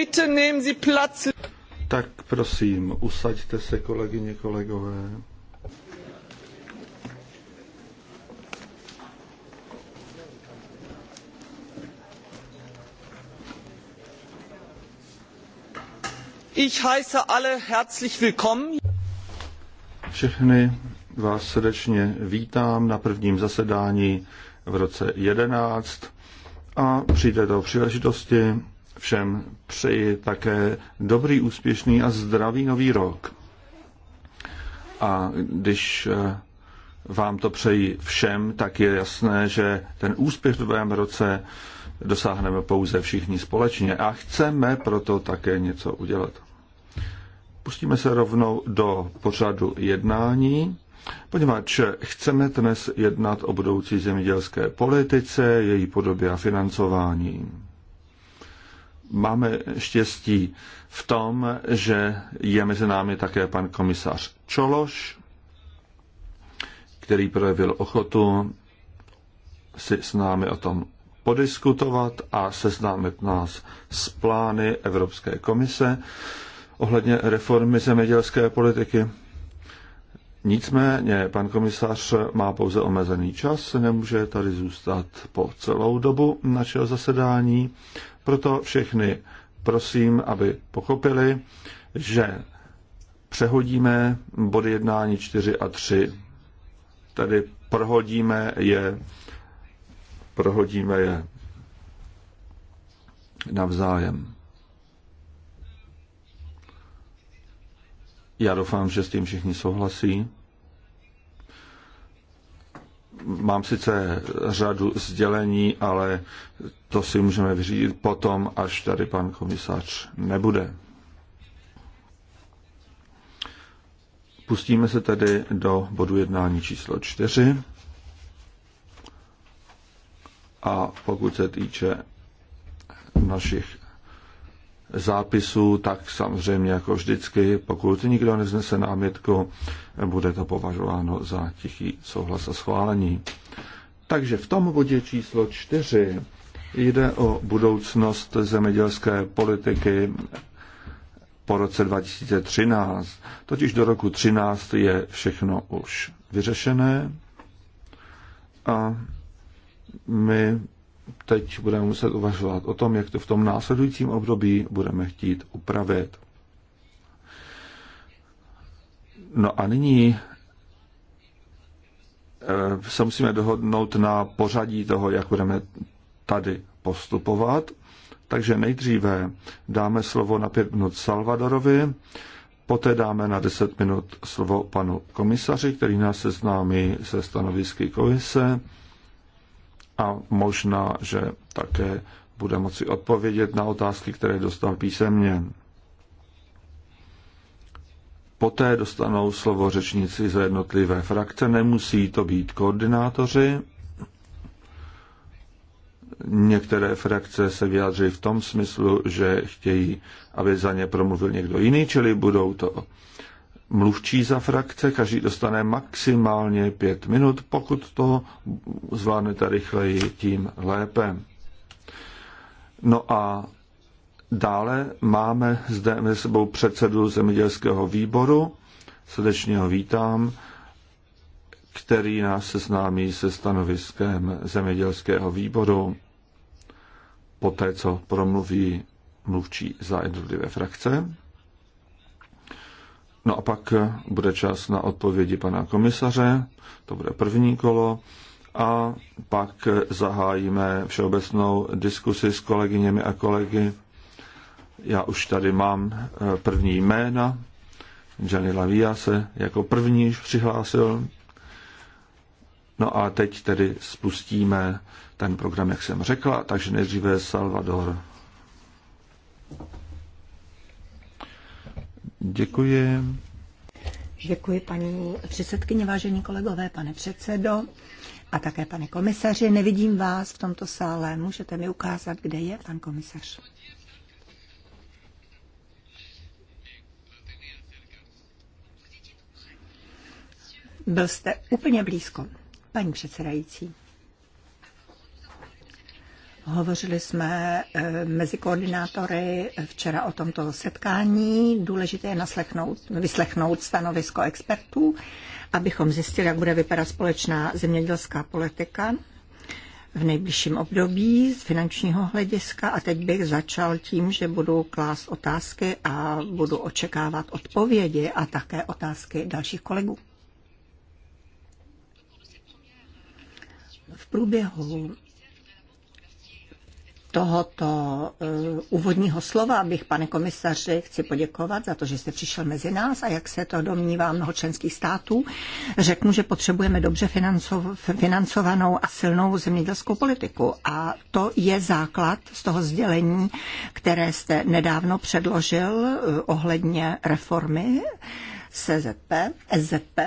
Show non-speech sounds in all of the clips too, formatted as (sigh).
Bitte nehmen Sie Platz. Tak prosím, usaďte se, kolegyně, kolegové. Ich heiße alle herzlich willkommen. Všechny vás srdečně vítám na prvním zasedání v roce 11 a při do příležitosti všem přeji také dobrý, úspěšný a zdravý nový rok. A když eh, vám to přeji všem, tak je jasné, že ten úspěch v novém roce dosáhneme pouze všichni společně a chceme proto také něco udělat. Pustíme se rovnou do pořadu jednání, poněvadž chceme dnes jednat o budoucí zemědělské politice, její podobě a financování. Máme štěstí v tom, že je mezi námi také pan komisař Čološ, který projevil ochotu si s námi o tom podiskutovat a seznámit nás s plány Evropské komise ohledně reformy zemědělské politiky. Nicméně pan komisař má pouze omezený čas, nemůže tady zůstat po celou dobu našeho zasedání, proto všechny prosím, aby pochopili, že přehodíme body jednání 4 a 3. Tedy prohodíme je, prohodíme je navzájem. Já doufám, že s tím všichni souhlasí. Mám sice řadu sdělení, ale to si můžeme vyřídit potom, až tady pan komisář nebude. Pustíme se tedy do bodu jednání číslo 4. A pokud se týče našich zápisů, tak samozřejmě jako vždycky, pokud nikdo neznese námětku, bude to považováno za tichý souhlas a schválení. Takže v tom bodě číslo čtyři jde o budoucnost zemědělské politiky po roce 2013. Totiž do roku 13 je všechno už vyřešené a my teď budeme muset uvažovat o tom, jak to v tom následujícím období budeme chtít upravit. No a nyní eh, se musíme dohodnout na pořadí toho, jak budeme tady postupovat. Takže nejdříve dáme slovo na pět minut Salvadorovi, poté dáme na deset minut slovo panu komisaři, který nás seznámí se stanovisky komise a možná, že také bude moci odpovědět na otázky, které dostal písemně. Poté dostanou slovo řečníci za jednotlivé frakce, nemusí to být koordinátoři. Některé frakce se vyjádří v tom smyslu, že chtějí, aby za ně promluvil někdo jiný, čili budou to mluvčí za frakce, každý dostane maximálně pět minut, pokud to zvládnete rychleji, tím lépe. No a dále máme zde mezi sebou předsedu zemědělského výboru, srdečně ho vítám, který nás seznámí se stanoviskem zemědělského výboru poté, co promluví mluvčí za jednotlivé frakce. No a pak eh, bude čas na odpovědi pana komisaře, to bude první kolo, a pak eh, zahájíme všeobecnou diskusi s kolegyněmi a kolegy. Já už tady mám eh, první jména. Gianni Lavia se jako první přihlásil. No a teď tedy spustíme ten program, jak jsem řekla, takže nejdříve Salvador Děkuji. Děkuji paní předsedkyně, vážení kolegové, pane předsedo a také pane komisaři. Nevidím vás v tomto sále. Můžete mi ukázat, kde je pan komisař? Byl jste úplně blízko, paní předsedající. Hovořili jsme eh, mezi koordinátory včera o tomto setkání. Důležité je naslechnout, vyslechnout stanovisko expertů, abychom zjistili, jak bude vypadat společná zemědělská politika v nejbližším období z finančního hlediska a teď bych začal tím, že budu klást otázky a budu očekávat odpovědi a také otázky dalších kolegů. V průběhu tohoto uh, úvodního slova bych, pane komisaři, chci poděkovat za to, že jste přišel mezi nás a jak se to domnívá mnoho členských států. Řeknu, že potřebujeme dobře financovanou a silnou zemědělskou politiku a to je základ z toho sdělení, které jste nedávno předložil uh, ohledně reformy SZP. SZP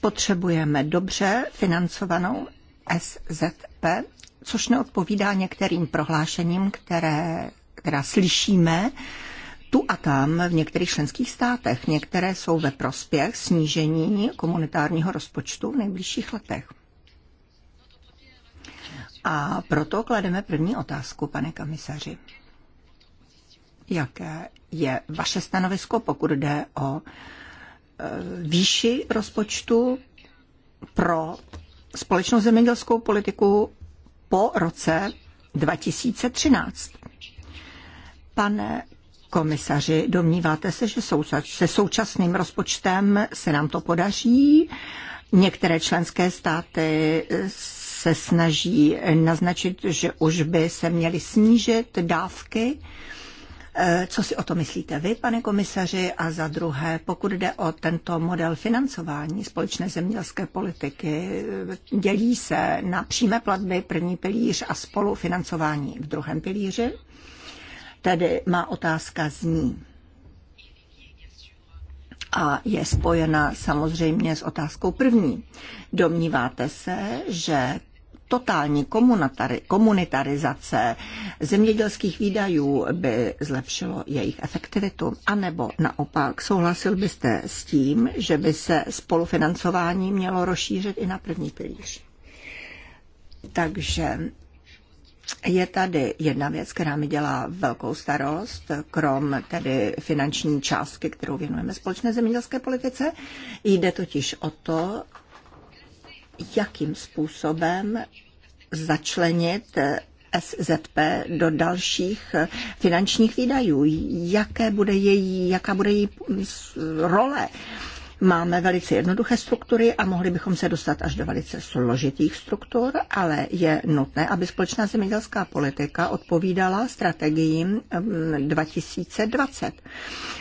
potřebujeme dobře financovanou SZP, což neodpovídá některým prohlášením, které, která slyšíme tu a tam v některých členských státech. Některé jsou ve prospěch snížení komunitárního rozpočtu v nejbližších letech. A proto klademe první otázku, pane komisaři. Jaké je vaše stanovisko, pokud jde o e, výši rozpočtu pro společnou zemědělskou politiku po roce 2013. Pane komisaři, domníváte se, že se současným rozpočtem se nám to podaří? Některé členské státy se snaží naznačit, že už by se měly snížit dávky. Eh, co si o to myslíte vy, pane komisaři? A za druhé, pokud jde o tento model financování společné zemědělské politiky, eh, dělí se na přímé platby první pilíř a spolufinancování v druhém pilíři? Tedy má otázka zní a je spojena samozřejmě s otázkou první. Domníváte se, že totální komunitarizace zemědělských výdajů by zlepšilo jejich efektivitu? A nebo naopak souhlasil byste s tím, že by se spolufinancování mělo rozšířit i na první pilíř? Takže je tady jedna věc, která mi dělá velkou starost, krom tedy finanční částky, kterou věnujeme společné zemědělské politice. Jde totiž o to, jakým způsobem začlenit SZP do dalších finančních výdajů. Jaké bude její, jaká bude její role Máme velice jednoduché struktury a mohli bychom se dostat až do velice složitých struktur, ale je nutné, aby společná zemědělská politika odpovídala strategiím 2020.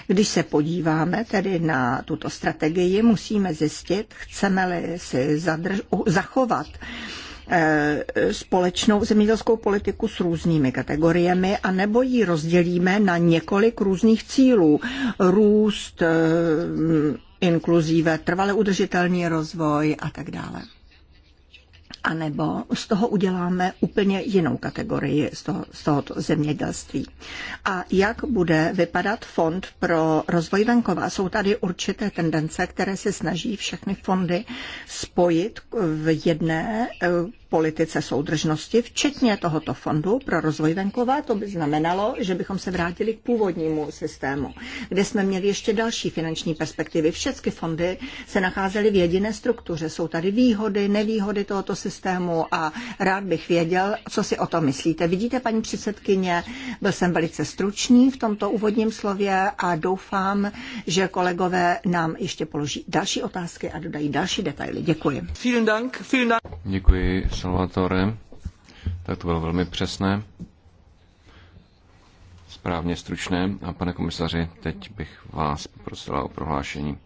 Když se podíváme tedy na tuto strategii, musíme zjistit, chceme-li si zadrž- zachovat eh, společnou zemědělskou politiku s různými kategoriemi a nebo ji rozdělíme na několik různých cílů. Růst, eh, inkluzíve, trvale udržitelný rozvoj a tak dále. A nebo z toho uděláme úplně jinou kategorii z, toho, z tohoto zemědělství. A jak bude vypadat fond pro rozvoj venkova? Jsou tady určité tendence, které se snaží všechny fondy spojit v jedné eh, politice soudržnosti, včetně tohoto fondu pro rozvoj venkova, to by znamenalo, že bychom se vrátili k původnímu systému, kde jsme měli ještě další finanční perspektivy. Všechny fondy se nacházely v jediné struktuře. Jsou tady výhody, nevýhody tohoto systému a rád bych věděl, co si o to myslíte. Vidíte, paní předsedkyně, byl jsem velice stručný v tomto úvodním slově a doufám, že kolegové nám ještě položí další otázky a dodají další detaily. Děkuji. Vielen Dank, vielen Dank. Děkuji Salvatore, tak to bylo velmi přesné, správně stručné. A pane komisaři, teď bych vás poprosila o prohlášení.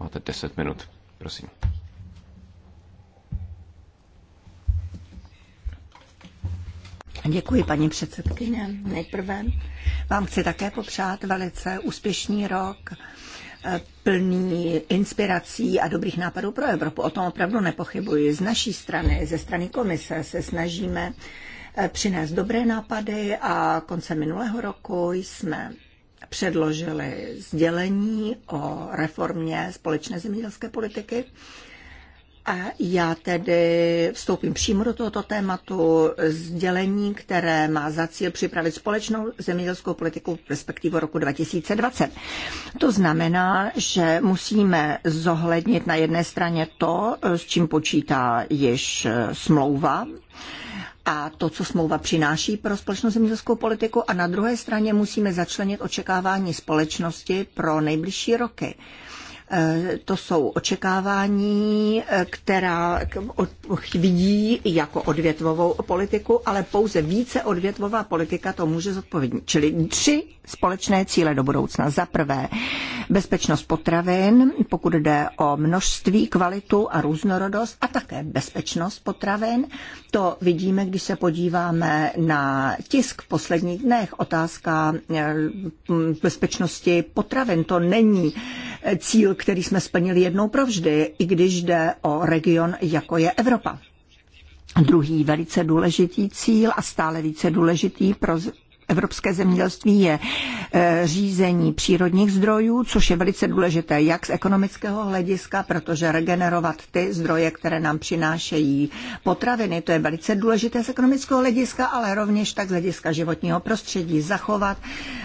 Máte 10 minut, prosím. Děkuji, paní předsedkyně. Nejprve vám chci také popřát velice úspěšný rok plný inspirací a dobrých nápadů pro Evropu. O tom opravdu nepochybuji. Z naší strany, ze strany komise, se snažíme eh, přinést dobré nápady a konce minulého roku jsme předložili sdělení o reformě společné zemědělské politiky a já tedy vstoupím přímo do tohoto tématu sdělení, které má za cíl připravit společnou zemědělskou politiku v perspektivu roku 2020. To znamená, že musíme zohlednit na jedné straně to, s čím počítá již smlouva, a to, co smlouva přináší pro společnou zemědělskou politiku a na druhé straně musíme začlenit očekávání společnosti pro nejbližší roky. To jsou očekávání, která vidí jako odvětvovou politiku, ale pouze více odvětvová politika to může zodpovědnit. Čili tři společné cíle do budoucna. Za prvé, bezpečnost potravin, pokud jde o množství, kvalitu a různorodost a také bezpečnost potravin. To vidíme, když se podíváme na tisk v posledních dnech. Otázka eh, bezpečnosti potravin, to není cíl, který jsme splnili jednou provždy, i když jde o region, jako je Evropa. Druhý velice důležitý cíl a stále více důležitý pro evropské zemědělství je eh, řízení přírodních zdrojů, což je velice důležité jak z ekonomického hlediska, protože regenerovat ty zdroje, které nám přinášejí potraviny, to je velice důležité z ekonomického hlediska, ale rovněž tak z hlediska životního prostředí zachovat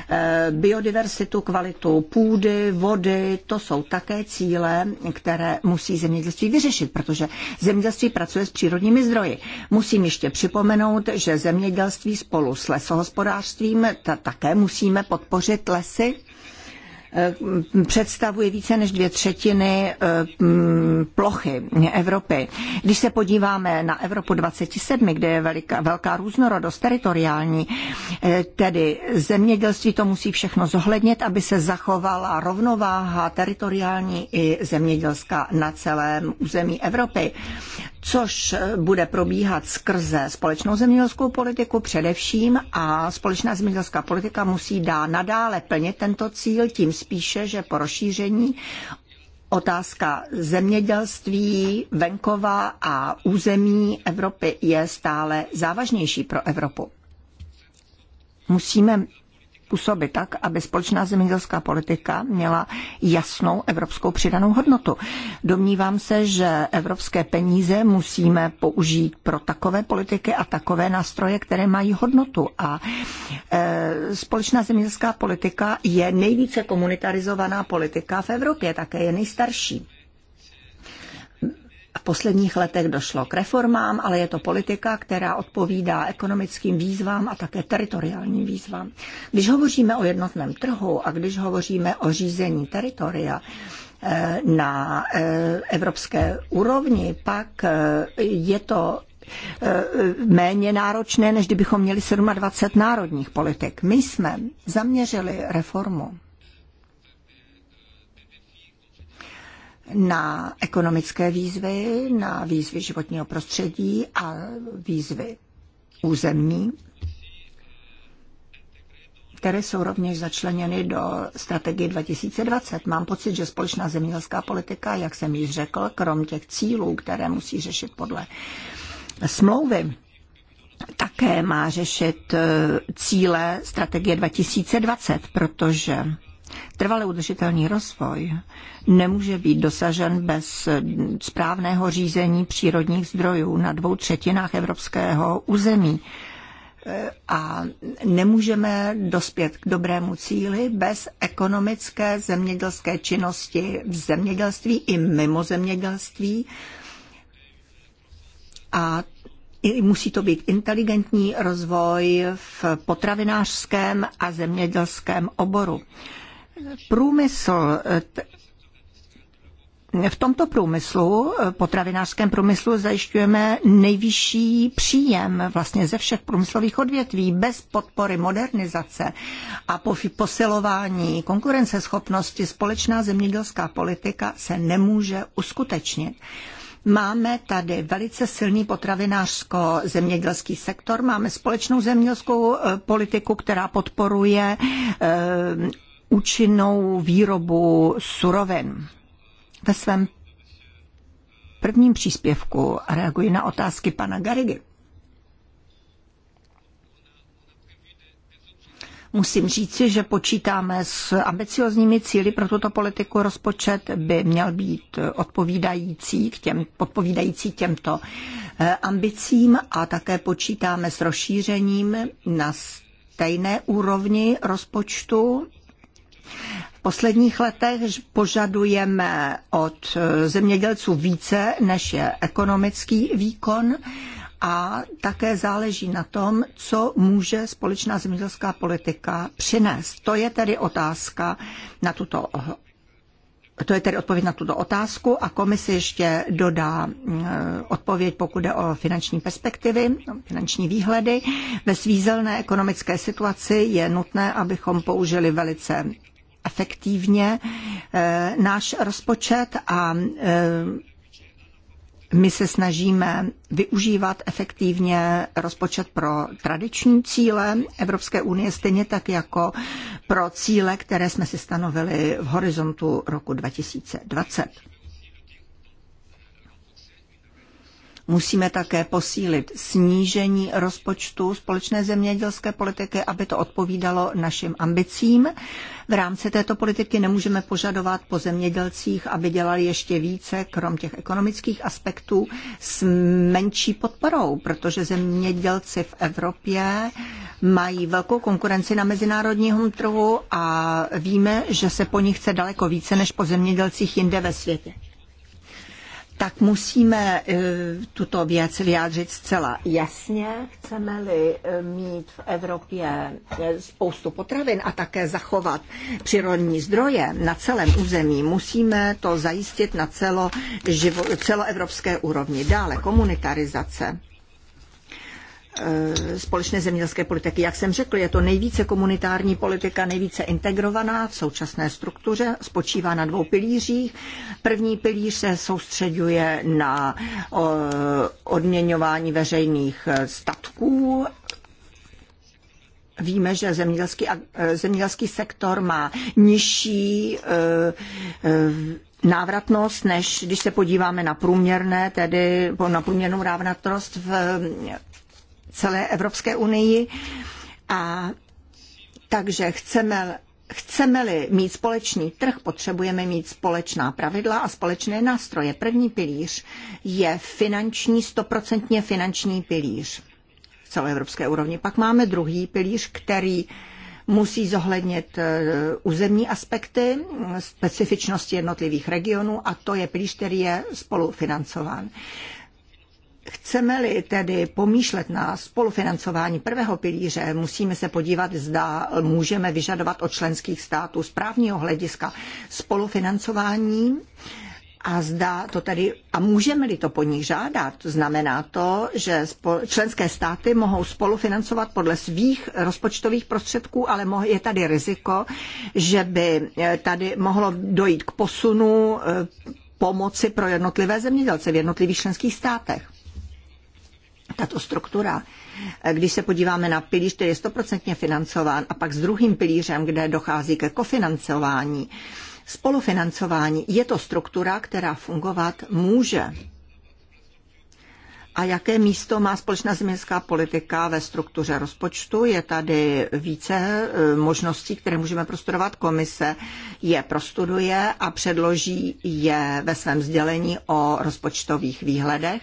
eh, biodiversitu, kvalitu půdy, vody, to jsou také cíle, které musí zemědělství vyřešit, protože zemědělství pracuje s přírodními zdroji. Musím ještě připomenout, že zemědělství spolu s lesohospodářstvím lesnictvím, ta, také musíme podpořit lesy. E, představuje více než dvě třetiny e, plochy Evropy. Když se podíváme na Evropu 27, kde je velká, velká různorodost teritoriální, e, tedy zemědělství to musí všechno zohlednit, aby se zachovala rovnováha teritoriální i zemědělská na celém území Evropy což bude probíhat skrze společnou zemědělskou politiku především a společná zemědělská politika musí dá nadále plnit tento cíl, tím spíše, že po rozšíření Otázka zemědělství, venkova a území Evropy je stále závažnější pro Evropu. Musíme působit tak, aby společná zemědělská politika měla jasnou evropskou přidanou hodnotu. Domnívám se, že evropské peníze musíme použít pro takové politiky a takové nástroje, které mají hodnotu. A e, společná zemědělská politika je nejvíce komunitarizovaná politika v Evropě, také je nejstarší v posledních letech došlo k reformám, ale je to politika, která odpovídá ekonomickým výzvám a také teritoriálním výzvám. Když hovoříme o jednotném trhu a když hovoříme o řízení teritoria, eh, na eh, evropské úrovni, pak eh, je to méně náročné, než kdybychom měli 27 národních politik. My jsme zaměřili reformu na ekonomické výzvy, na výzvy životního prostředí a výzvy územní, které jsou rovněž začleněny do strategie 2020. Mám pocit, že společná zemědělská politika, jak jsem již řekl, krom těch cílů, které musí řešit podle smlouvy, také má řešit eh, cíle strategie 2020, protože Trvale udržitelný rozvoj nemůže být dosažen bez správného řízení přírodních zdrojů na dvou třetinách evropského území a nemůžeme dospět k dobrému cíli bez ekonomické zemědělské činnosti v zemědělství i mimo zemědělství. A musí to být inteligentní rozvoj v potravinářském a zemědělském oboru průmysl v tomto průmyslu, potravinářském průmyslu, zajišťujeme nejvyšší příjem vlastně ze všech průmyslových odvětví bez podpory modernizace a posilování konkurenceschopnosti společná zemědělská politika se nemůže uskutečnit. Máme tady velice silný potravinářsko-zemědělský sektor, máme společnou zemědělskou eh, politiku, která podporuje eh, účinnou výrobu surovin. Ve svém prvním příspěvku reaguji na otázky pana Garigy. Musím říci, že počítáme s ambiciozními cíly pro tuto politiku. Rozpočet by měl být odpovídající k těm, odpovídající těmto eh, ambicím a také počítáme s rozšířením na stejné úrovni rozpočtu posledních letech požadujeme od eh, zemědělců více, než je ekonomický výkon a také záleží na tom, co může společná zemědělská politika přinést. To je tedy otázka na tuto to je tedy odpověď na tuto otázku a komise ještě dodá eh, odpověď, pokud jde o finanční perspektivy, finanční výhledy. Ve svízelné ekonomické situaci je nutné, abychom použili velice efektivně eh, náš rozpočet a eh, my se snažíme využívat efektivně rozpočet pro tradiční cíle Evropské unie, stejně tak jako pro cíle, které jsme si stanovili v horizontu roku 2020. Musíme také posílit snížení rozpočtu společné zemědělské politiky, aby to odpovídalo našim ambicím. V rámci této politiky nemůžeme požadovat po zemědělcích, aby dělali ještě více, krom těch ekonomických aspektů, s menší podporou, protože zemědělci v Evropě mají velkou konkurenci na mezinárodním trhu a víme, že se po nich chce daleko více než po zemědělcích jinde ve světě tak musíme eh, tuto věc vyjádřit zcela jasně. Chceme-li eh, mít v Evropě eh, spoustu potravin a také zachovat přírodní zdroje na celém území, musíme to zajistit na celo, živo, celoevropské úrovni. Dále komunitarizace Eh, společné zemědělské politiky. Jak jsem řekl, je to nejvíce komunitární politika, nejvíce integrovaná v současné struktuře, spočívá na dvou pilířích. První pilíř se soustředuje na odměňování veřejných eh, statků Víme, že zemědělský, eh, zemědělský sektor má nižší návratnost, než když se podíváme na průměrné, tedy na průměrnou návratnost v celé Evropské unii. A takže chceme Chceme-li mít společný trh, potřebujeme mít společná pravidla a společné nástroje. První pilíř je finanční, stoprocentně finanční pilíř v evropské úrovni. Pak máme druhý pilíř, který musí zohlednit e, územní aspekty, specifičnosti jednotlivých regionů a to je pilíř, který je spolufinancován. Chceme-li tedy pomýšlet na spolufinancování prvého pilíře, musíme se podívat, zda můžeme vyžadovat od členských států z právního hlediska spolufinancování a zda to tedy, a můžeme-li to po nich žádat, znamená to, že členské státy mohou spolufinancovat podle svých rozpočtových prostředků, ale je tady riziko, že by eh, tady mohlo dojít k posunu eh, pomoci pro jednotlivé zemědělce v jednotlivých členských státech tato struktura, eh, když se podíváme na pilíř, který je stoprocentně financován, a pak s druhým pilířem, kde dochází ke kofinancování, spolufinancování, je to struktura, která fungovat může. A jaké místo má společná zeměnská politika ve struktuře rozpočtu? Je tady více eh, možností, které můžeme prostudovat. Komise je prostuduje a předloží je ve svém sdělení o rozpočtových výhledech.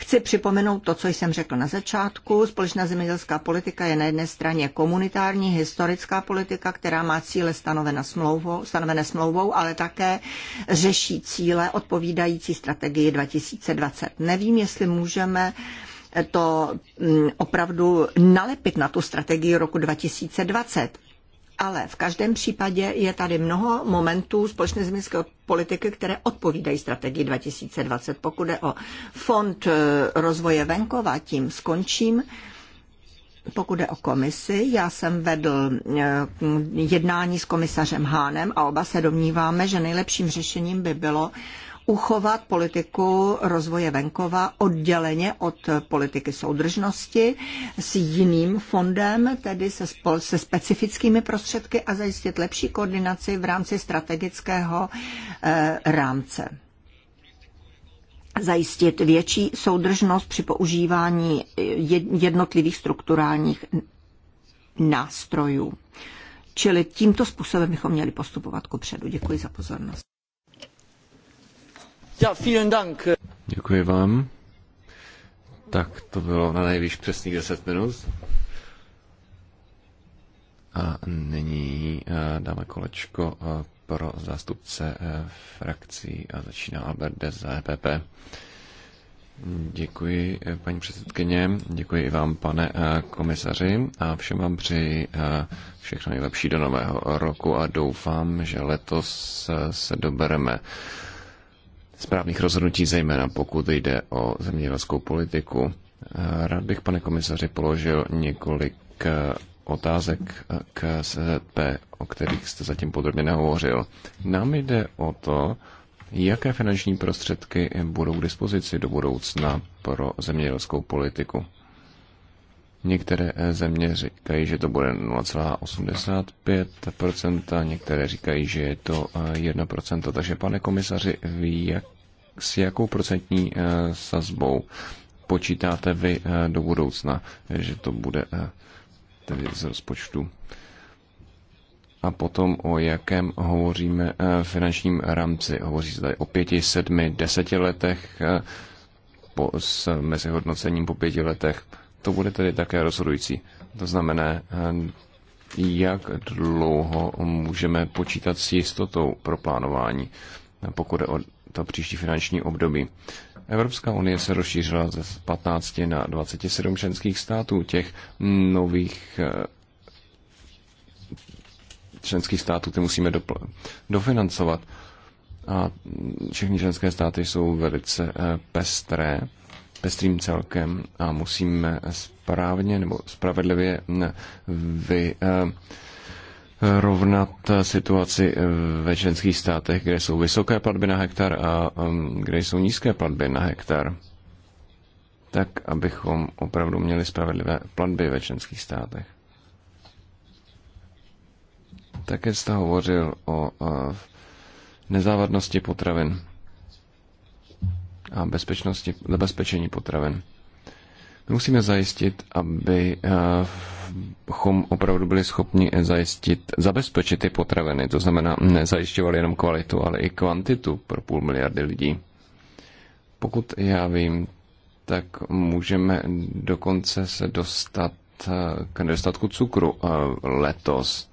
Chci připomenout to, co jsem řekl na začátku. Společná zemědělská politika je na jedné straně komunitární historická politika, která má cíle stanovené smlouvou, stanovené smlouvou, ale také řeší cíle odpovídající strategii 2020. Nevím, jestli můžeme to mm, opravdu nalepit na tu strategii roku 2020 ale v každém případě je tady mnoho momentů společné zemědělské politiky, které odpovídají strategii 2020. Pokud je o fond e, rozvoje venkova, tím skončím. Pokud je o komisi, já jsem vedl e, jednání s komisařem Hánem a oba se domníváme, že nejlepším řešením by bylo uchovat politiku rozvoje venkova odděleně od politiky soudržnosti s jiným fondem, tedy se, spol- se specifickými prostředky a zajistit lepší koordinaci v rámci strategického eh, rámce zajistit větší soudržnost při používání jednotlivých strukturálních nástrojů. Čili tímto způsobem bychom měli postupovat ku předu. Děkuji za pozornost. Děkuji vám. Tak to bylo na nejvýš přesných 10 minut. A nyní eh, dáme kolečko eh, pro zástupce eh, frakcí a začíná Albert Dez za EPP. Děkuji, paní předsedkyně, děkuji i vám, pane komisaři, a všem vám přeji všechno nejlepší do nového roku a doufám, že letos se dobereme správných rozhodnutí, zejména pokud jde o zemědělskou politiku. Rád bych, pane komisaři, položil několik eh, otázek eh, k SZP, o kterých jste zatím podrobně nehovořil. Nám jde o to, jaké finanční prostředky budou k dispozici do budoucna pro zemědělskou politiku. Některé eh, země říkají, že to bude 0,85%, některé říkají, že je to 1%. Eh, Takže, pane komisaři, vy jak, s jakou procentní eh, sazbou počítáte vy do budoucna, že to bude tedy z rozpočtu? A potom o jakém hovoříme finančním rámci? Hovoří se tady o pěti, sedmi, deseti letech po, s mezihodnocením po pěti letech to bude tedy také rozhodující. To znamená, eh, jak dlouho můžeme počítat s jistotou pro plánování, pokud je o to příští finanční období. Evropská unie se rozšířila ze 15 na 27 členských států. Těch nových eh, členských států ty musíme dopl- dofinancovat. A všechny členské státy jsou velice eh, pestré pestrým celkem a musíme správně nebo spravedlivě vy eh, rovnat situaci ve členských státech, kde jsou vysoké platby na hektar a mm, kde jsou nízké platby na hektar, tak abychom opravdu měli spravedlivé platby ve členských státech. Také jste hovořil o eh, nezávadnosti potravin a bezpečnosti, zabezpečení potravin. My musíme zajistit, aby eh, chom opravdu byli schopni zajistit, zabezpečit ty potraviny. To znamená, nezajišťovali jenom kvalitu, ale i kvantitu pro půl miliardy lidí. Pokud já vím, tak můžeme dokonce se dostat eh, k nedostatku cukru eh, letos.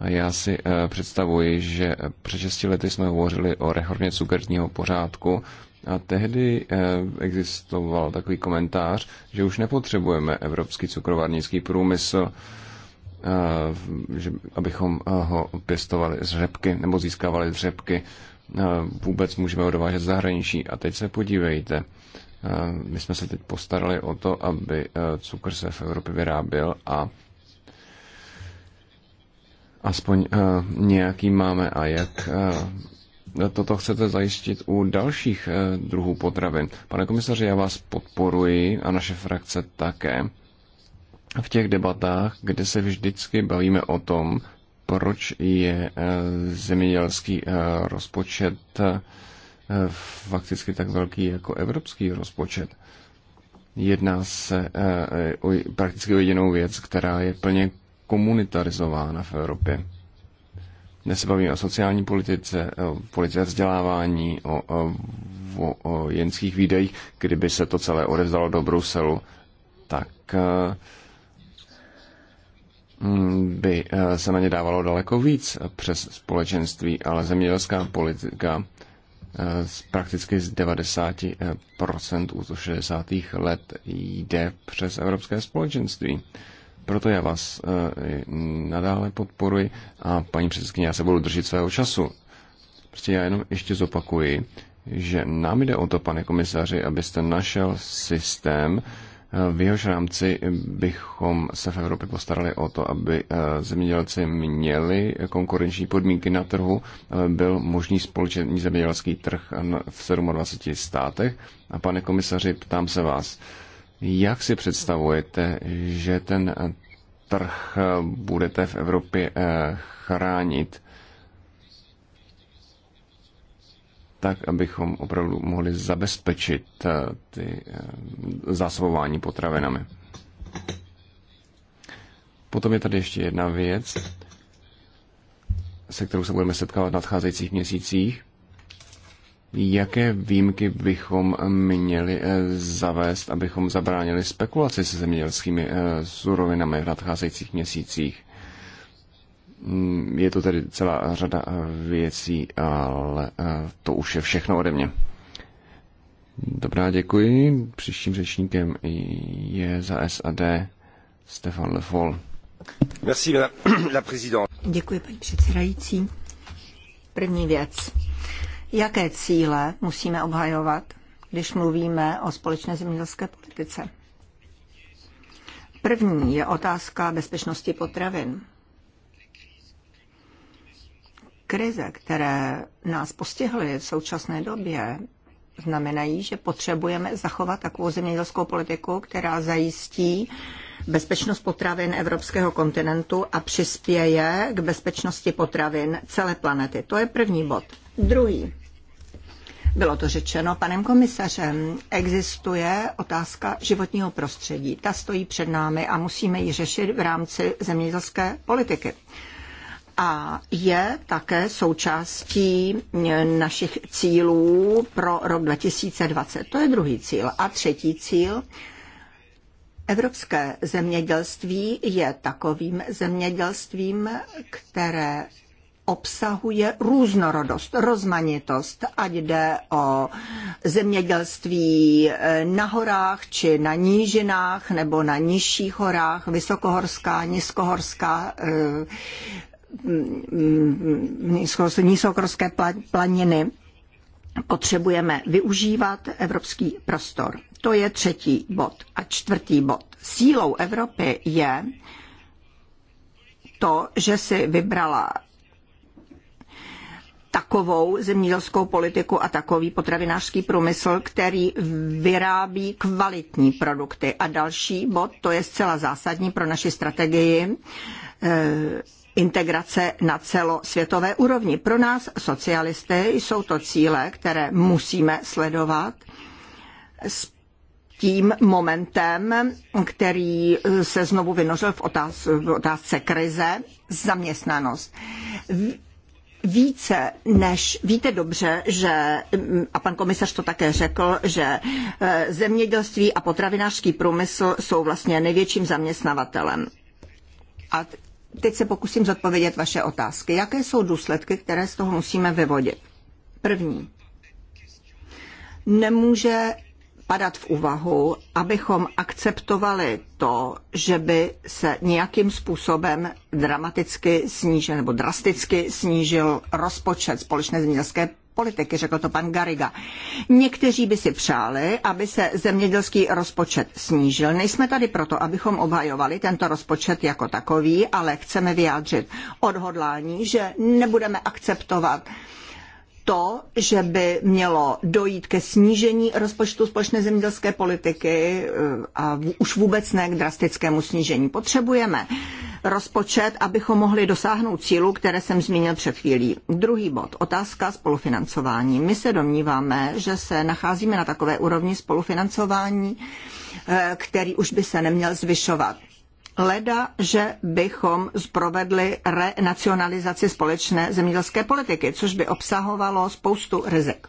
Já si představuji, že před 6 lety jsme hovořili o reformě cukerního pořádku, a tehdy eh, existoval takový komentář, že už nepotřebujeme evropský cukrovarnický průmysl, eh, abychom eh, ho pěstovali z řepky nebo získávali z řepky. Vůbec můžeme ho dovážet zahraničí. A teď se podívejte. My jsme se teď postarali o to, aby cukr se v Evropě vyráběl a aspoň nějaký máme a jak toto chcete zajistit u dalších eh, druhů potravin. Pane komisaři, já vás podporuji a naše frakce také v těch debatách, kde se vždycky bavíme o tom, proč je eh, zemědělský eh, rozpočet fakticky tak velký jako evropský rozpočet. Jedná se o prakticky jedinou věc, která je plně komunitarizována v Evropě. Dnes se bavíme o sociální politice, o politice vzdělávání, o, o, o, o jenských výdejích. Kdyby se to celé odevzdalo do Bruselu, tak eh, mm, by eh, se na ně dávalo daleko víc přes společenství, ale zemědělská politika eh, z prakticky z 90% u 60. let jde přes Evropské společenství. Proto já vás eh, nadále podporuji a paní předsedkyně, já se budu držet svého času. Prostě já jenom ještě zopakuji, že nám jde o to, pane komisaři, abyste našel systém, eh, v jehož rámci bychom se v Evropě postarali o to, aby eh, zemědělci měli konkurenční podmínky na trhu, byl možný společný zemědělský trh v 27 státech. A pane komisaři, ptám se vás, jak si představujete, že ten trh budete v Evropě eh, chránit, tak abychom opravdu mohli zabezpečit eh, ty eh, zásobování potravinami? Potom je tady ještě jedna věc, se kterou se budeme setkávat v nadcházejících měsících jaké výjimky bychom měli eh, zavést, abychom zabránili spekulaci se zemědělskými eh, surovinami v nadcházejících měsících. Mm, je to tedy celá řada eh, věcí, ale to už je všechno ode mě. Dobrá, děkuji. Příštím řečníkem je za SAD Stefan Lefol. Děkuji, paní předsedající. První věc Jaké cíle musíme obhajovat, když mluvíme o společné zemědělské politice? První je otázka bezpečnosti potravin. Krize, které nás postihly v současné době, znamenají, že potřebujeme zachovat takovou zemědělskou politiku, která zajistí bezpečnost potravin evropského kontinentu a přispěje k bezpečnosti potravin celé planety. To je první bod. Druhý. Bylo to řečeno panem komisařem. Existuje otázka životního prostředí. Ta stojí před námi a musíme ji řešit v rámci zemědělské politiky a je také součástí našich cílů pro rok 2020. To je druhý cíl. A třetí cíl. Evropské zemědělství je takovým zemědělstvím, které obsahuje různorodost, rozmanitost, ať jde o zemědělství eh, na horách či na nížinách nebo na nižších horách, vysokohorská, nízkohorská, eh, mm, mm, mm, nízkohorské planiny. Potřebujeme využívat evropský prostor. To je třetí bod. A čtvrtý bod. Sílou Evropy je to, že si vybrala takovou zemědělskou politiku a takový potravinářský průmysl, který vyrábí kvalitní produkty. A další bod, to je zcela zásadní pro naši strategii, eh, integrace na celosvětové úrovni. Pro nás socialisté jsou to cíle, které musíme sledovat s tím momentem, který se znovu vynořil v, otázce krize, zaměstnanost více než, víte dobře, že, a pan komisař to také řekl, že eh, zemědělství a potravinářský průmysl jsou vlastně největším zaměstnavatelem. A teď se pokusím zodpovědět vaše otázky. Jaké jsou důsledky, které z toho musíme vyvodit? První. Nemůže padat v úvahu, abychom akceptovali to, že by se nějakým způsobem dramaticky snížil nebo drasticky snížil rozpočet společné zemědělské politiky, řekl to pan Gariga. Někteří by si přáli, aby se zemědělský rozpočet snížil. Nejsme tady proto, abychom obhajovali tento rozpočet jako takový, ale chceme vyjádřit odhodlání, že nebudeme akceptovat to, že by mělo dojít ke snížení rozpočtu společné zemědělské politiky eh, a už vůbec ne k drastickému snížení. Potřebujeme rozpočet, abychom mohli dosáhnout cílu, které jsem zmínil před chvílí. Druhý bod, otázka spolufinancování. My se domníváme, že se nacházíme na takové úrovni spolufinancování, eh, který už by se neměl zvyšovat. Leda, že bychom zprovedli renacionalizaci společné zemědělské politiky, což by obsahovalo spoustu rizik.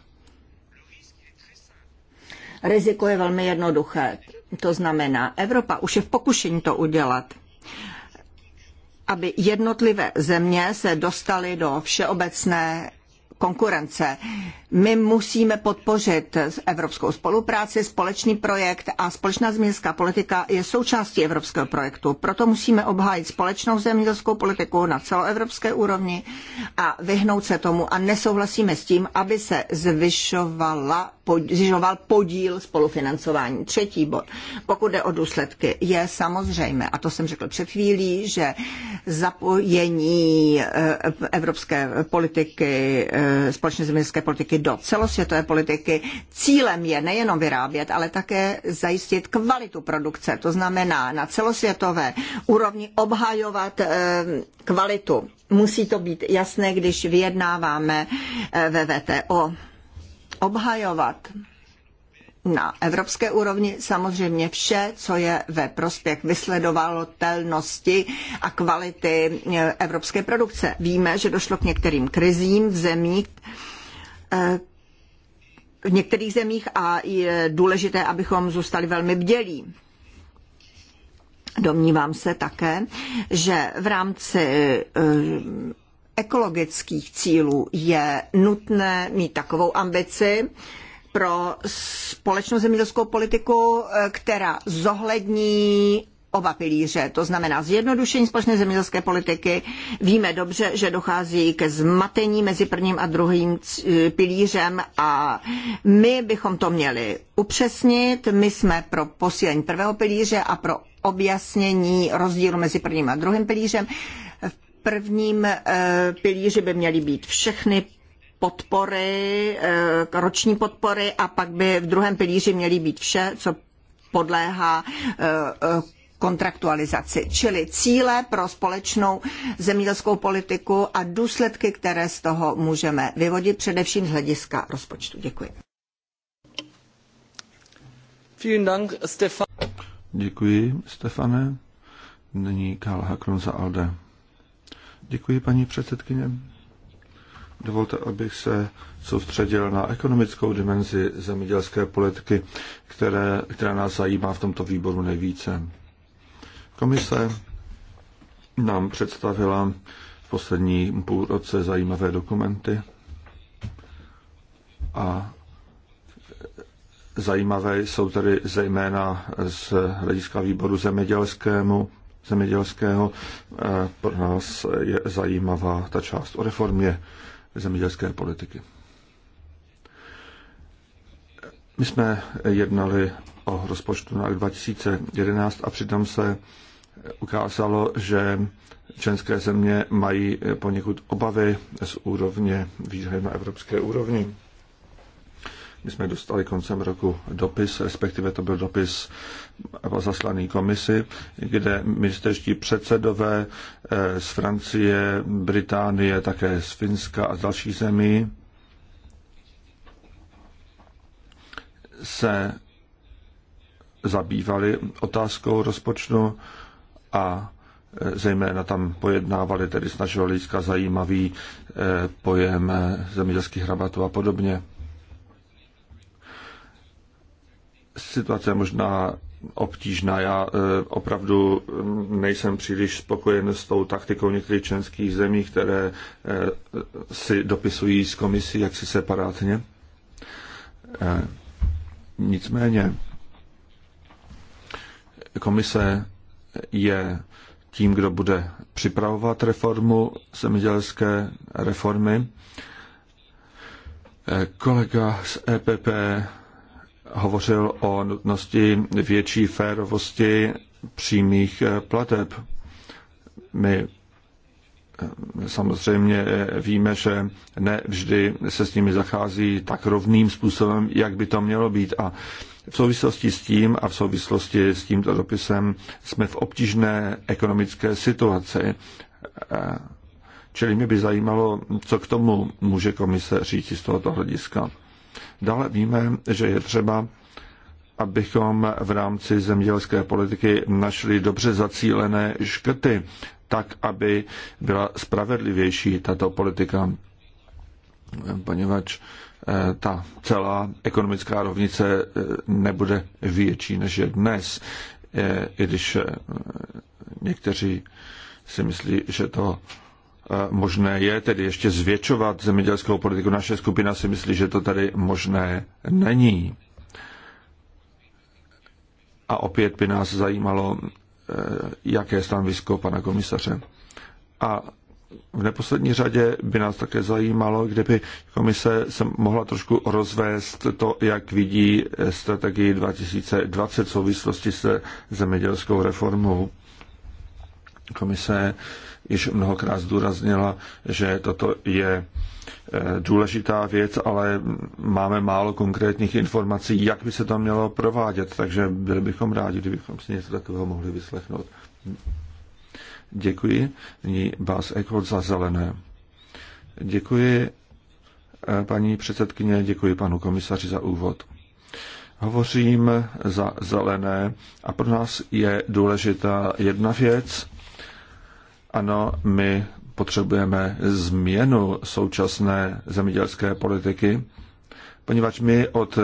Riziko je velmi jednoduché. To znamená, Evropa už je v pokušení to udělat aby jednotlivé země se dostaly do všeobecné konkurence. My musíme podpořit evropskou spolupráci, společný projekt a společná zemědělská politika je součástí evropského projektu. Proto musíme obhájit společnou zemědělskou politiku na celoevropské úrovni a vyhnout se tomu a nesouhlasíme s tím, aby se zvyšovala zvyšoval podíl spolufinancování. Třetí bod. Pokud jde o důsledky, je samozřejmé, a to jsem řekl před chvílí, že zapojení eh, evropské politiky, eh, společné zemědělské politiky do celosvětové politiky. Cílem je nejenom vyrábět, ale také zajistit kvalitu produkce. To znamená na celosvětové úrovni obhajovat eh, kvalitu. Musí to být jasné, když vyjednáváme eh, ve VTO. Obhajovat na evropské úrovni samozřejmě vše, co je ve prospěch vysledovatelnosti a kvality eh, evropské produkce. Víme, že došlo k některým krizím v zemích, Eh, v některých zemích a je důležité, abychom zůstali velmi bdělí. Domnívám se také, že v rámci eh, ekologických cílů je nutné mít takovou ambici pro společnou zemědělskou politiku, eh, která zohlední oba pilíře, to znamená zjednodušení společné zemědělské politiky. Víme dobře, že dochází ke zmatení mezi prvním a druhým e, pilířem a my bychom to měli upřesnit. My jsme pro posílení prvého pilíře a pro objasnění rozdílu mezi prvním a druhým pilířem. V prvním e, pilíři by měly být všechny podpory, e, roční podpory a pak by v druhém pilíři měly být vše, co podléhá kontraktualizaci, čili cíle pro společnou zemědělskou politiku a důsledky, které z toho můžeme vyvodit, především z hlediska rozpočtu. Děkuji. Děkuji, Stefane. Nyní Karl Hakron za Alde. Děkuji, paní předsedkyně. Dovolte, abych se soustředil na ekonomickou dimenzi zemědělské politiky, které, která nás zajímá v tomto výboru nejvíce. Komise nám představila v poslední půl roce zajímavé dokumenty a zajímavé jsou tedy zejména z hlediska výboru zemědělskému, zemědělského. E, pro nás je zajímavá ta část o reformě zemědělské politiky. My jsme jednali o rozpočtu na 2011 a přitom se ukázalo, že členské země mají poněkud obavy z úrovně výhry na evropské úrovni. My jsme dostali koncem roku dopis, respektive to byl dopis zaslaný komisi, kde ministerští předsedové eh, z Francie, Británie, také z Finska a z dalších zemí se zabývali otázkou rozpočtu a e, zejména tam pojednávali tedy snažili lidská zajímavý e, pojem e, zemědělských hrabatů a podobně. Situace je možná obtížná. Já opravdu nejsem příliš spokojen s tou taktikou některých členských zemí, které si dopisují z komisí jaksi separátně. Nicméně komise je tím, kdo bude připravovat reformu zemědělské reformy. Kolega z EPP hovořil o nutnosti větší férovosti přímých plateb. My samozřejmě víme, že ne vždy se s nimi zachází tak rovným způsobem, jak by to mělo být. A v souvislosti s tím a v souvislosti s tímto dopisem jsme v obtížné ekonomické situaci. E, čili mě by zajímalo, co k tomu může komise říct z tohoto hlediska. Dále víme, že je třeba, abychom v rámci zemědělské politiky našli dobře zacílené škrty, tak, aby byla spravedlivější tato politika. E, poněvadž Eh, ta celá ekonomická rovnice eh, nebude větší než je dnes, eh, i když někteří si myslí, že to možné je, tedy ještě zvětšovat zemědělskou politiku. Naše skupina si myslí, že to tady možné není. A opět by nás zajímalo, jaké je stanovisko pana komisaře. A v neposlední řadě by nás také zajímalo, kdyby komise se mohla trošku rozvést to, jak vidí strategii 2020 v souvislosti se zemědělskou reformou. Komise již mnohokrát zdůraznila, že toto je eh, důležitá věc, ale máme málo konkrétních informací, jak by se to mělo provádět, takže byli bychom rádi, kdybychom si něco takového mohli vyslechnout. Děkuji. Nyní Bas Ekot za zelené. Děkuji eh, paní předsedkyně, děkuji panu komisaři za úvod. Hovořím za zelené a pro nás je důležitá jedna věc. Ano, my potřebujeme změnu současné zemědělské politiky poněvadž my od eh,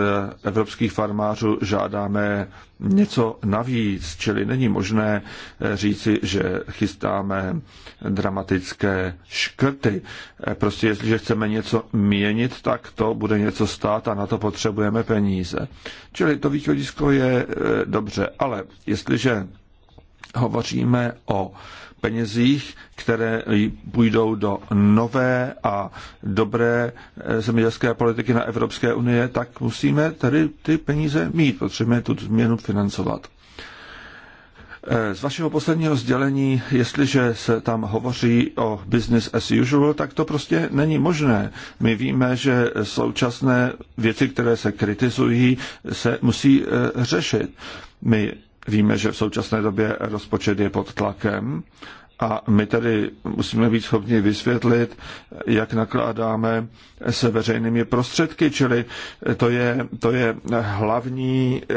evropských farmářů žádáme něco navíc, čili není možné eh, říci, že chystáme dramatické škrty. Eh, prostě jestliže chceme něco měnit, tak to bude něco stát a na to potřebujeme peníze. Čili to východisko je dobře, ale jestliže hovoříme o penězích, které půjdou do nové a dobré eh, zemědělské politiky na Evropské unie, tak musíme tady ty peníze mít, potřebujeme tu změnu financovat. Eh, z vašeho posledního sdělení, jestliže se tam hovoří o business as usual, tak to prostě není možné. My víme, že současné věci, které se kritizují, se musí eh, řešit. My Víme, že v současné době rozpočet je pod tlakem a my tedy musíme být schopni vysvětlit, jak nakládáme se veřejnými prostředky, čili to je, to je hlavní e,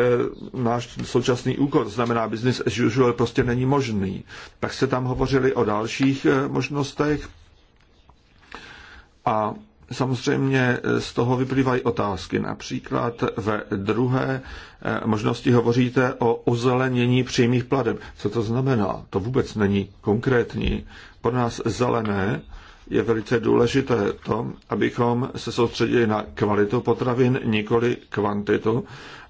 náš současný úkol, to znamená business as usual prostě není možný. Tak se tam hovořili o dalších e, možnostech a Samozřejmě eh, z toho vyplývají otázky. Například ve druhé eh, možnosti hovoříte o ozelenění přímých pladeb. Co to znamená? To vůbec není konkrétní. Pro nás zelené je velice důležité to, abychom se soustředili na kvalitu potravin, nikoli kvantitu,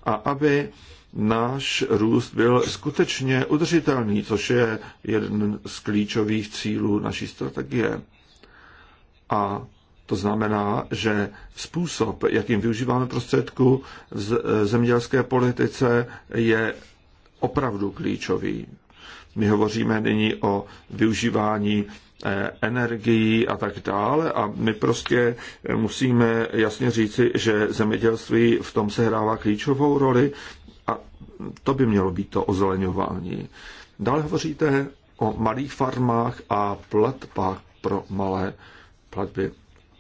a aby náš růst byl skutečně udržitelný, což je jeden z klíčových cílů naší strategie. A to znamená, že způsob, jakým využíváme prostředku v eh, zemědělské politice, je opravdu klíčový. My hovoříme nyní o využívání eh, energií a tak dále a my prostě eh, musíme jasně říci, že zemědělství v tom sehrává klíčovou roli a to by mělo být to ozeleňování. Dále hovoříte o malých farmách a platbách pro malé platby.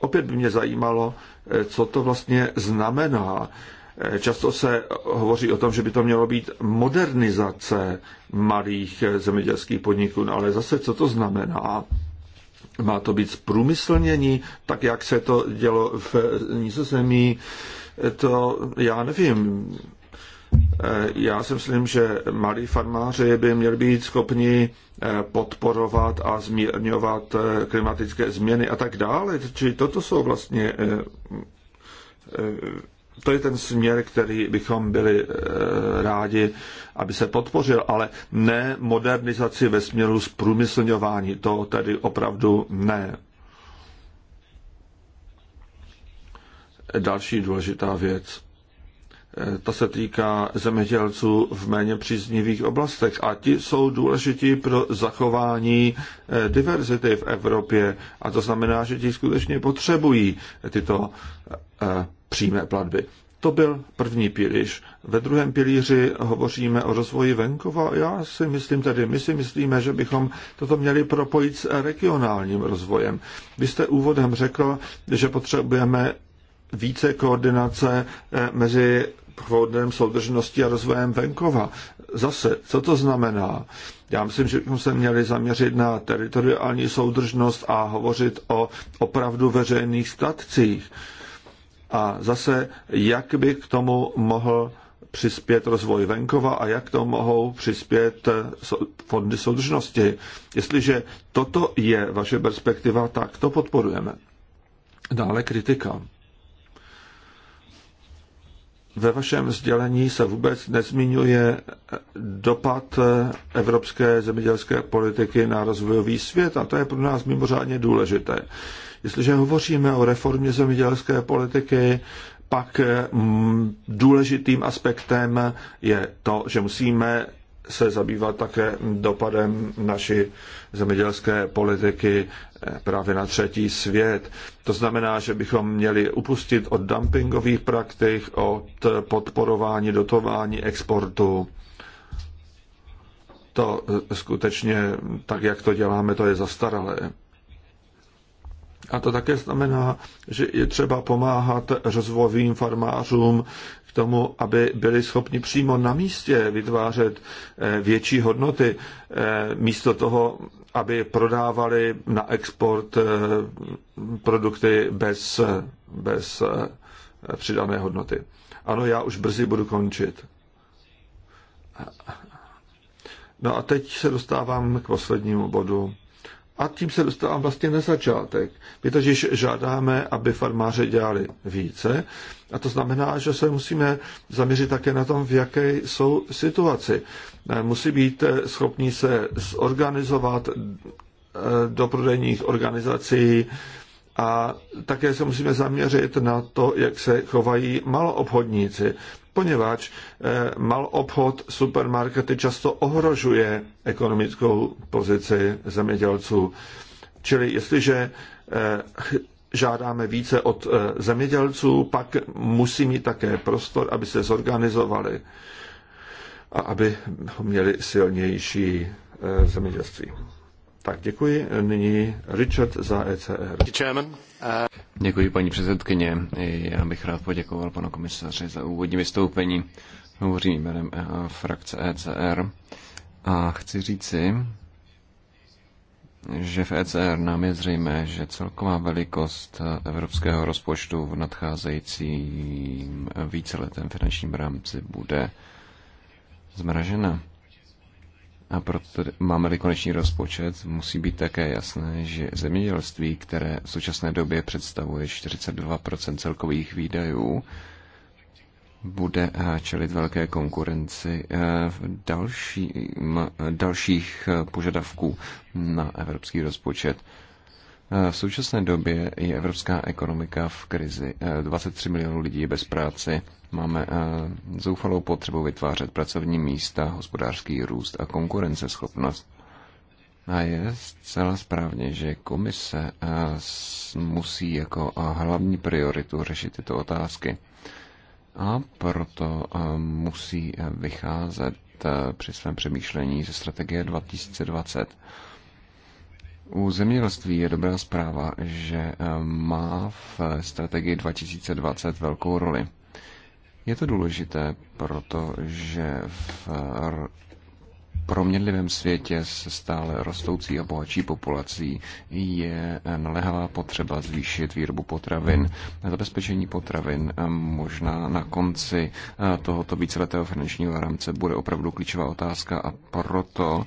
Opět by mě zajímalo, eh, co to vlastně znamená. Eh, často se hovoří o tom, že by to mělo být modernizace malých eh, zemědělských podniků, no ale zase co to znamená? Má to být zprůmyslnění, tak jak se to dělo v Nízozemí? to já nevím. Eh, já si myslím, že malí farmáři by měli být schopni eh, podporovat a zmírňovat eh, klimatické změny a tak dále. Čili toto jsou vlastně, to je ten směr, který bychom byli rádi, aby se podpořil, ale ne modernizaci ve směru zprůmyslňování. To tedy opravdu ne. Další důležitá věc Eh, to se týká zemědělců v méně příznivých oblastech a ti jsou důležití pro zachování eh, diverzity v Evropě a to znamená, že ti skutečně potřebují tyto eh, přímé platby. To byl první pilíř. Ve druhém pilíři hovoříme o rozvoji venkova. Já si myslím tedy, my si myslíme, že bychom toto měli propojit s regionálním rozvojem. Vy jste úvodem řekl, že potřebujeme více koordinace mezi provodem soudržnosti a rozvojem venkova. Zase, co to znamená? Já myslím, že bychom se měli zaměřit na teritoriální soudržnost a hovořit o opravdu veřejných statcích. A zase, jak by k tomu mohl přispět rozvoj venkova a jak to mohou přispět eh, fondy soudržnosti. Jestliže toto je vaše perspektiva, tak to podporujeme. Dále kritika. Ve vašem sdělení se vůbec nezmiňuje dopad evropské zemědělské politiky na rozvojový svět a to je pro nás mimořádně důležité. Jestliže hovoříme o reformě zemědělské politiky, pak mm, důležitým aspektem je to, že musíme se zabývat také dopadem naší zemědělské politiky eh, právě na třetí svět. To znamená, že bychom měli upustit od dumpingových praktik, od podporování, dotování exportu. To eh, skutečně, tak jak to děláme, to je zastaralé. A to také znamená, že je třeba pomáhat rozvojovým farmářům k tomu, aby byli schopni přímo na místě vytvářet eh, větší hodnoty, eh, místo toho, aby prodávali na export eh, produkty bez, bez přidané hodnoty. Ano, já už brzy budu končit. No a teď se dostávám k poslednímu bodu. A tím se dostávám vlastně na začátek. My totiž žádáme, aby farmáři dělali více a to znamená, že se musíme zaměřit také na tom, v jaké jsou situaci. Eh, musí být eh, schopní se zorganizovat eh, do prodejních organizací a také se musíme zaměřit na to, jak se chovají maloobchodníci poněvadž eh, mal obchod supermarkety často ohrožuje ekonomickou pozici zemědělců. Čili jestliže eh, žádáme více od eh, zemědělců, pak musí mít také prostor, aby se zorganizovali a aby měli silnější zemědělství. Tak děkuji. Nyní Richard za ECR. Chairman. Děkuji, paní předsedkyně. Já bych rád poděkoval panu komisaři za úvodní vystoupení. Hovořím jménem e frakce ECR a chci říci, že v ECR nám je zřejmé, že celková velikost evropského rozpočtu v nadcházejícím víceletém finančním rámci bude zmražena. A proto máme-li konečný rozpočet, musí být také jasné, že zemědělství, které v současné době představuje 42 celkových výdajů, bude eh, čelit velké konkurenci eh, další, eh, dalších požadavků na evropský rozpočet. Eh, v současné době je evropská ekonomika v krizi. 23 eh, milionů lidí je bez práce. Máme eh, zoufalou potřebu vytvářet pracovní místa, hospodářský růst a konkurenceschopnost. A je zcela správně, že komise musí jako hlavní prioritu řešit tyto otázky. A proto musí vycházet při svém přemýšlení ze strategie 2020 u zemědělství je dobrá zpráva, že eh, má v strategii 2020 velkou roli. Je to důležité, protože v proměnlivém světě se stále rostoucí a bohatší populací je eh, naléhavá potřeba zvýšit výrobu potravin. Zabezpečení potravin eh, možná na konci tohoto víceletého finančního rámce bude opravdu klíčová otázka a proto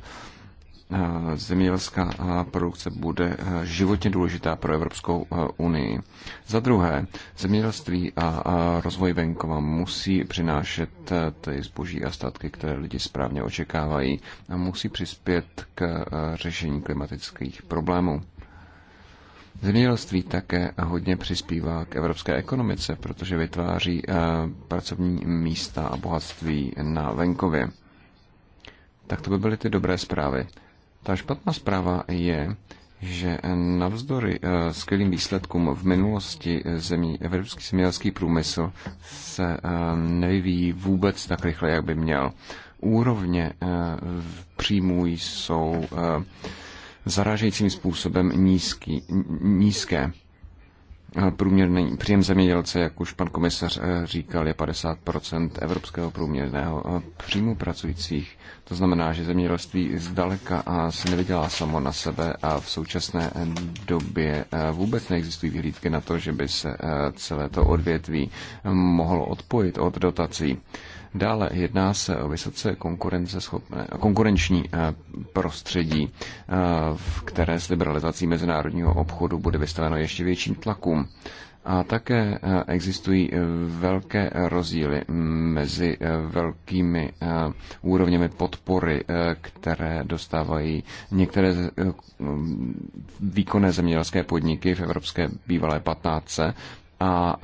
Eh, zemědělská eh, produkce bude eh, životně důležitá pro Evropskou unii. Za druhé, zemědělství a rozvoj venkova musí přinášet ty zboží a statky, které lidi správně očekávají a musí přispět k řešení klimatických problémů. Zemědělství také hodně přispívá k evropské ekonomice, protože vytváří pracovní místa a bohatství na venkově. Tak to by byly ty dobré zprávy. Ta špatná zpráva je, že navzdory eh, skvělým výsledkům v minulosti eh, zemí, evropský zemědělský průmysl se eh, nevyvíjí vůbec tak rychle, jak by měl. Úrovně příjmů jsou zaražejícím způsobem nízký, nízké průměrný příjem zemědělce, jak už pan komisař eh, říkal, je 50 evropského průměrného eh, příjmu pracujících. To znamená, že zemědělství zdaleka a eh, se nevydělá samo na sebe a v současné době vůbec neexistují vyhlídky na to, že by se celé to odvětví mohlo odpojit od dotací. Dále jedná se o vysoce konkurenční eh, prostředí, eh, v které s liberalizací mezinárodního obchodu bude vystaveno ještě větším tlakům. A také eh, existují velké rozdíly mezi velkými úrovněmi podpory, které dostávají některé výkonné zemědělské podniky v Evropské bývalé 15 a,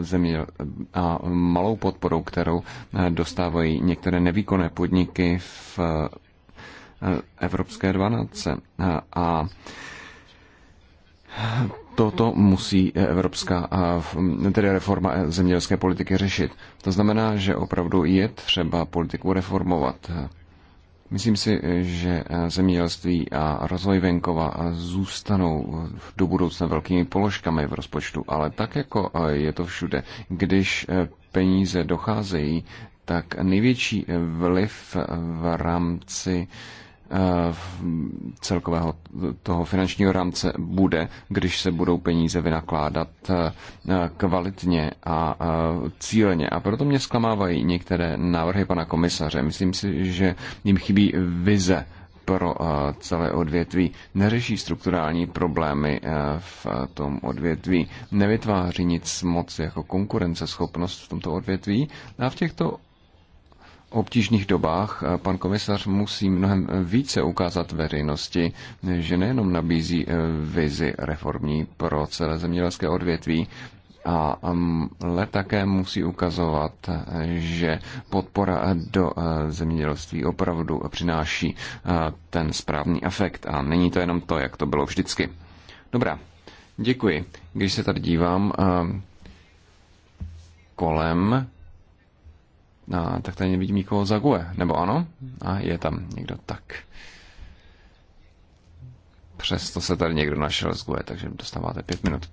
země, a malou podporou, kterou e, dostávají některé nevýkonné podniky v e, Evropské 12. E, a toto musí evropská tedy reforma zemědělské politiky řešit. To znamená, že opravdu je třeba politiku reformovat. Myslím si, že eh, zemědělství a rozvoj venkova eh, zůstanou eh, do budoucna velkými položkami v rozpočtu, ale tak jako je to všude, když peníze docházejí, tak největší vliv v rámci Eh, celkového toho finančního rámce bude, když se budou peníze vynakládat eh, kvalitně a eh, cíleně. A proto mě zklamávají některé návrhy pana komisaře. Myslím si, že jim chybí vize pro celé odvětví, neřeší strukturální problémy v tom odvětví, nevytváří nic moc jako konkurenceschopnost v tomto odvětví a v těchto obtížných dobách pan komisař musí mnohem více ukázat veřejnosti, že nejenom nabízí e, vizi reformní pro celé zemědělské odvětví, ale také musí ukazovat, e, že podpora do e, zemědělství opravdu přináší ten správný efekt a není to jenom to, jak to bylo vždycky. Dobrá, děkuji. Když se tady dívám kolem, a, tak tady nevidím nikoho za GUE, nebo ano? A je tam někdo tak. Přesto se tady někdo našel z GUE, takže dostáváte pět minut.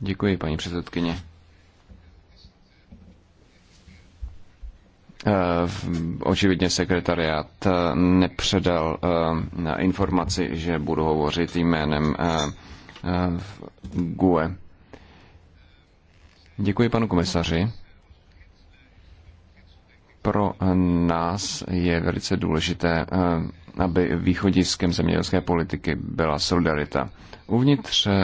Děkuji, paní předsedkyně. Eh, očividně sekretariát eh, nepředal eh, informaci, že budu hovořit jménem GUE. Děkuji panu komisaři. Pro nás je velice důležité, eh, aby východiskem zemědělské politiky byla solidarita. Uvnitř EU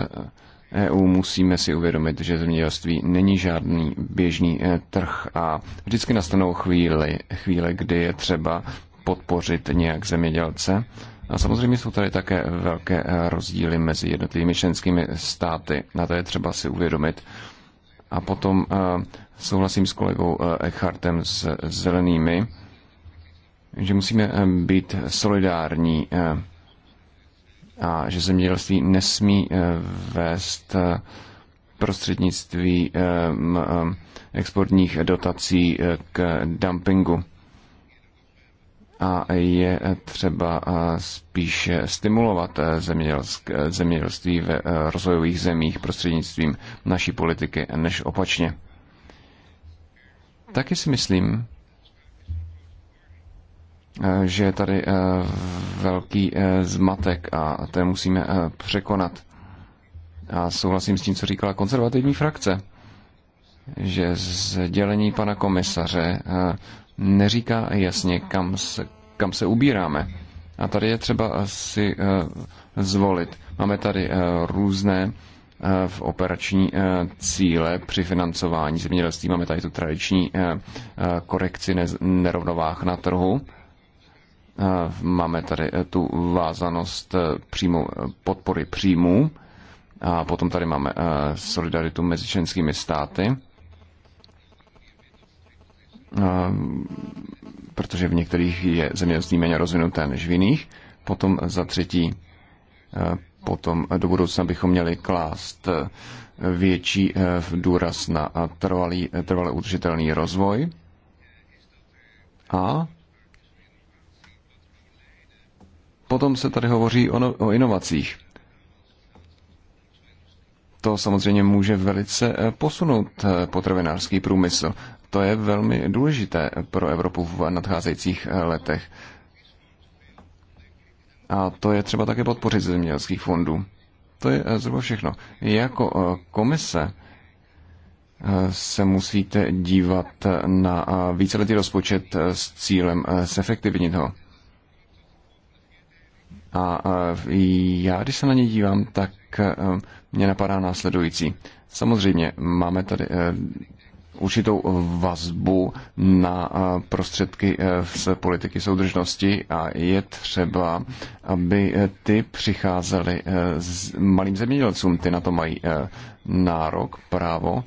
eh, e musíme si uvědomit, že zemědělství není žádný běžný eh, trh a vždycky nastanou chvíle, chvíle kdy je třeba podpořit nějak zemědělce. A samozřejmě jsou tady také velké rozdíly mezi jednotlivými členskými státy. Na to je třeba si uvědomit. A potom eh, souhlasím s kolegou eh, Eckhartem s zelenými, že musíme eh, být solidární a že zemědělství nesmí vést prostřednictví exportních dotací k dumpingu a je třeba spíše stimulovat e, e, zemědělství v e, rozvojových zemích prostřednictvím naší politiky než opačně. Taky si myslím, že je tady velký zmatek a ten musíme překonat. A souhlasím s tím, co říkala konzervativní frakce, že sdělení pana komisaře neříká jasně, kam se, kam se ubíráme. A tady je třeba si eh, zvolit. Máme tady eh, různé eh, v operační cíle při financování zemědělství. Máme tady tu tradiční korekci nerovnovách na trhu. Máme tady tu vázanost příjmu, podpory příjmů. A potom tady máme solidaritu mezi členskými státy. Ehm, protože v některých je zemědělství méně rozvinuté než v jiných. Potom za třetí, eh, potom do budoucna bychom měli klást eh, větší eh, důraz na trvalý, trvalý udržitelný rozvoj. A potom se tady hovoří o, no, o inovacích. To samozřejmě může velice posunout potravinářský průmysl to je velmi důležité pro Evropu v nadcházejících eh, letech. A to je třeba také podpořit zemědělských fondů. To je eh, zhruba všechno. Jako eh, komise se musíte dívat na víceletý rozpočet s cílem zefektivnit ho. A já, když se na ně dívám, tak mě napadá následující. Samozřejmě máme tady určitou vazbu na eh, prostředky eh, z politiky soudržnosti a je třeba, aby eh, ty přicházely s malým zemědělcům. Ty na to mají nárok, právo.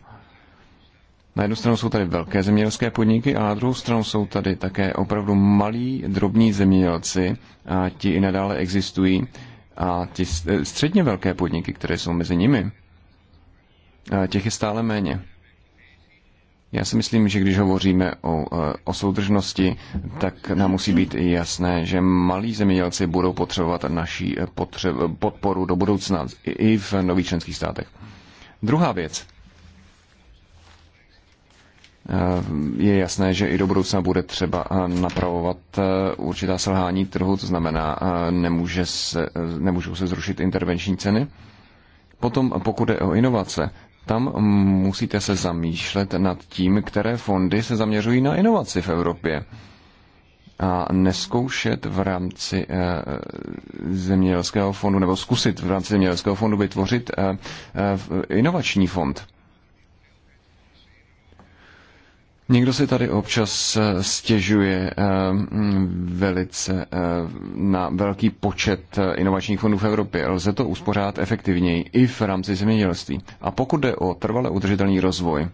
Na jednu stranu jsou tady velké zemědělské podniky a na druhou stranu jsou tady také opravdu malí, drobní zemědělci a ti i nadále existují a ti středně velké podniky, které jsou mezi nimi, těch je stále méně. Já si myslím, že když hovoříme o, eh, o soudržnosti, tak nám musí být jasné, že malí zemědělci budou potřebovat naší eh, potřeb, podporu do budoucna i v nových členských státech. Druhá věc. Eh, je jasné, že i do budoucna bude třeba napravovat určitá selhání trhu, to znamená, nemůže se, nemůžou se zrušit intervenční ceny. Potom, pokud je o inovace, tam musíte se zamýšlet nad tím, které fondy se zaměřují na inovaci v Evropě a neskoušet v rámci eh, zemědělského fondu, nebo zkusit v rámci zemědělského fondu vytvořit eh, eh, inovační fond. Někdo si tady občas eh, stěžuje eh, velice eh, na velký počet inovačních fondů v Evropě. Lze to uspořádat efektivněji i v rámci zemědělství. A pokud jde o trvale udržitelný rozvoj,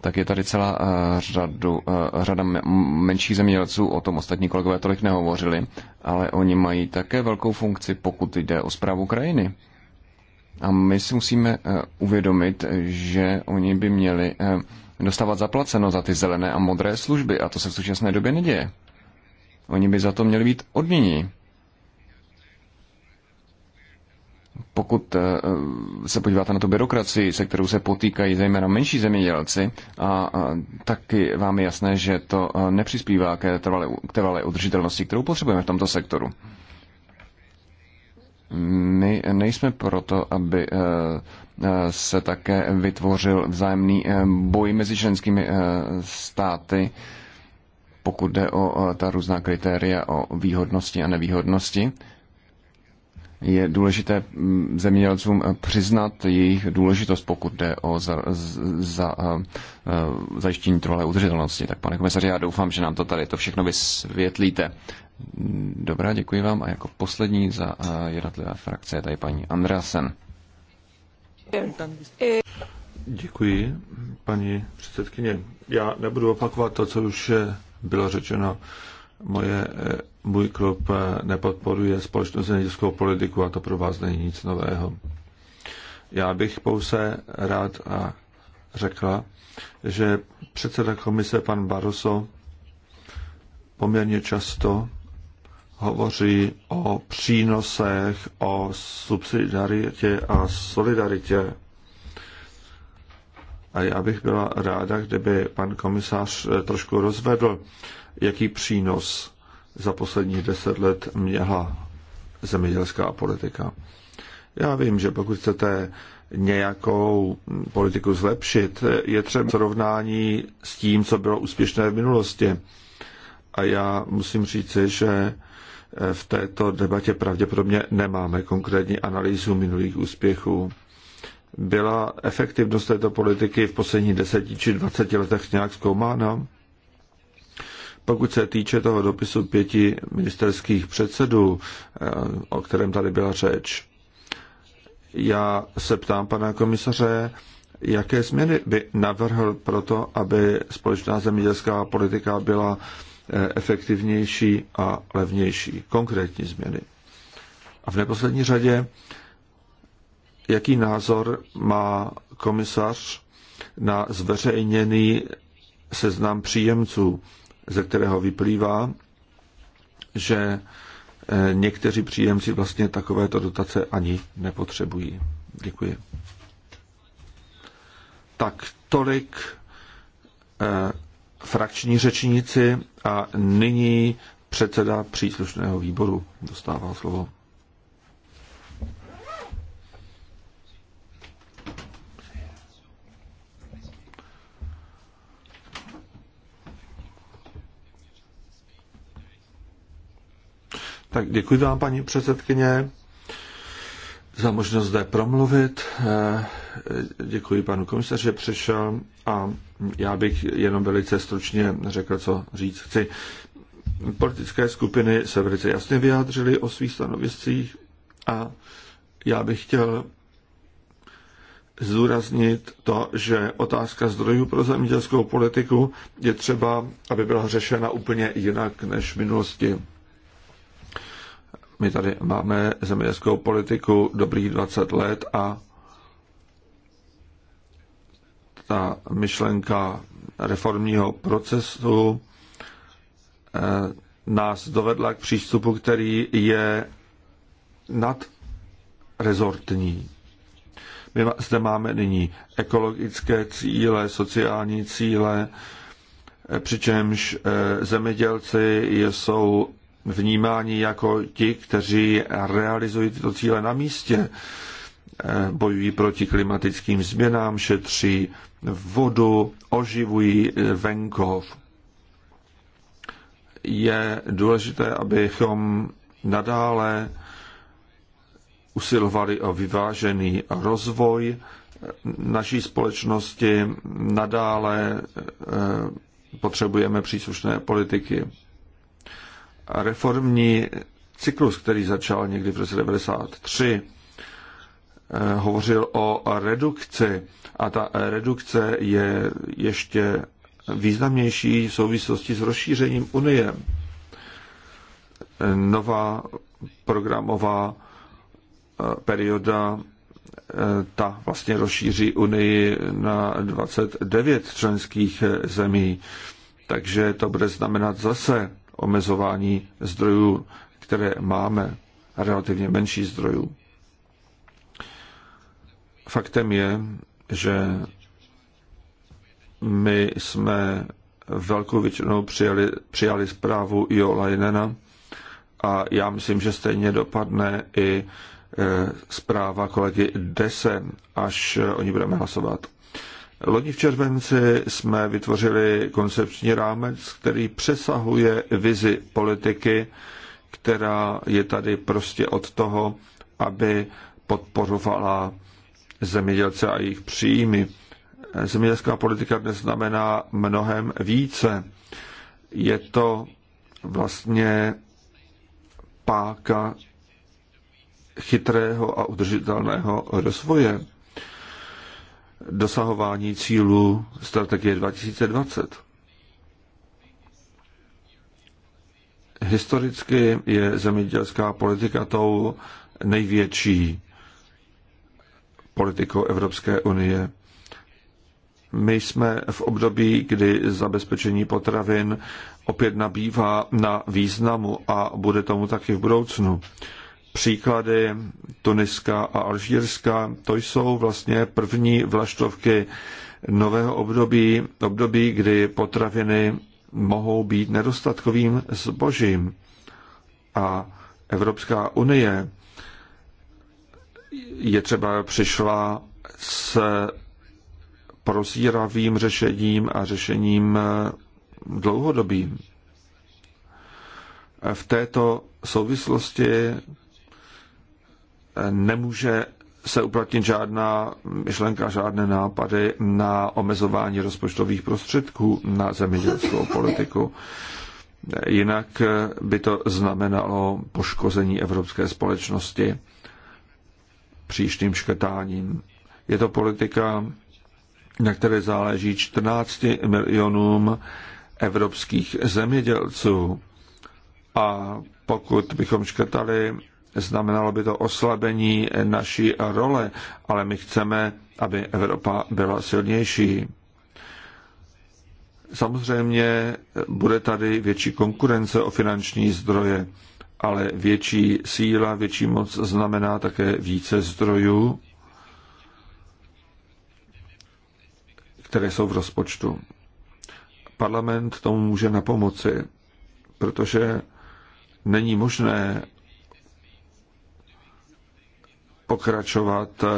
tak je tady celá řadu, řada menších zemědělců, o tom ostatní kolegové tolik nehovořili, ale oni mají také velkou funkci, pokud jde o zprávu krajiny. A my si musíme uvědomit, že oni by měli dostávat zaplaceno za ty zelené a modré služby a to se v současné době neděje. Oni by za to měli být odmění. Pokud eh, se podíváte na tu byrokracii, se kterou se potýkají zejména menší zemědělci, a taky vám je jasné, že to eh, nepřispívá k k trvalé udržitelnosti, kterou potřebujeme v tomto sektoru. My nejsme proto, aby eh, eh, se také vytvořil vzájemný eh, boj mezi členskými státy, pokud jde o ta různá kritéria o výhodnosti a nevýhodnosti je důležité mm, zemědělcům eh, přiznat jejich důležitost, pokud jde o za, za, eh, eh, zajištění trvalé udržitelnosti. Tak pane komisaři, já doufám, že nám to tady to všechno vysvětlíte. Dobrá, děkuji vám. A jako poslední za jednotlivé frakce je tady paní Andreasen. Děkuji, paní předsedkyně. Já nebudu opakovat to, co už bylo řečeno. Moje můj klub nepodporuje společnou zemědělskou politiku a to pro vás není nic nového. Já bych pouze rád a řekla, že předseda komise pan Baroso poměrně často hovoří o přínosech, o subsidiaritě a solidaritě. A já bych byla ráda, kdyby pan komisář trošku rozvedl, jaký přínos za posledních deset let měla zemědělská politika. Já vím, že pokud chcete nějakou politiku zlepšit, je třeba srovnání s tím, co bylo úspěšné v minulosti. A já musím říci, že eh, v této debatě pravděpodobně nemáme konkrétní analýzu minulých úspěchů. Byla efektivnost této politiky v posledních deseti či dvaceti letech nějak zkoumána? Pokud se týče toho dopisu pěti ministerských předsedů, eh, o kterém tady byla řeč, já se ptám pana komisaře, jaké změny by navrhl proto, aby společná zemědělská politika byla eh, efektivnější a levnější. Konkrétní změny. A v neposlední řadě, jaký názor má komisař na zveřejněný seznam příjemců ze kterého vyplývá, že eh, někteří příjemci vlastně takovéto dotace ani nepotřebují. Děkuji. Tak tolik eh, frakční řečníci a nyní předseda příslušného výboru dostává slovo. Tak děkuji vám, paní předsedkyně, za možnost zde promluvit. Eh, děkuji panu komisaři, že přišel a já bych jenom velice stručně řekl, co říct chci. Politické skupiny se velice jasně vyjádřily o svých stanoviscích a já bych chtěl zdůraznit to, že otázka zdrojů pro zemědělskou politiku je třeba, aby byla řešena úplně jinak než v minulosti. My tady máme zemědělskou politiku dobrých 20 let a ta myšlenka reformního procesu eh, nás dovedla k přístupu, který je nadrezortní. My zde máme nyní ekologické cíle, sociální cíle, eh, přičemž eh, zemědělci jsou vnímáni jako ti, kteří realizují tyto cíle na místě. Eh, bojují proti klimatickým změnám, šetří vodu, oživují eh, venkov. Je důležité, abychom nadále usilovali o vyvážený rozvoj eh, naší společnosti. Nadále potřebujeme příslušné politiky reformní cyklus, který začal někdy v roce 1993, eh, hovořil o redukci a ta redukce je ještě významnější v souvislosti s rozšířením Unie. Nová programová eh, perioda eh, ta vlastně rozšíří Unii na 29 členských zemí. Takže to bude znamenat zase omezování zdrojů, které máme, a relativně menší zdrojů. Faktem je, že my jsme velkou většinou přijali, přijali zprávu Jo Leinena a já myslím, že stejně dopadne i e, zpráva kolegy Dese, až e, o ní budeme hlasovat. Loni v červenci jsme vytvořili koncepční rámec, který přesahuje vizi politiky, která je tady prostě od toho, aby podporovala zemědělce a jejich příjmy. Zemědělská politika dnes znamená mnohem více. Je to vlastně páka chytrého a udržitelného rozvoje dosahování cílů strategie 2020. Historicky je zemědělská politika tou největší politikou Evropské unie. My jsme v období, kdy zabezpečení potravin opět nabývá na významu a bude tomu taky v budoucnu příklady Tuniska a Alžírska. To jsou vlastně první vlaštovky nového období, období, kdy potraviny mohou být nedostatkovým zbožím. A Evropská unie je třeba přišla s prozíravým řešením a řešením dlouhodobým. V této souvislosti nemůže se uplatnit žádná myšlenka, žádné nápady na omezování rozpočtových prostředků na zemědělskou politiku. Jinak by to znamenalo poškození evropské společnosti příštím škrtáním. Je to politika, na které záleží 14 milionům evropských zemědělců. A pokud bychom škrtali znamenalo by to oslabení naší role, ale my chceme, aby Evropa byla silnější. Samozřejmě bude tady větší konkurence o finanční zdroje, ale větší síla, větší moc znamená také více zdrojů, které jsou v rozpočtu. Parlament tomu může napomoci, protože není možné, pokračovat eh,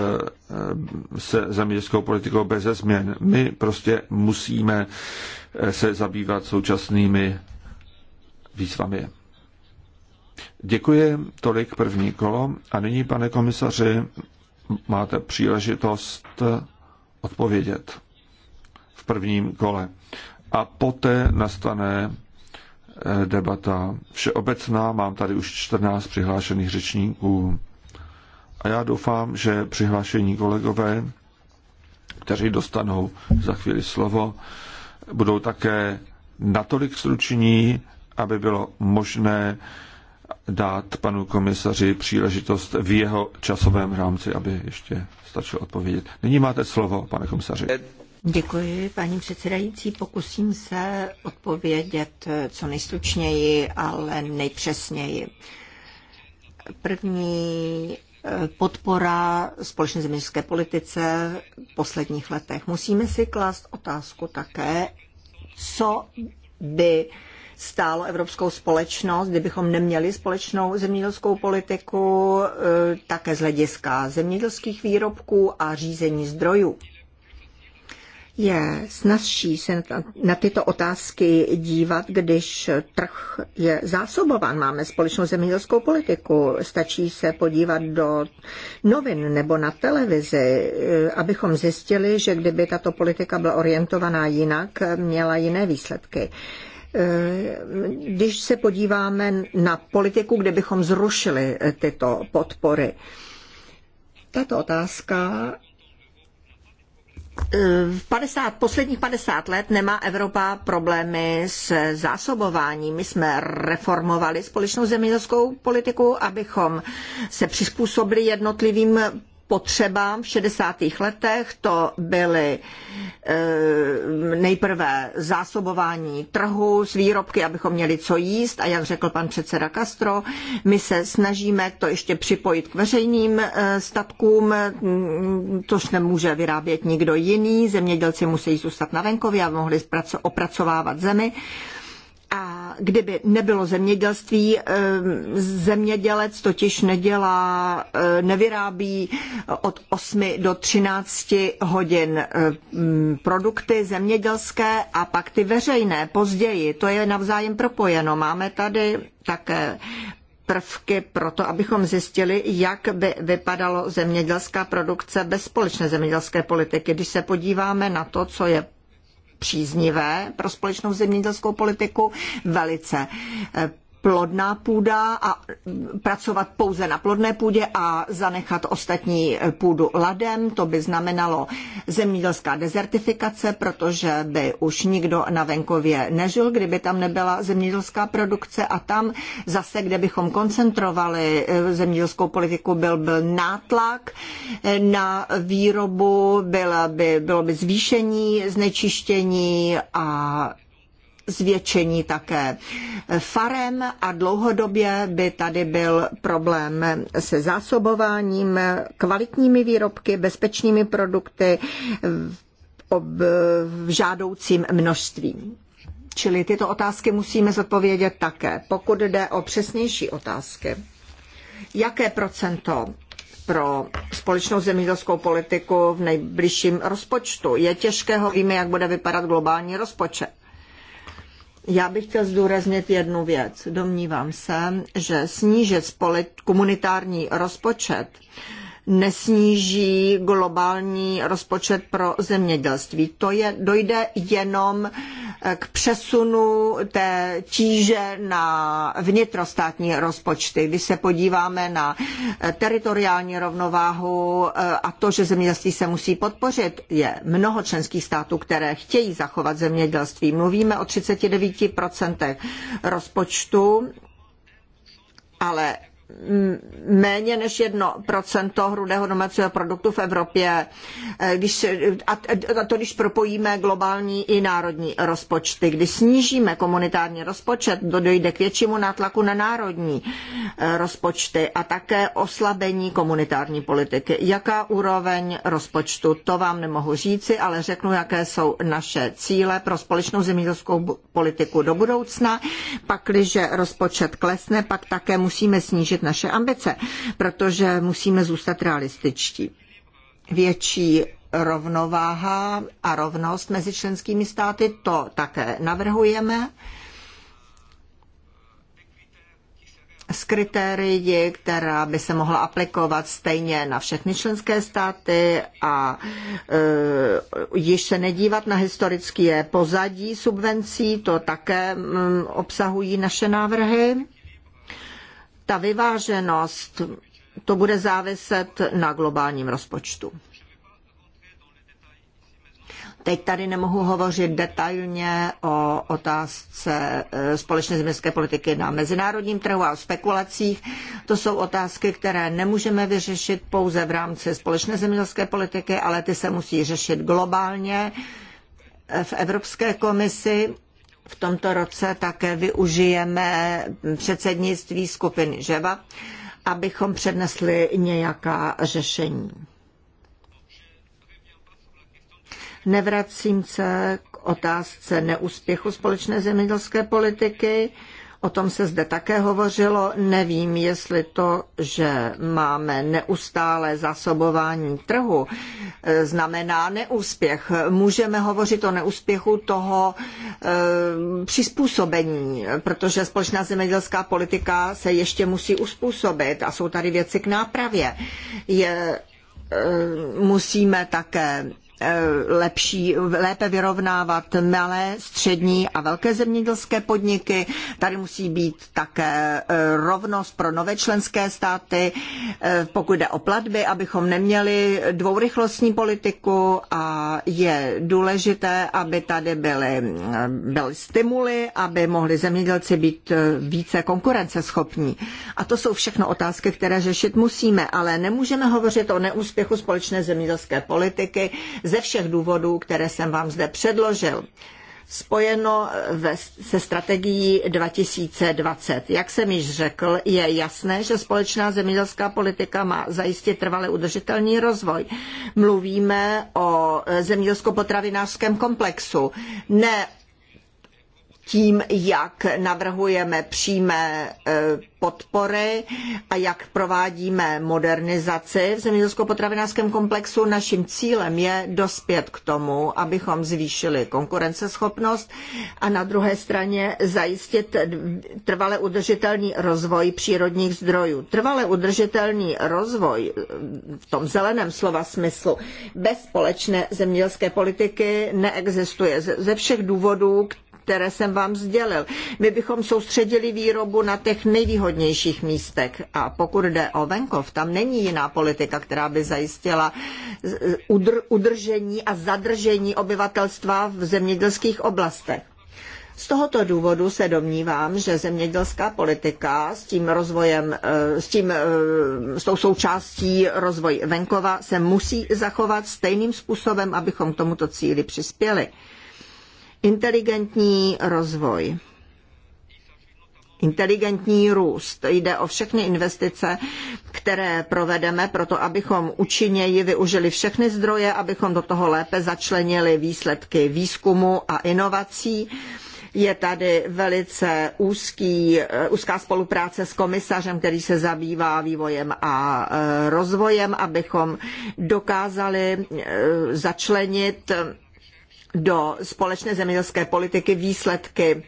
se zemědělskou politikou bez změn. My prostě musíme eh, se zabývat současnými výzvami. Děkuji, tolik první kolo. A nyní, pane komisaři, máte příležitost eh, odpovědět v prvním kole. A poté nastane debata všeobecná. Mám tady už 14 přihlášených řečníků. A já doufám, že přihlášení kolegové, kteří dostanou za chvíli slovo, budou také natolik struční, aby bylo možné dát panu komisaři příležitost v jeho časovém rámci, aby ještě stačil odpovědět. Nyní máte slovo, pane komisaři. Děkuji, paní předsedající. Pokusím se odpovědět eh, co nejstručněji, ale nejpřesněji. První podpora společné zemědělské politice v posledních letech. Musíme si klást otázku také, co by stálo evropskou společnost, kdybychom neměli společnou zemědělskou politiku, e, také z hlediska zemědělských výrobků a řízení zdrojů je snazší se na tyto otázky dívat, když trh je zásobován. Máme společnou zemědělskou politiku, stačí se podívat do novin nebo na televizi, eh, abychom zjistili, že kdyby tato politika byla orientovaná jinak, měla jiné výsledky. Eh, když se podíváme na politiku, kde bychom zrušili eh, tyto podpory, tato otázka 50, eh, posledních 50 let nemá Evropa problémy s zásobováním. My jsme reformovali společnou zemědělskou politiku, abychom se přizpůsobili jednotlivým potřebám v 60. letech. To byly eh, nejprve zásobování trhu s výrobky, abychom měli co jíst a jak řekl pan předseda Castro, my se snažíme to ještě připojit k veřejným eh, statkům, mm, což nemůže vyrábět nikdo jiný. Zemědělci musí zůstat na venkově a mohli opracovávat zemi. A kdyby nebylo zemědělství, ehm, zemědělec totiž nedělá, eh, nevyrábí od 8 do 13 hodin ehm, produkty zemědělské a pak ty veřejné později. To je navzájem propojeno. Máme tady také prvky pro to, abychom zjistili, jak by vypadalo zemědělská produkce bez společné zemědělské politiky. Když se podíváme na to, co je příznivé pro společnou zemědělskou politiku, velice eh, plodná půda a pracovat pouze na plodné půdě a zanechat ostatní půdu ladem. To by znamenalo zemědělská dezertifikace, protože by už nikdo na venkově nežil, kdyby tam nebyla zemědělská produkce a tam zase, kde bychom koncentrovali eh, zemědělskou politiku, byl, byl nátlak na výrobu, byla by, bylo by zvýšení znečištění a zvětšení také farem a dlouhodobě by tady byl problém se zásobováním kvalitními výrobky, bezpečnými produkty v žádoucím množství. Čili tyto otázky musíme zodpovědět také. Pokud jde o přesnější otázky, jaké procento pro společnou zemědělskou politiku v nejbližším rozpočtu. Je těžké ho víme, jak bude vypadat globální rozpočet. Já bych chtěl zdůraznit jednu věc. Domnívám se, že snížit komunitární rozpočet nesníží globální rozpočet pro zemědělství. To je, dojde jenom eh, k přesunu té tíže na vnitrostátní rozpočty. Když se podíváme na eh, teritoriální rovnováhu eh, a to, že zemědělství se musí podpořit, je mnoho členských států, které chtějí zachovat zemědělství. Mluvíme o 39% rozpočtu, ale méně než 1% hrubého domácího produktu v Evropě, eh, když, a to když propojíme globální i národní rozpočty. Když snížíme komunitární rozpočet, dojde k většímu nátlaku na národní eh, rozpočty a také oslabení komunitární politiky. Jaká úroveň rozpočtu, to vám nemohu říci, ale řeknu, jaké jsou naše cíle pro společnou zemědělskou politiku do budoucna. Pakliže rozpočet klesne, pak také musíme snížit snížit naše ambice, protože musíme zůstat realističtí. Větší rovnováha a rovnost mezi členskými státy, to také navrhujeme. s kritérii, která by se mohla aplikovat stejně na všechny členské státy a e, již se nedívat na historické pozadí subvencí, to také m, mm, obsahují naše návrhy ta vyváženost, to bude záviset na globálním rozpočtu. Teď tady nemohu hovořit detailně o otázce e, společné zemědělské politiky na mezinárodním trhu a o spekulacích. To jsou otázky, které nemůžeme vyřešit pouze v rámci společné zemědělské politiky, ale ty se musí řešit globálně e, v Evropské komisi v tomto roce také využijeme předsednictví skupiny ŽEVA, abychom přednesli nějaká řešení. Nevracím se k otázce neúspěchu společné zemědělské politiky. O tom se zde také hovořilo. Nevím, jestli to, že máme neustále zasobování trhu, eh, znamená neúspěch. Můžeme hovořit o neúspěchu toho e, přizpůsobení, protože společná zemědělská politika se ještě musí uspůsobit a jsou tady věci k nápravě. Je eh, musíme také Eh, lepší, lépe vyrovnávat malé, střední a velké zemědělské podniky. Tady musí být také eh, rovnost pro nové členské státy, eh, pokud jde o platby, abychom neměli dvourychlostní politiku a je důležité, aby tady byly, byly stimuly, aby mohli zemědělci být více konkurenceschopní. A to jsou všechno otázky, které řešit musíme, ale nemůžeme hovořit o neúspěchu společné zemědělské politiky ze všech důvodů, které jsem vám zde předložil spojeno se strategií 2020. Jak jsem již řekl, je jasné, že společná zemědělská politika má zajistit trvale udržitelný rozvoj. Mluvíme o zemědělsko-potravinářském komplexu, ne tím, jak navrhujeme přímé e, podpory a jak provádíme modernizaci v zemědělsko-potravinářském komplexu, naším cílem je dospět k tomu, abychom zvýšili konkurenceschopnost a na druhé straně zajistit trvale udržitelný rozvoj přírodních zdrojů. Trvale udržitelný rozvoj e, v tom zeleném slova smyslu bez společné zemědělské politiky neexistuje ze všech důvodů, které jsem vám sdělil. My bychom soustředili výrobu na těch nejvýhodnějších místech a pokud jde o venkov, tam není jiná politika, která by zajistila eh, udr- udržení a zadržení obyvatelstva v zemědělských oblastech. Z tohoto důvodu se domnívám, že zemědělská politika s tím rozvojem, eh, s, tím, eh, s tou součástí rozvoj venkova se musí zachovat stejným způsobem, abychom k tomuto cíli přispěli inteligentní rozvoj inteligentní růst. Jde o všechny investice, které provedeme proto, abychom učiněji využili všechny zdroje, abychom do toho lépe začlenili výsledky výzkumu a inovací. Je tady velice úzký, eh, úzká spolupráce s komisařem, který se zabývá vývojem a eh, rozvojem, abychom dokázali eh, začlenit do společné zemědělské politiky výsledky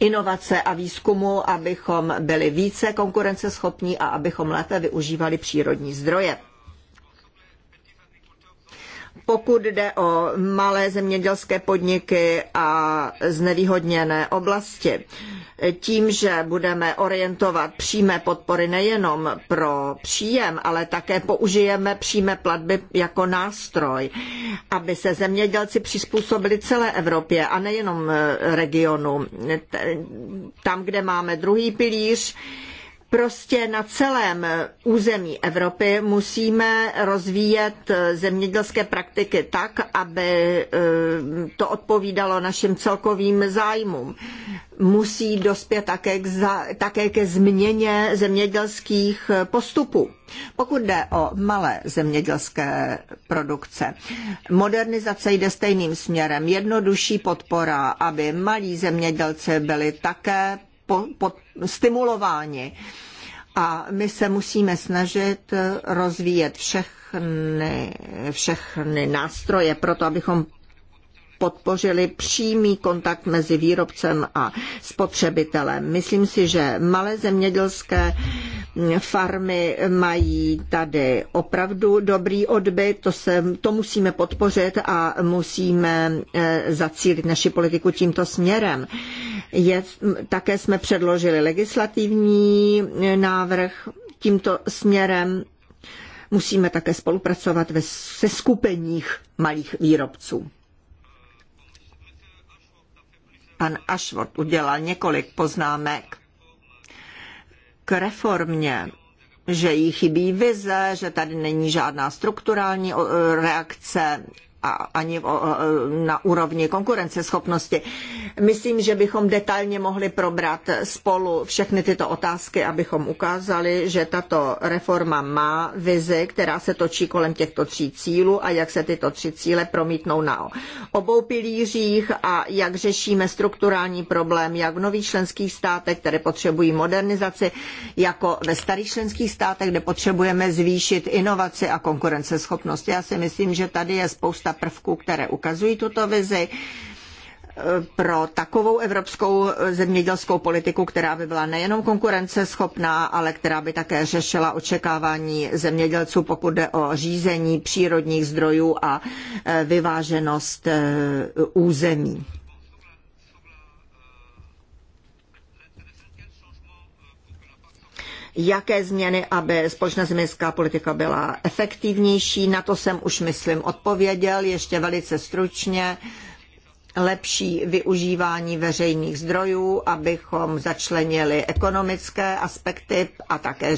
inovace a výzkumu, abychom byli více konkurenceschopní a abychom lépe využívali přírodní zdroje pokud jde o malé zemědělské podniky a znevýhodněné oblasti, tím, že budeme orientovat přímé podpory nejenom pro příjem, ale také použijeme přímé platby jako nástroj, aby se zemědělci přizpůsobili celé Evropě a nejenom regionu. Tam, kde máme druhý pilíř, Prostě na celém území Evropy musíme rozvíjet zemědělské praktiky tak, aby eh, to odpovídalo našim celkovým zájmům. Musí dospět také, k za, také ke změně zemědělských postupů. Pokud jde o malé zemědělské produkce, modernizace jde stejným směrem. Jednodušší podpora, aby malí zemědělci byli také po, po, stimulováni. A my se musíme snažit rozvíjet všechny, všechny nástroje pro to, abychom podpořili přímý kontakt mezi výrobcem a spotřebitelem. Myslím si, že malé zemědělské farmy mají tady opravdu dobrý odbyt, to, se, to musíme podpořit a musíme eh, zacílit naši politiku tímto směrem. Je, také jsme předložili legislativní e, návrh tímto směrem. Musíme také spolupracovat ve, se skupeních malých výrobců. Pan Ashworth udělal několik poznámek k reformě že jí chybí vize, že tady není žádná strukturální e, reakce a ani na úrovni konkurenceschopnosti. Myslím, že bychom detailně mohli probrat spolu všechny tyto otázky, abychom ukázali, že tato reforma má vizi, která se točí kolem těchto tří cílů a jak se tyto tři cíle promítnou na obou pilířích a jak řešíme strukturální problém, jak v nových členských státech, které potřebují modernizaci, jako ve starých členských státech, kde potřebujeme zvýšit inovaci a konkurenceschopnost. Já si myslím, že tady je spousta prvků, které ukazují tuto vizi eh, pro takovou evropskou zemědělskou politiku, která by byla nejenom konkurenceschopná, ale která by také řešila očekávání zemědělců, pokud jde o řízení přírodních zdrojů a eh, vyváženost eh, území. jaké změny, aby společná zeměnská politika byla efektivnější. Na to jsem už, myslím, odpověděl ještě velice stručně lepší využívání veřejných zdrojů, abychom začlenili ekonomické aspekty a také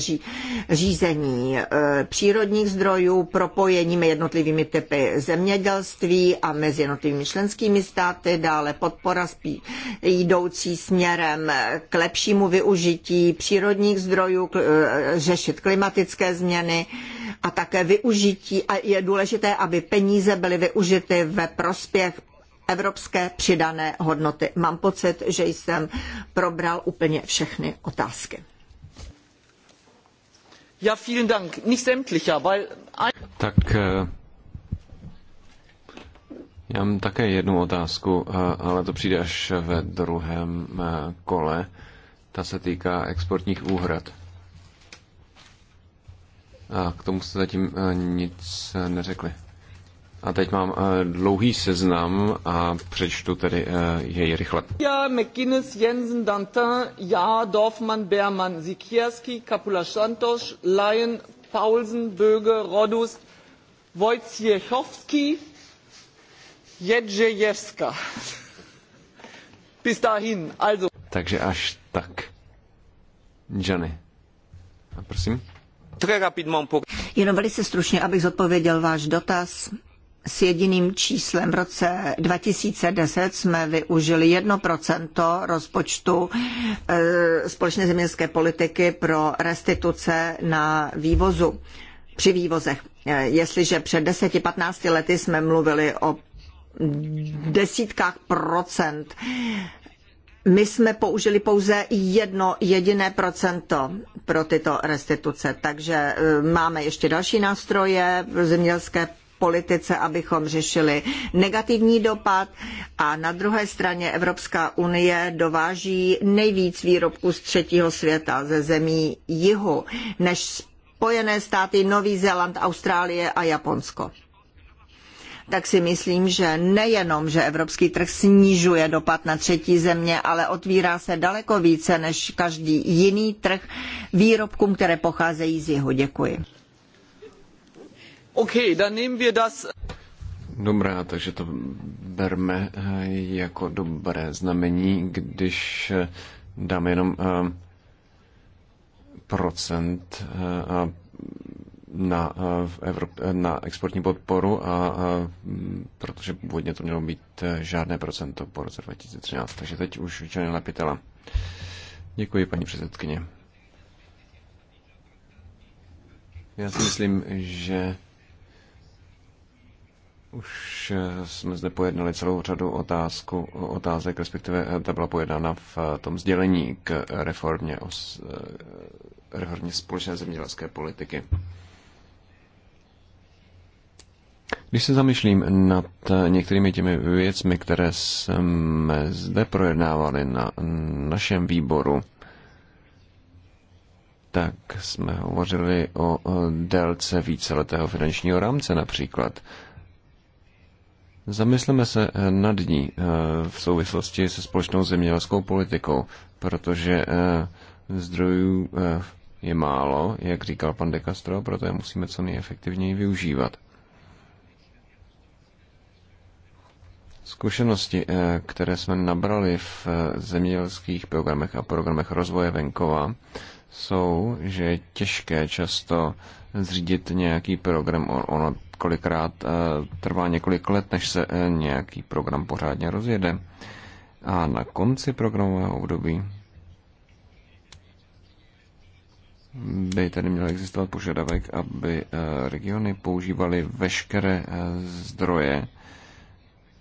řízení eh, přírodních zdrojů, propojení jednotlivými typy zemědělství a mezi jednotlivými členskými státy, dále podpora spí, jdoucí směrem k lepšímu využití přírodních zdrojů, eh, řešit klimatické změny a také využití, a je důležité, aby peníze byly využity ve prospěch evropské přidané hodnoty. Mám pocit, že jsem probral úplně všechny otázky. Ja, vielen Dank. Nicht sämtlicher, weil... Tak eh, já mám také jednu otázku, eh, ale to přijde až ve druhém eh, kole. Ta se týká exportních úhrad. A k tomu jste zatím nic neřekli. A teď mám eh, dlouhý seznam a přečtu tedy eh, jej rychle. Ja, McGuinness, Jensen, Dantin, Ja, Dorfman, Berman, Sikierski, Kapula Santos, Lyon, Paulsen, Böge, Rodus Wojciechowski, Jedzejewska. (laughs) Bis dahin, also. Takže až tak. Johnny. A prosím. Jenom velice stručně, abych zodpověděl váš dotaz s jediným číslem. V roce 2010 jsme využili 1% rozpočtu eh, společné zemědělské politiky pro restituce na vývozu, při vývozech. Eh, jestliže před 10-15 lety jsme mluvili o desítkách procent, my jsme použili pouze jedno jediné procento pro tyto restituce, takže eh, máme ještě další nástroje zemědělské politice, abychom řešili negativní dopad a na druhé straně Evropská unie dováží nejvíc výrobků z třetího světa, ze zemí jihu, než Spojené státy, Nový Zéland, Austrálie a Japonsko tak si myslím, že nejenom, že evropský trh snižuje dopad na třetí země, ale otvírá se daleko více než každý jiný trh výrobkům, které pocházejí z jihu. Děkuji. Okay, dann nehmen wir das. Dobrá, takže to berme eh, jako dobré znamení, když eh, dáme jenom eh, procent na, na exportní podporu, a, protože původně to mělo být žádné procento po roce 2013. Takže teď už Janina lepitela. Děkuji, paní předsedkyně. Já si myslím, že už eh, jsme zde pojednali celou řadu otázku, otázek, respektive eh, ta byla pojednána v eh, tom sdělení k reformě, os, reformě společné zemědělské politiky. Když se zamýšlím nad některými těmi věcmi, které jsme zde projednávali na našem výboru, tak jsme hovořili o délce víceletého finančního rámce například. Zamysleme se eh, nad ní eh, v souvislosti se společnou zemědělskou politikou, protože eh, zdrojů je málo, jak říkal pan De Castro, proto je musíme co nejefektivněji využívat. Zkušenosti, které jsme nabrali v zemědělských programech a programech rozvoje venkova, jsou, že je těžké často zřídit nějaký program. Ono kolikrát eh, trvá několik let, než se eh, nějaký program pořádně rozjede. A na konci programového období by tedy měl existovat požadavek, aby eh, regiony používaly veškeré zdroje,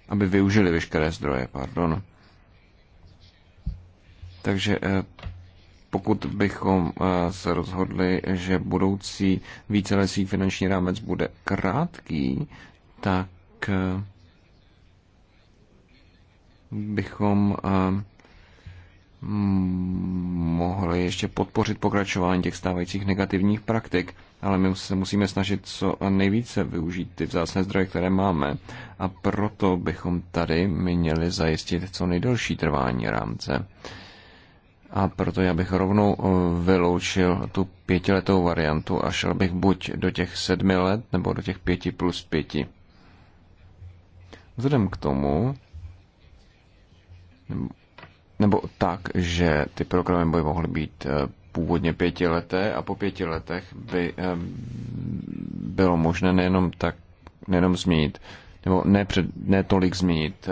aby využili veškeré zdroje, pardon. Takže pokud bychom eh, se rozhodli, že budoucí víceletý finanční rámec bude krátký, tak eh, bychom eh, mohli ještě podpořit pokračování těch stávajících negativních praktik, ale my se musíme snažit co nejvíce využít ty vzácné zdroje, které máme a proto bychom tady měli zajistit co nejdelší trvání rámce. A proto já bych rovnou eh, vyloučil tu pětiletou variantu a šel bych buď do těch sedmi let, nebo do těch pěti plus pěti. Vzhledem k tomu, nebo tak, že ty programy by mohly být eh, původně pětileté a po pěti letech by eh, bylo možné nejenom tak, nejenom změnit, nebo ne, před, ne tolik změnit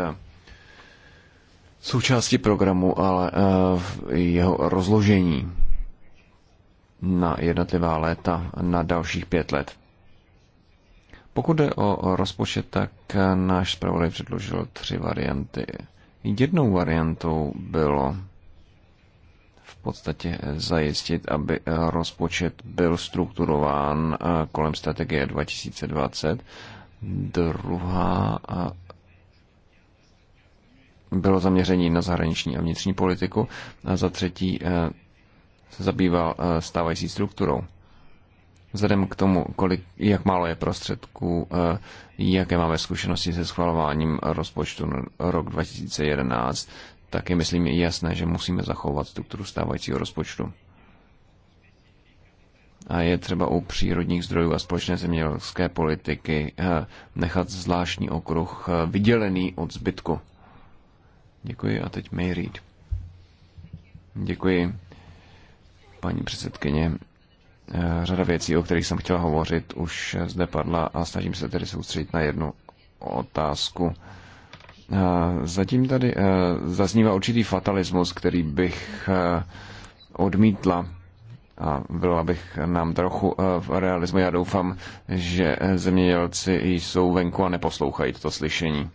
součástí programu, ale eh, jeho rozložení na jednotlivá léta, na dalších pět let. Pokud jde o rozpočet, tak eh, náš zpravodaj předložil tři varianty. Jednou variantou bylo v podstatě zajistit, aby eh, rozpočet byl strukturován kolem strategie 2020. Druhá bylo zaměření na zahraniční a vnitřní politiku a za třetí eh, se zabýval eh, stávající strukturou. Vzhledem k tomu, kolik, jak málo je prostředků, eh, jaké máme zkušenosti se schvalováním rozpočtu rok 2011, tak je, myslím, jasné, že musíme zachovat strukturu stávajícího rozpočtu. A je třeba u přírodních zdrojů a společné zemědělské politiky nechat zvláštní okruh vydělený od zbytku. Děkuji a teď May Reed. Děkuji, paní předsedkyně. Eh, řada věcí, o kterých jsem chtěla hovořit, už zde padla a snažím se tedy soustředit na jednu otázku. Eh, zatím tady eh, zaznívá určitý fatalismus, který bych odmítla a byla bych nám trochu v realismu. Já doufám, že zemědělci jsou venku a neposlouchají to slyšení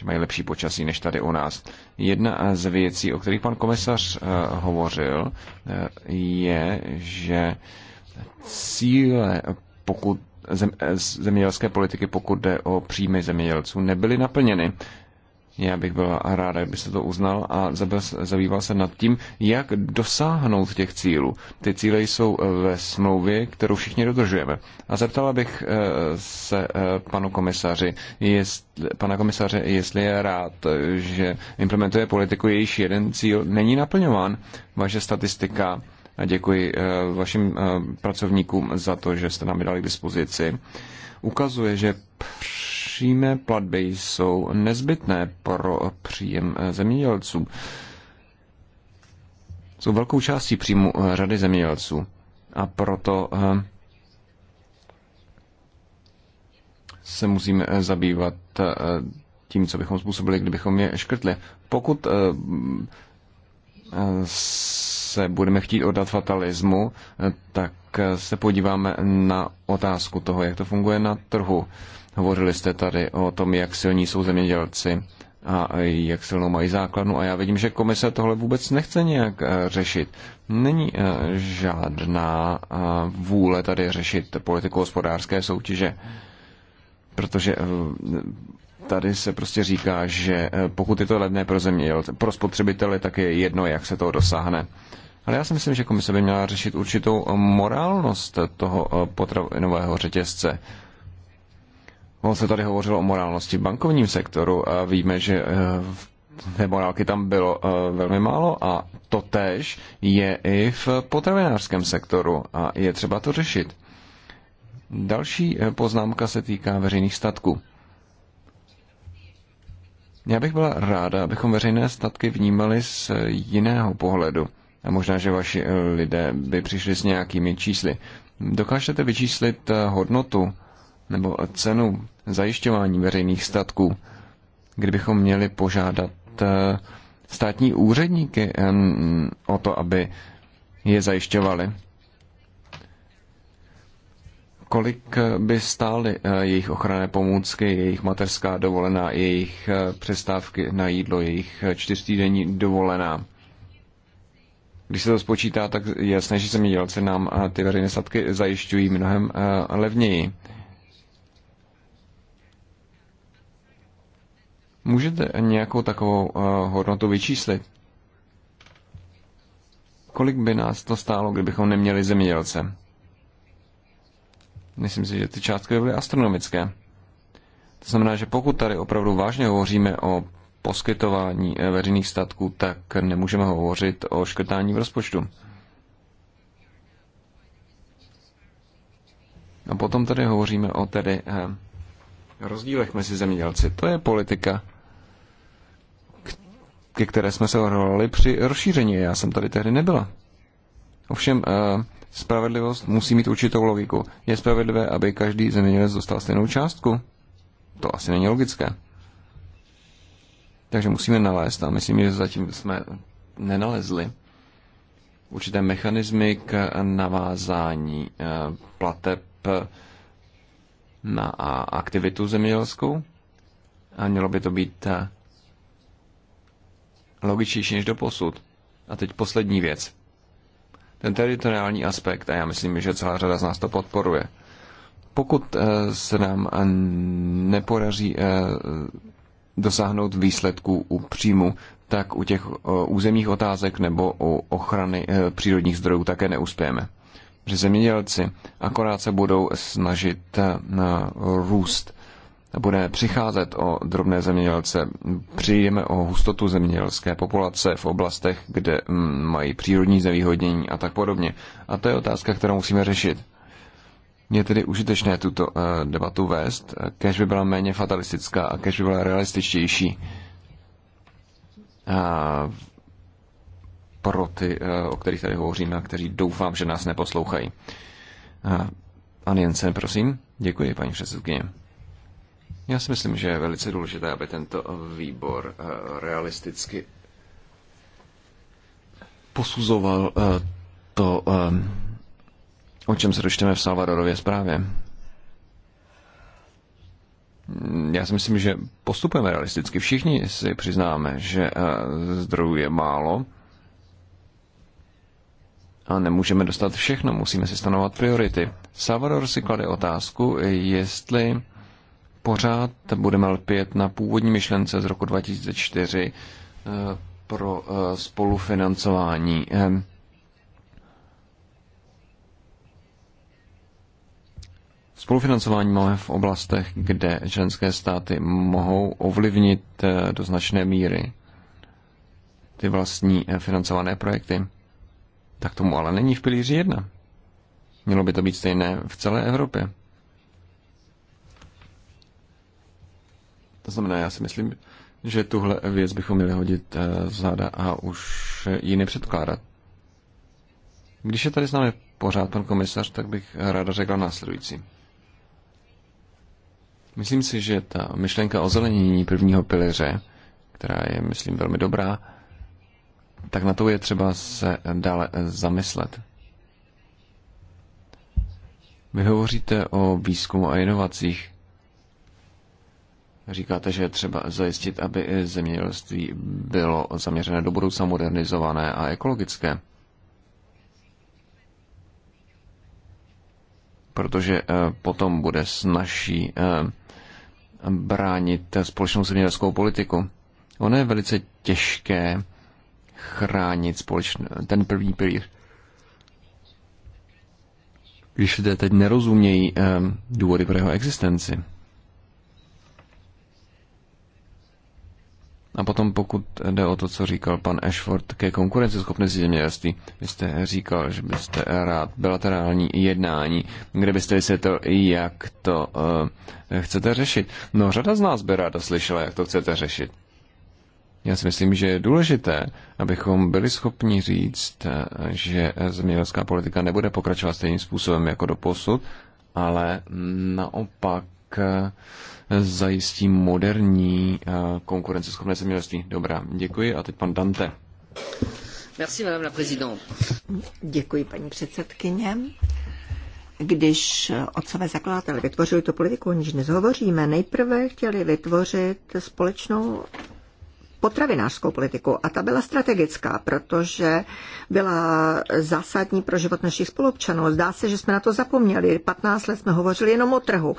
že mají lepší počasí než tady u nás. Jedna z věcí, o kterých pan komisař eh, hovořil, eh, je, že cíle pokud zem, eh, zemědělské politiky, pokud jde o příjmy zemědělců, nebyly naplněny. Já bych byla ráda, kdybyste to uznal a zabýval se nad tím, jak dosáhnout těch cílů. Ty cíle jsou eh, ve smlouvě, kterou všichni dodržujeme. A zeptala bych eh, se eh, panu komisaři, jest, pana komisaře, jestli je rád, že implementuje politiku, jejíž jeden cíl není naplňován. Vaše statistika a děkuji vašim pracovníkům za to, že jste nám dali k dispozici, ukazuje, že Přímé platby jsou nezbytné pro příjem eh, zemědělců. Jsou velkou částí příjmu eh, řady zemědělců a proto eh, se musíme zabývat tím, co bychom způsobili, kdybychom je škrtli. Pokud se budeme chtít oddat fatalismu, tak se podíváme na otázku toho, jak to funguje na trhu. Hovořili jste tady o tom, jak silní jsou zemědělci a jak silnou mají základnu. A já vidím, že komise tohle vůbec nechce nějak eh, řešit. Není eh, žádná eh, vůle tady řešit politiku hospodářské soutěže, protože tady se prostě říká, že pokud je to levné pro zemědělce, pro spotřebitele, tak je jedno, jak se toho dosáhne. Ale já si myslím, že komise by měla řešit určitou morálnost toho potravinového řetězce On se tady hovořilo o morálnosti v bankovním sektoru a víme, že eh, té morálky tam bylo eh, velmi málo a to tež je i v potravinářském sektoru a je třeba to řešit. Další eh, poznámka se týká veřejných statků. Já bych byla ráda, abychom veřejné statky vnímali z jiného pohledu. A možná, že vaši lidé by přišli s nějakými čísly. Dokážete vyčíslit hodnotu nebo cenu zajišťování veřejných statků, kdybychom měli požádat eh, státní úředníky eh, o to, aby je zajišťovali. Kolik eh, by stály jejich ochranné pomůcky, jejich materská dovolená, jejich přestávky na jídlo, jejich čtyřtýdenní dovolená? Když se to spočítá, tak jasné, že zemědělci nám ty veřejné statky zajišťují mnohem levněji. Můžete nějakou takovou eh, hodnotu vyčíslit? Kolik by nás to stálo, kdybychom neměli zemědělce? Myslím si, že ty částky by byly astronomické. To znamená, že pokud tady opravdu vážně hovoříme o poskytování eh, veřejných statků, tak nemůžeme hovořit o škrtání v rozpočtu. A potom tady hovoříme o tedy eh, rozdílech mezi zemědělci. To je politika, ke které jsme se odhodlali při rozšíření. Já jsem tady tehdy nebyla. Ovšem, eh, spravedlivost musí mít určitou logiku. Je spravedlivé, aby každý zemědělec dostal stejnou částku? To asi není logické. Takže musíme nalézt, a myslím, že zatím jsme nenalezli, určité mechanismy k navázání eh, plateb na aktivitu zemědělskou. A mělo by to být eh, logičtější než do posud. A teď poslední věc. Ten teritoriální aspekt, a já myslím, že celá řada z nás to podporuje. Pokud eh, se nám eh, nepodaří eh, dosáhnout výsledků u příjmu, tak u těch územních otázek nebo u ochrany přírodních zdrojů také neuspějeme. Že zemědělci akorát se budou snažit na růst bude přicházet o drobné zemědělce. Přijdeme o hustotu zemědělské populace v oblastech, kde mm, mají přírodní znevýhodnění a tak podobně. A to je otázka, kterou musíme řešit. Je tedy užitečné tuto eh, debatu vést, kež by byla méně fatalistická a kež by byla realističtější a pro ty, eh, o kterých tady hovoříme a kteří doufám, že nás neposlouchají. Eh, Ann Jensen, prosím. Děkuji, paní předsedkyně. Já si myslím, že je velice důležité, aby tento výbor eh, realisticky posuzoval eh, to, eh, o čem se dočteme v Salvadorově zprávě. Mm, já si myslím, že postupujeme realisticky. Všichni si přiznáme, že zdrojů je málo a nemůžeme dostat všechno. Musíme si stanovat priority. Salvador si klade otázku, jestli pořád budeme lpět na původní myšlence z roku 2004 eh, pro eh, spolufinancování. Eh, spolufinancování máme v oblastech, kde členské státy mohou ovlivnit do značné míry ty vlastní financované projekty. Tak tomu ale není v pilíři jedna. Mělo by to být stejné v celé Evropě. To znamená, já si myslím, že tuhle věc bychom měli hodit eh, záda a už ji nepředkládat. Když je tady s námi pořád pan komisař, tak bych ráda řekla následující. Myslím si, že ta myšlenka o zelenění prvního pilíře, která je, myslím, velmi dobrá, tak na to je třeba se dále zamyslet. Vy hovoříte o výzkumu a inovacích. Říkáte, že je třeba zajistit, aby zemědělství bylo zaměřené do budoucna modernizované a ekologické. Protože eh, potom bude snažší eh, bránit společnou zemědělskou politiku. Ono je velice těžké chránit společný, ten první pilíř. Když lidé teď nerozumějí eh, důvody pro jeho existenci. A potom pokud jde o to, co říkal pan Ashford ke konkurenceschopnosti zemědělství, vy jste říkal, že byste rád bilaterální jednání, kde byste vysvětlil, jak to uh, chcete řešit. No řada z nás by ráda slyšela, jak to chcete řešit. Já si myslím, že je důležité, abychom byli schopni říct, eh, že zemědělská politika nebude pokračovat stejným způsobem jako do posud, ale naopak uh, zajistí moderní eh, konkurenceschopné zemědělství. Dobrá, děkuji. A teď pan Dante. Merci, madame la Děkuji, paní předsedkyně. Když otcové zakladatelé vytvořili tu politiku, o níž nezhovoříme, nejprve chtěli vytvořit společnou potravinářskou politiku a ta byla strategická, protože byla zásadní pro život našich spolupčanů. Zdá se, že jsme na to zapomněli. 15 let jsme hovořili jenom o trhu.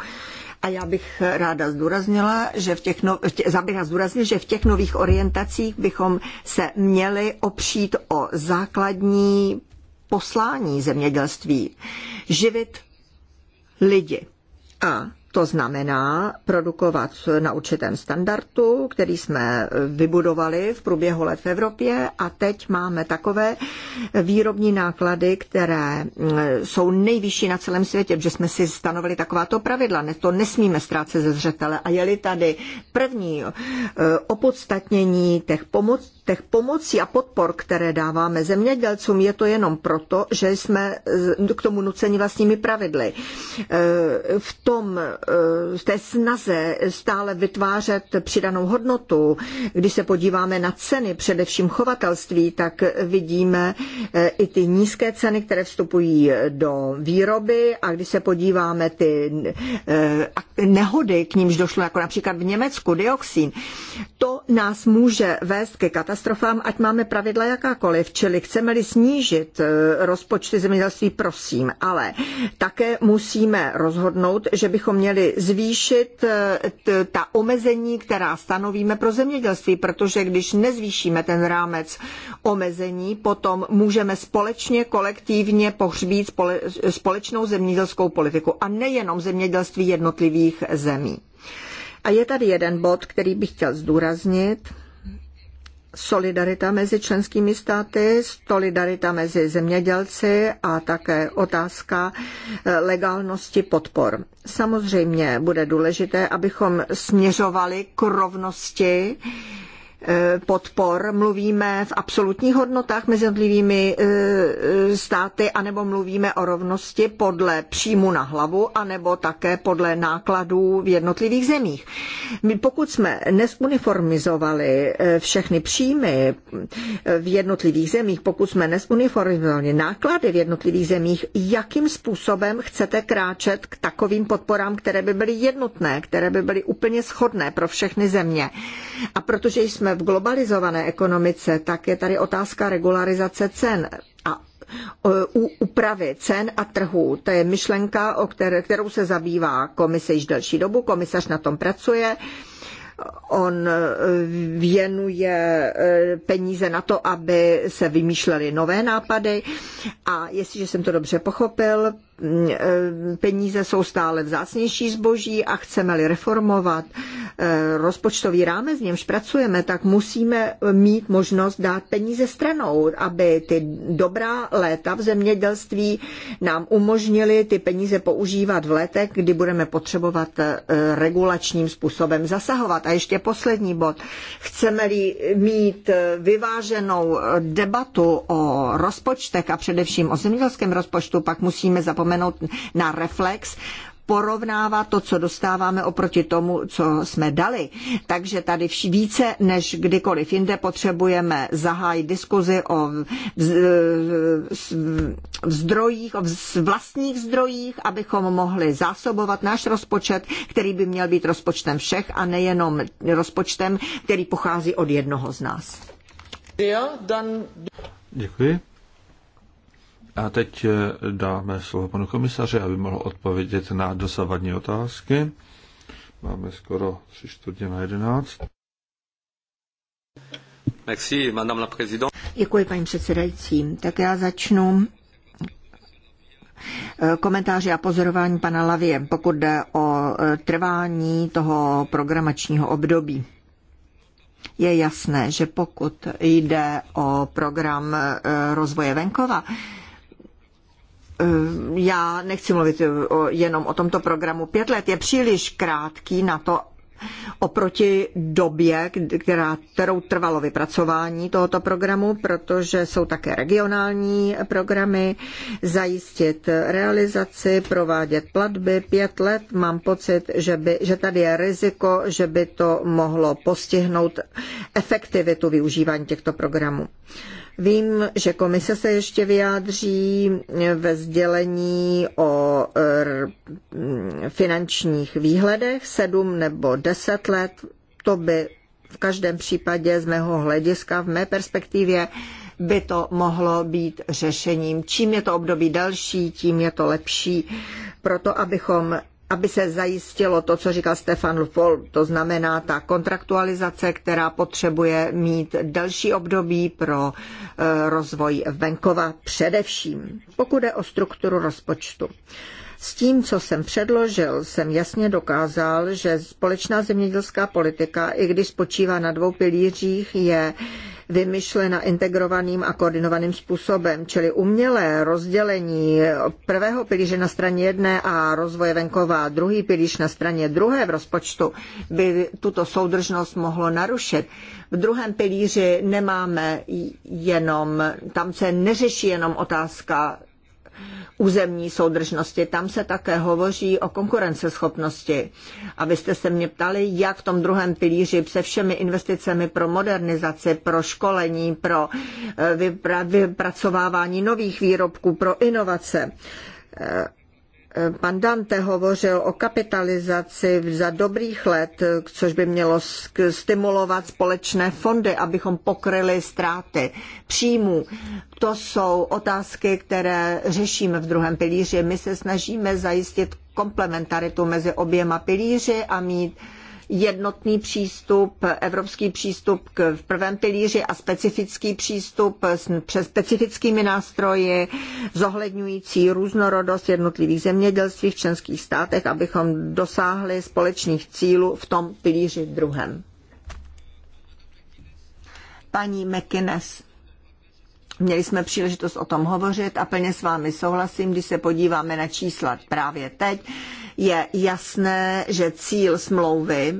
A já bych ráda zdůraznila, že v těch, no, bych zdůraznila, že v těch nových orientacích bychom se měli opřít o základní poslání zemědělství. Živit lidi. A to znamená produkovat na určitém standardu, který jsme vybudovali v průběhu let v Evropě a teď máme takové výrobní náklady, které mm, jsou nejvyšší na celém světě, protože jsme si stanovili takováto pravidla. To nesmíme ztrácet ze zřetele. A je-li tady první eh, opodstatnění těch pomoc, aspektech pomocí a podpor, které dáváme zemědělcům, je to jenom proto, že jsme eh, k tomu nuceni vlastními pravidly. Eh, v, tom, eh, v té snaze stále vytvářet přidanou hodnotu, když se podíváme na ceny, především chovatelství, tak vidíme i ty nízké ceny, které vstupují do výroby a když se podíváme ty nehody, k nímž došlo, jako například v Německu dioxin, to nás může vést ke katastrofě katastrofám, ať máme pravidla jakákoliv, čili chceme-li snížit eh, rozpočty zemědělství, prosím, ale také musíme rozhodnout, že bychom měli zvýšit eh, ta omezení, která stanovíme pro zemědělství, protože když nezvýšíme ten rámec omezení, potom můžeme společně, kolektivně pohřbít společnou zemědělskou politiku a nejenom zemědělství jednotlivých zemí. A je tady jeden bod, který bych chtěl zdůraznit solidarita mezi členskými státy, solidarita mezi zemědělci a také otázka eh, legálnosti podpor. Samozřejmě bude důležité, abychom směřovali k rovnosti Eh, podpor. Mluvíme v absolutních hodnotách mezi jednotlivými eh, státy, anebo mluvíme o rovnosti podle příjmu na hlavu, anebo také podle nákladů v jednotlivých zemích. My pokud jsme nesuniformizovali eh, všechny příjmy v jednotlivých zemích, pokud jsme nesuniformizovali náklady v jednotlivých zemích, jakým způsobem chcete kráčet k takovým podporám, které by byly jednotné, které by byly úplně shodné pro všechny země. A protože jsme v globalizované ekonomice, tak je tady otázka regularizace cen a e, úpravy cen a trhů. To je myšlenka, o kterou se zabývá komise již delší dobu, komisař na tom pracuje on e, věnuje e, peníze na to, aby se vymýšlely nové nápady a jestliže jsem to dobře pochopil, Eh, peníze jsou stále vzácnější zboží a chceme-li reformovat eh, rozpočtový rámec, v němž pracujeme, tak musíme mít možnost dát peníze stranou, aby ty dobrá léta v zemědělství nám umožnili ty peníze používat v letech, kdy budeme potřebovat eh, regulačním způsobem zasahovat. A ještě poslední bod. Chceme-li mít vyváženou debatu o rozpočtech a především o zemědělském rozpočtu, pak musíme zapomínat zapomenout na reflex, porovnává to, co dostáváme oproti tomu, co jsme dali. Takže tady více než kdykoliv jinde potřebujeme zahájit diskuzi o zdrojích, o vlastních zdrojích, abychom mohli zásobovat náš rozpočet, který by měl být rozpočtem všech a nejenom rozpočtem, který pochází od jednoho z nás. Děkuji. A teď eh, dáme slovo panu komisaři, aby mohl odpovědět na dosavadní otázky. Máme skoro tři čtvrtě na jedenáct. Merci, madame la présidente. Děkuji, paní předsedající. Tak já začnu eh, komentáři a pozorování pana Lavie, pokud jde o eh, trvání toho programačního období. Je jasné, že pokud jde o program rozvoje venkova, Eh, já nechci mluvit eh, jenom o tomto programu. Pět let je příliš krátký na to, oproti době, která, kterou trvalo vypracování tohoto programu, protože jsou také regionální programy, zajistit realizaci, provádět platby pět let. Mám pocit, že, by, že tady je riziko, že by to mohlo postihnout efektivitu využívání těchto programů. Uh, Vím, že komise se ještě vyjádří ve sdělení o eh, finančních výhledech sedm nebo deset let. To by v každém případě z mého hlediska, v mé perspektivě, by to mohlo být řešením. Čím je to období další, tím je to lepší, proto abychom aby se zajistilo to, co říkal Stefan Lupol, to znamená ta kontraktualizace, která potřebuje mít další období pro eh, rozvoj venkova především, pokud je o strukturu rozpočtu. S tím, co jsem předložil, jsem jasně dokázal, že společná zemědělská politika, i když spočívá na dvou pilířích, je vymyšlena integrovaným a koordinovaným způsobem, čili umělé rozdělení prvého pilíře na straně jedné a rozvoje venkova druhý pilíř na straně druhé v rozpočtu by tuto soudržnost mohlo narušit. V druhém pilíři nemáme jenom, tam se neřeší jenom otázka územní soudržnosti. Tam se také hovoří o konkurenceschopnosti. A vy jste se mě ptali, jak v tom druhém pilíři se všemi investicemi pro modernizaci, pro školení, pro eh, vypracovávání nových výrobků, pro inovace eh, Eh, pan Dante hovořil o kapitalizaci za dobrých let, eh, což by mělo stimulovat společné fondy, abychom pokryli ztráty příjmů. To jsou otázky, které řešíme v druhém pilíři. My se snažíme zajistit komplementaritu mezi oběma pilíři a mít jednotný přístup, evropský přístup k, v prvém pilíři a specifický přístup s, přes specifickými nástroji, zohledňující různorodost jednotlivých zemědělství v členských státech, abychom dosáhli společných cílů v tom pilíři druhém. Paní McInnes. Měli jsme příležitost o tom hovořit a plně s vámi souhlasím, když se podíváme na čísla právě teď, je jasné, že cíl smlouvy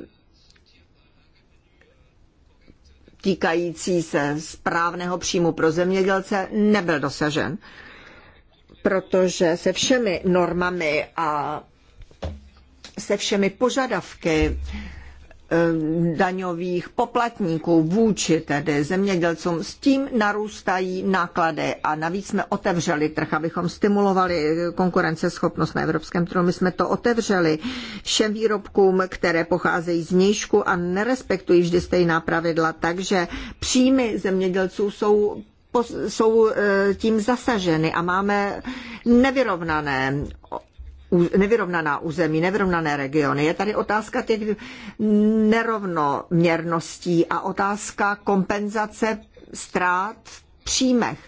týkající se správného příjmu pro zemědělce nebyl dosažen, protože se všemi normami a se všemi požadavky Eh, daňových poplatníků vůči tedy zemědělcům, s tím narůstají náklady a navíc jsme otevřeli trh, abychom stimulovali konkurenceschopnost na evropském trhu. My jsme to otevřeli všem výrobkům, které pocházejí z nížku a nerespektují vždy stejná pravidla, takže příjmy zemědělců jsou jsou eh, tím zasaženy a máme nevyrovnané nevyrovnaná území, nevyrovnané regiony. Je tady otázka těch nerovnoměrností a otázka kompenzace ztrát v příjmech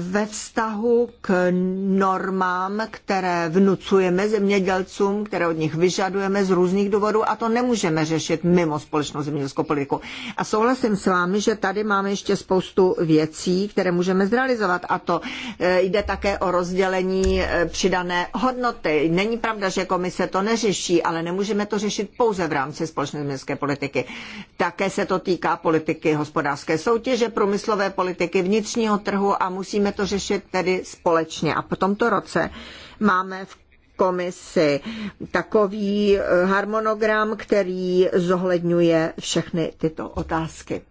ve vztahu k normám, které vnucujeme zemědělcům, které od nich vyžadujeme z různých důvodů a to nemůžeme řešit mimo společnou zemědělskou politiku. A souhlasím s vámi, že tady máme ještě spoustu věcí, které můžeme zrealizovat a to e, jde také o rozdělení e, přidané hodnoty. Není pravda, že komise to neřeší, ale nemůžeme to řešit pouze v rámci společné zemědělské politiky. Také se to týká politiky hospodářské soutěže, průmyslové politiky, vnitřního trhu a musíme to řešit tedy společně. A po tomto roce máme v komisi takový eh, harmonogram, který zohledňuje všechny tyto otázky.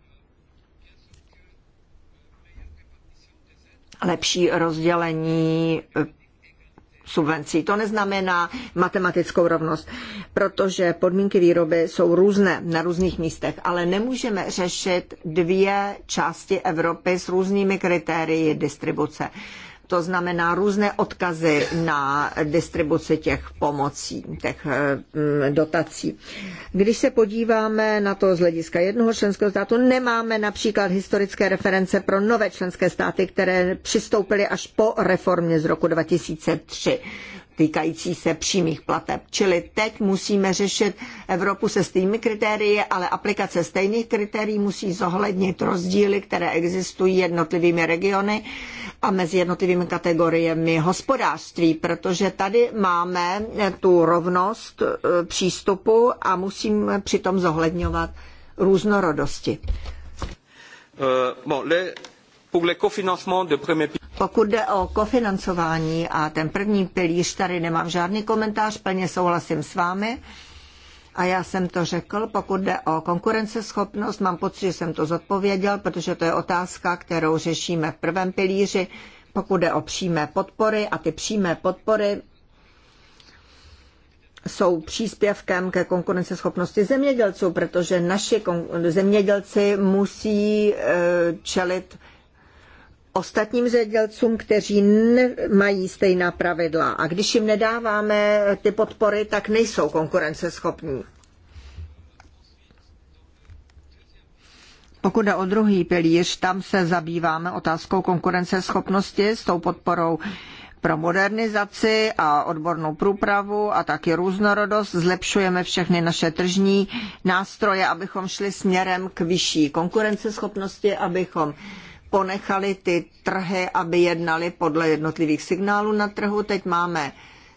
Lepší rozdělení eh, subvencí. To neznamená matematickou rovnost, protože podmínky výroby jsou různé na různých místech, ale nemůžeme řešit dvě části Evropy s různými kritérii distribuce to znamená různé odkazy na distribuci těch pomocí, těch eh, mm, dotací. Když se podíváme na to z hlediska jednoho členského státu, nemáme například historické reference pro nové členské státy, které přistoupily až po reformě z roku 2003 týkající se přímých plateb. Čili teď musíme řešit Evropu se stejnými kritérii, ale aplikace stejných kritérií musí zohlednit rozdíly, které existují jednotlivými regiony a mezi jednotlivými kategoriemi hospodářství, protože tady máme tu rovnost e, přístupu a musím přitom zohledňovat různorodosti. E, Pokud jde o kofinancování a ten první pilíř, tady nemám žádný komentář, plně souhlasím s vámi. A já jsem to řekl, pokud jde o konkurenceschopnost, mám pocit, že jsem to zodpověděl, protože to je otázka, kterou řešíme v prvém pilíři. Pokud jde o přímé podpory a ty přímé podpory jsou příspěvkem ke konkurenceschopnosti zemědělců, protože naši zemědělci musí eh, čelit ostatním zemědělcům, kteří nemají stejná pravidla. A když jim nedáváme ty podpory, tak nejsou konkurenceschopní. Pokud jde o druhý pilíř, tam se zabýváme otázkou konkurenceschopnosti s tou podporou pro modernizaci a odbornou průpravu a taky různorodost. Zlepšujeme všechny naše tržní nástroje, abychom šli směrem k vyšší konkurenceschopnosti, abychom ponechali ty trhy, aby jednali podle jednotlivých signálů na trhu. Teď máme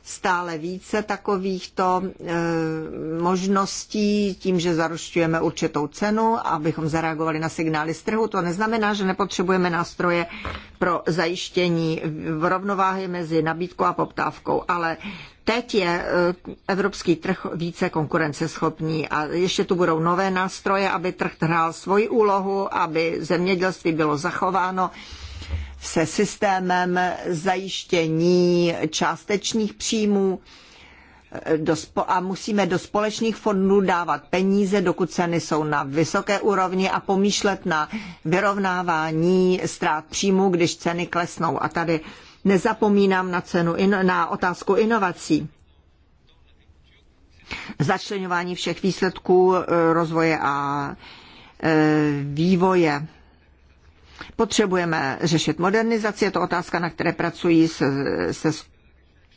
stále více takovýchto e, možností tím, že zarušťujeme určitou cenu, abychom zareagovali na signály z trhu. To neznamená, že nepotřebujeme nástroje pro zajištění v rovnováhy mezi nabídkou a poptávkou, ale Teď je e, evropský trh více konkurenceschopný a ještě tu budou nové nástroje, aby trh hrál svoji úlohu, aby zemědělství bylo zachováno se systémem zajištění částečných příjmů e, a musíme do společných fondů dávat peníze, dokud ceny jsou na vysoké úrovni a pomýšlet na vyrovnávání ztrát příjmů, když ceny klesnou. A tady nezapomínám na, cenu, na otázku inovací začlenování všech výsledků e, rozvoje a e, vývoje. Potřebujeme řešit modernizaci, je to otázka, na které pracují se, se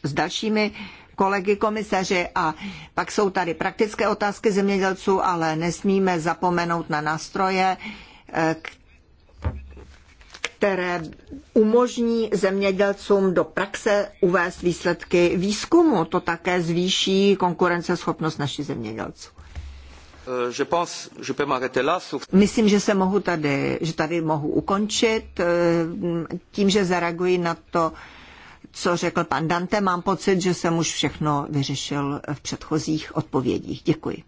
s dalšími kolegy komisaři a pak jsou tady praktické otázky zemědělců, ale nesmíme zapomenout na nástroje, e, které umožní zemědělcům do praxe uvést výsledky výzkumu. To také zvýší konkurenceschopnost našich zemědělců. Euh, Myslím, že se mohu tady, že tady mohu ukončit. Euh, tím, že zareaguji na to, co řekl pan Dante, mám pocit, že jsem už všechno vyřešil v předchozích odpovědích. Děkuji.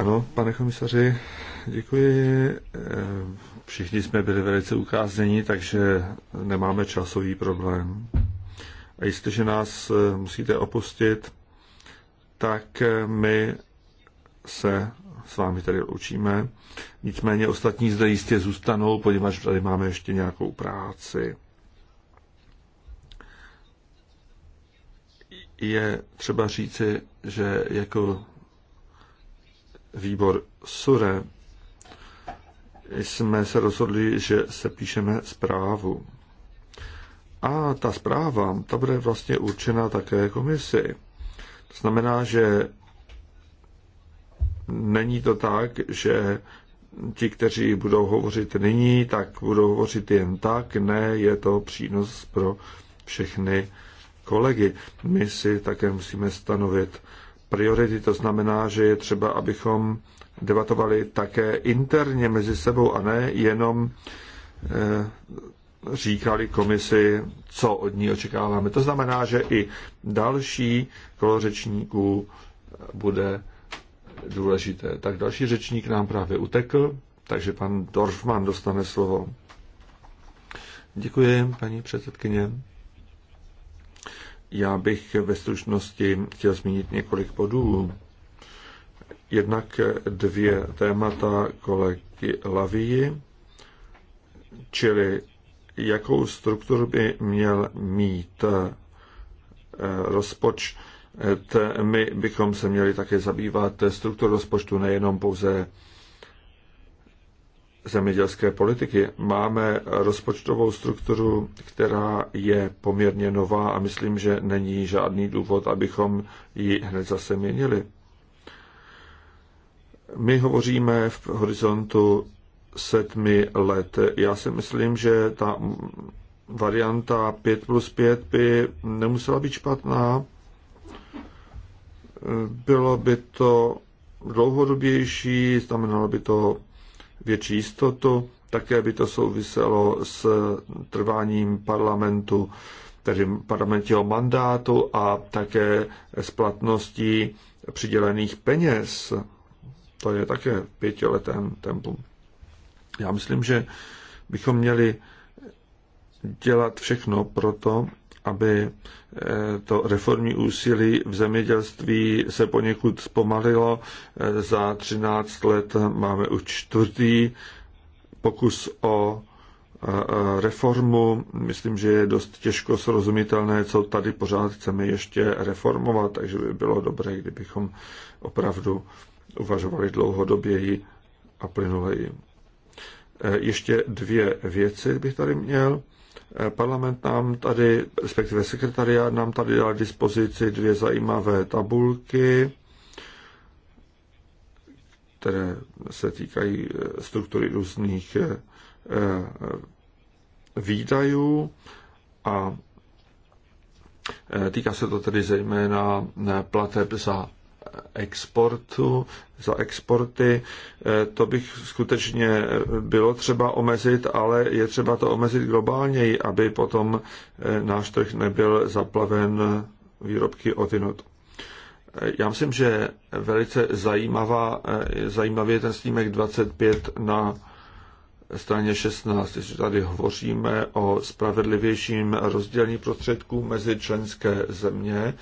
Ano, pane komisaři, děkuji. Eh, všichni jsme byli velice ukázněni, takže nemáme časový problém. A jestliže nás eh, musíte opustit, tak eh, my se s vámi tady učíme. Nicméně ostatní zde jistě zůstanou, poněvadž tady máme ještě nějakou práci. je třeba říci, že jako výbor SURE jsme se rozhodli, že se píšeme zprávu. A ta zpráva, ta bude vlastně určena také komisi. To znamená, že není to tak, že ti, kteří budou hovořit nyní, tak budou hovořit jen tak. Ne, je to přínos pro všechny kolegy. My si také musíme stanovit priority, to znamená, že je třeba, abychom debatovali také interně mezi sebou a ne jenom eh, říkali komisi, co od ní očekáváme. To znamená, že i další kolo řečníků bude důležité. Tak další řečník nám právě utekl, takže pan Dorfman dostane slovo. Děkuji, paní předsedkyně. Já bych ve stručnosti chtěl zmínit několik bodů. Jednak dvě témata kolegy Lavii, čili jakou strukturu by měl mít eh, rozpočet. Eh, my bychom se měli také zabývat strukturu rozpočtu, nejenom pouze zemědělské politiky. Máme rozpočtovou strukturu, která je poměrně nová a myslím, že není žádný důvod, abychom ji hned zase měnili. My hovoříme v horizontu sedmi let. Já si myslím, že ta varianta 5 plus 5 by nemusela být špatná. Bylo by to dlouhodobější, znamenalo by to větší jistotu. Také by to souviselo s trváním parlamentu, tedy parlamentního mandátu a také s platností přidělených peněz. To je také v pětiletém tempu. Já myslím, že bychom měli dělat všechno pro to, aby eh, to reformní úsilí v zemědělství se poněkud zpomalilo. Eh, za 13 let máme už čtvrtý pokus o eh, reformu. Myslím, že je dost těžko srozumitelné, co tady pořád chceme ještě reformovat, takže by bylo dobré, kdybychom opravdu uvažovali dlouhodoběji a plynuleji. Ještě dvě věci bych tady měl. Eh, parlament nám tady, respektive sekretariát nám tady dal dispozici dvě zajímavé tabulky, které se týkají eh, struktury různých eh, výdajů a týká se to tedy zejména plateb za exportu, za exporty. Eh, to bych skutečně eh, bylo třeba omezit, ale je třeba to omezit globálněji, aby potom eh, náš trh nebyl zaplaven výrobky odinut. Já myslím, že velice zajímavá, zajímavý je ten snímek 25 na straně 16, jestli tady hovoříme o spravedlivějším rozdělení prostředků mezi členské země,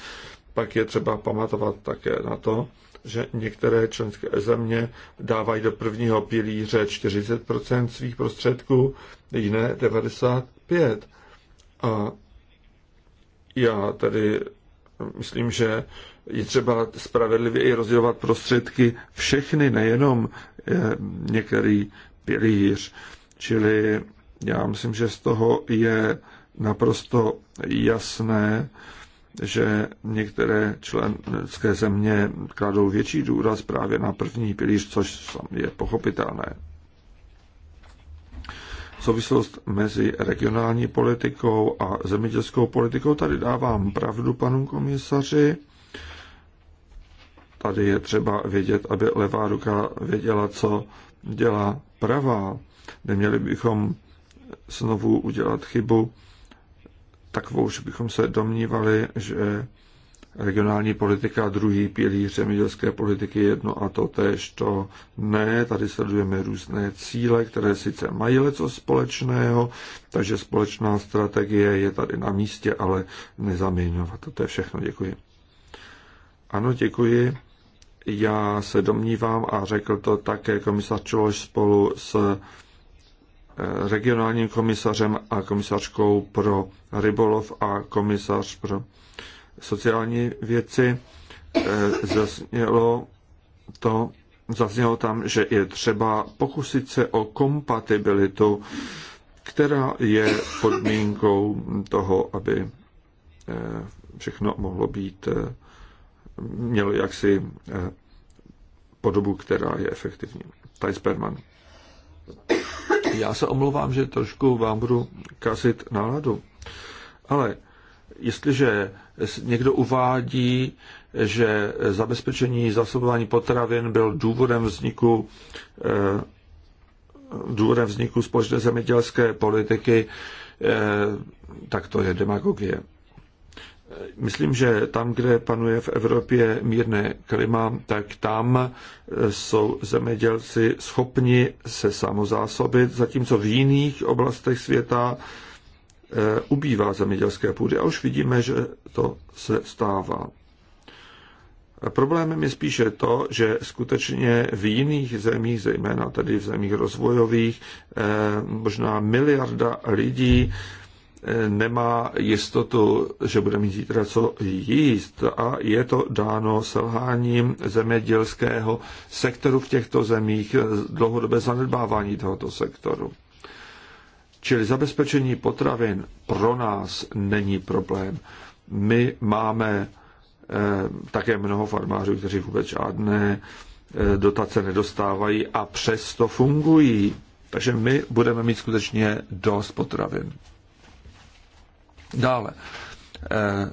pak je třeba pamatovat také na to, že některé členské země dávají do prvního pilíře 40 svých prostředků, jiné 95. A já tedy myslím, že je třeba spravedlivě i rozdělovat prostředky všechny, nejenom eh, některý pilíř. Čili já myslím, že z toho je naprosto jasné, že některé členské země kladou větší důraz právě na první pilíř, což je pochopitelné. Souvislost mezi regionální politikou a zemědělskou politikou tady dávám pravdu panu komisaři. Tady je třeba vědět, aby levá ruka věděla, co dělá pravá. Neměli bychom znovu udělat chybu, takovou, že bychom se domnívali, že regionální politika a druhý pilíř zemědělské politiky jedno a to tež, to ne. Tady sledujeme různé cíle, které sice mají leco společného, takže společná strategie je tady na místě, ale nezaměňovat. To je všechno. Děkuji. Ano, děkuji. Já se domnívám a řekl to také komisař Čološ spolu s regionálním komisařem a komisařkou pro rybolov a komisař pro sociální věci e, zaznělo to, zaznělo tam, že je třeba pokusit se o kompatibilitu, která je podmínkou toho, aby e, všechno mohlo být, e, mělo jaksi podobu, která je efektivní. Tajsperman. Berman. Já se omlouvám, že trošku vám budu kazit náladu, ale jestliže někdo uvádí, že zabezpečení zasobování potravin byl důvodem vzniku eh, důvodem vzniku společné zemědělské politiky, eh, tak to je demagogie. Myslím, že tam, kde panuje v Evropě mírné klima, tak tam e, jsou zemědělci schopni se samozásobit, zatímco v jiných oblastech světa e, ubývá zemědělské půdy. A už vidíme, že to se stává. Problémem je spíše to, že skutečně v jiných zemích, zejména tedy v zemích rozvojových, e, možná miliarda lidí nemá jistotu, že bude mít zítra co jíst a je to dáno selháním zemědělského sektoru v těchto zemích, dlouhodobé zanedbávání tohoto sektoru. Čili zabezpečení potravin pro nás není problém. My máme eh, také mnoho farmářů, kteří vůbec žádné eh, dotace nedostávají a přesto fungují. Takže my budeme mít skutečně dost potravin. Dále. Eh,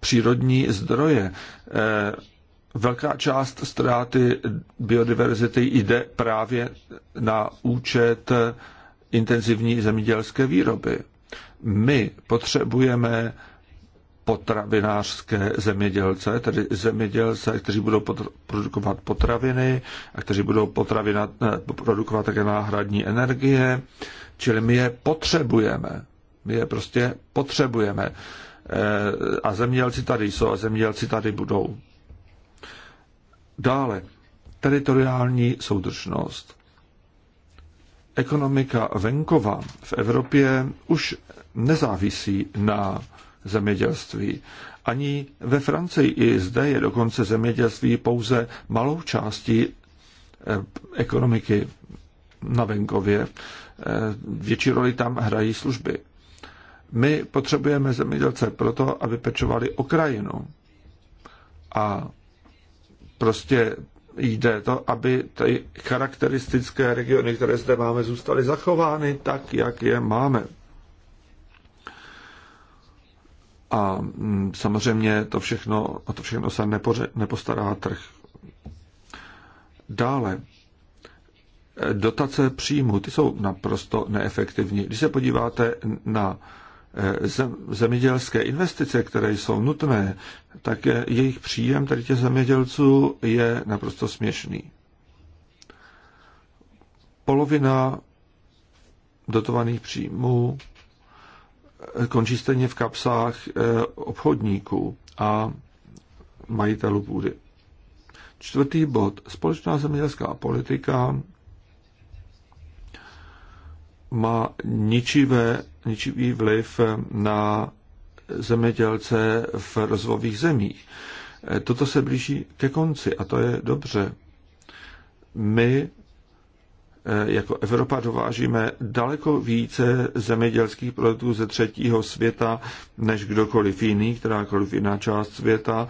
přírodní zdroje. Eh, velká část ztráty biodiverzity jde právě na účet intenzivní zemědělské výroby. My potřebujeme potravinářské zemědělce, tedy zemědělce, kteří budou potr- produkovat potraviny a kteří budou potravina, eh, produkovat také náhradní energie, čili my je potřebujeme. My je prostě potřebujeme. Eh, a zemědělci tady jsou a zemědělci tady budou. Dále, teritoriální soudržnost. Ekonomika venkova v Evropě už nezávisí na zemědělství. Ani ve Francii i zde je dokonce zemědělství pouze malou částí eh, ekonomiky na venkově. Eh, větší roli tam hrají služby. My potřebujeme zemědělce proto, aby pečovali o krajinu. A prostě jde to, aby ty charakteristické regiony, které zde máme, zůstaly zachovány tak, jak je máme. A mm, samozřejmě to všechno, o to všechno se nepoře, nepostará trh. Dále, dotace příjmu, ty jsou naprosto neefektivní. Když se podíváte na Eh, zemědělské investice, které jsou nutné, tak jejich příjem tady těch zemědělců je naprosto směšný. Polovina dotovaných příjmů eh, končí stejně v kapsách eh, obchodníků a majitelů půdy. Čtvrtý bod. Společná zemědělská politika má ničivé ničivý vliv na zemědělce v rozvojových zemích. Toto se blíží ke konci a to je dobře. My eh, jako Evropa dovážíme daleko více zemědělských produktů ze třetího světa než kdokoliv jiný, kterákoliv jiná část světa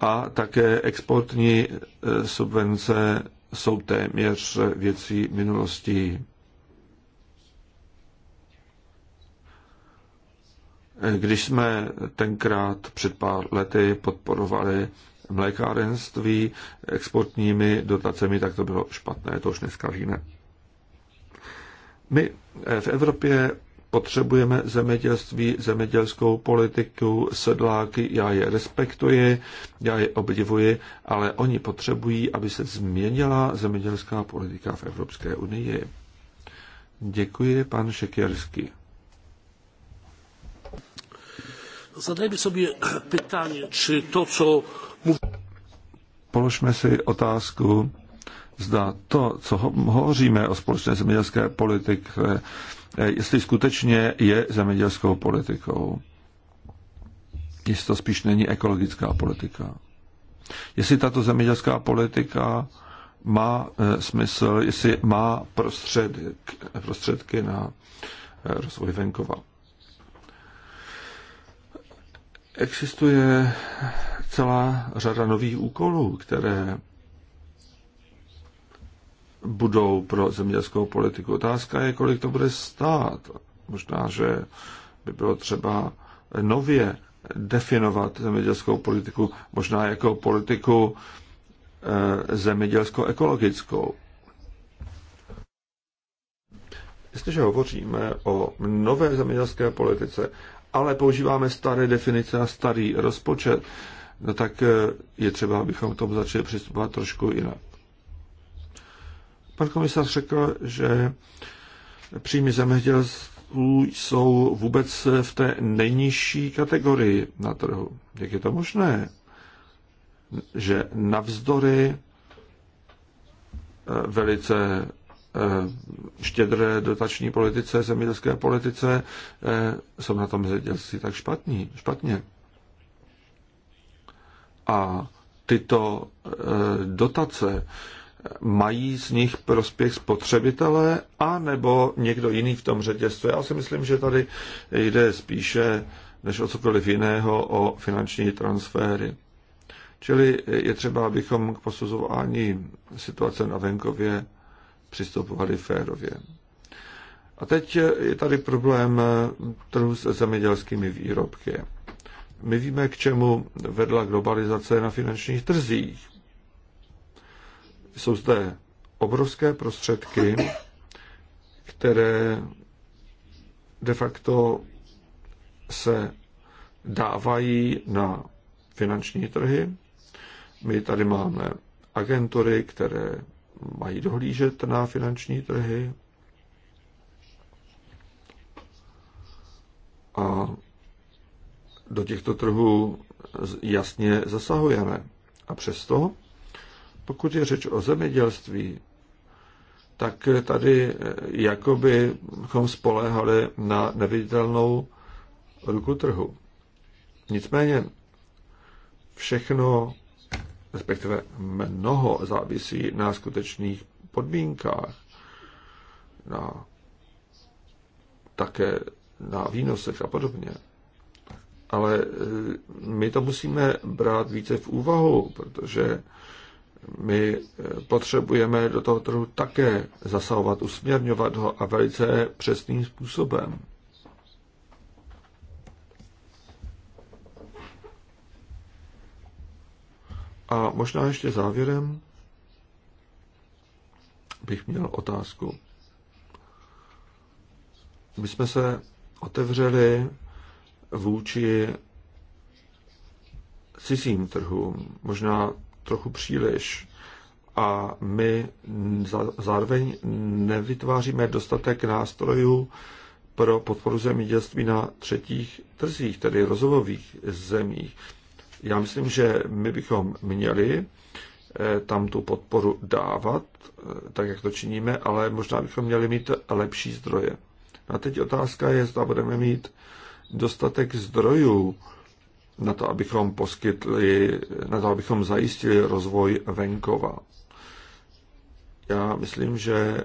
a také exportní eh, subvence jsou téměř věcí minulosti. Když jsme tenkrát před pár lety podporovali mlékárenství exportními dotacemi, tak to bylo špatné, to už dneska víme. My eh, v Evropě potřebujeme zemědělství, zemědělskou politiku, sedláky, já je respektuji, já je obdivuji, ale oni potřebují, aby se změnila zemědělská politika v Evropské unii. Děkuji, pan Šekierský. Zadajmy sobie (clears throat) pytanie, czy to, co mluví... Položme si otázku, zda to, co hovoříme o společné zemědělské politice, eh, jestli skutečně je zemědělskou politikou. Jestli to spíš není ekologická politika. Jestli tato zemědělská politika má eh, smysl, jestli má prostředky, prostředky na eh, rozvoj venkova. Existuje celá řada nových úkolů, které budou pro zemědělskou politiku. Otázka je, kolik to bude stát. Možná, že by bylo třeba nově definovat zemědělskou politiku, možná jako politiku eh, zemědělsko-ekologickou. Jestliže hovoříme o nové zemědělské politice, ale používáme staré definice a starý rozpočet, no tak eh, je třeba, abychom k tomu začali přistupovat trošku jinak. Pan komisař řekl, že příjmy zemědělců jsou vůbec v té nejnižší kategorii na trhu. Jak je to možné? Že navzdory eh, velice Eh, štědré dotační politice, zemědělské politice, eh, jsou na tom zemědělci tak špatní, špatně. A tyto eh, dotace mají z nich prospěch spotřebitelé a nebo někdo jiný v tom řetězcu. Já si myslím, že tady jde spíše než o cokoliv jiného o finanční transfery. Čili je třeba, abychom k posuzování situace na venkově přistupovali férově. A teď je tady problém trhu se zemědělskými výrobky. My víme, k čemu vedla globalizace na finančních trzích. Jsou zde obrovské prostředky, které de facto se dávají na finanční trhy. My tady máme agentury, které mají dohlížet na finanční trhy a do těchto trhů jasně zasahujeme. A přesto, pokud je řeč o zemědělství, tak tady eh, jakoby bychom spoléhali na neviditelnou ruku trhu. Nicméně všechno respektive mnoho závisí na skutečných podmínkách, na také na výnosech a podobně. Ale e, my to musíme brát více v úvahu, protože my e, potřebujeme do toho trhu také zasahovat, usměrňovat ho a velice přesným způsobem. A možná ještě závěrem bych měl otázku. My jsme se otevřeli vůči cizím trhům, možná trochu příliš. A my zároveň nevytváříme dostatek nástrojů pro podporu zemědělství na třetích trzích, tedy rozvojových zemích. Já myslím, že my bychom měli eh, tam tu podporu dávat, eh, tak jak to činíme, ale možná bychom měli mít lepší zdroje. A teď otázka je, zda budeme mít dostatek zdrojů na to, abychom poskytli, na to, abychom zajistili rozvoj venkova. Já myslím, že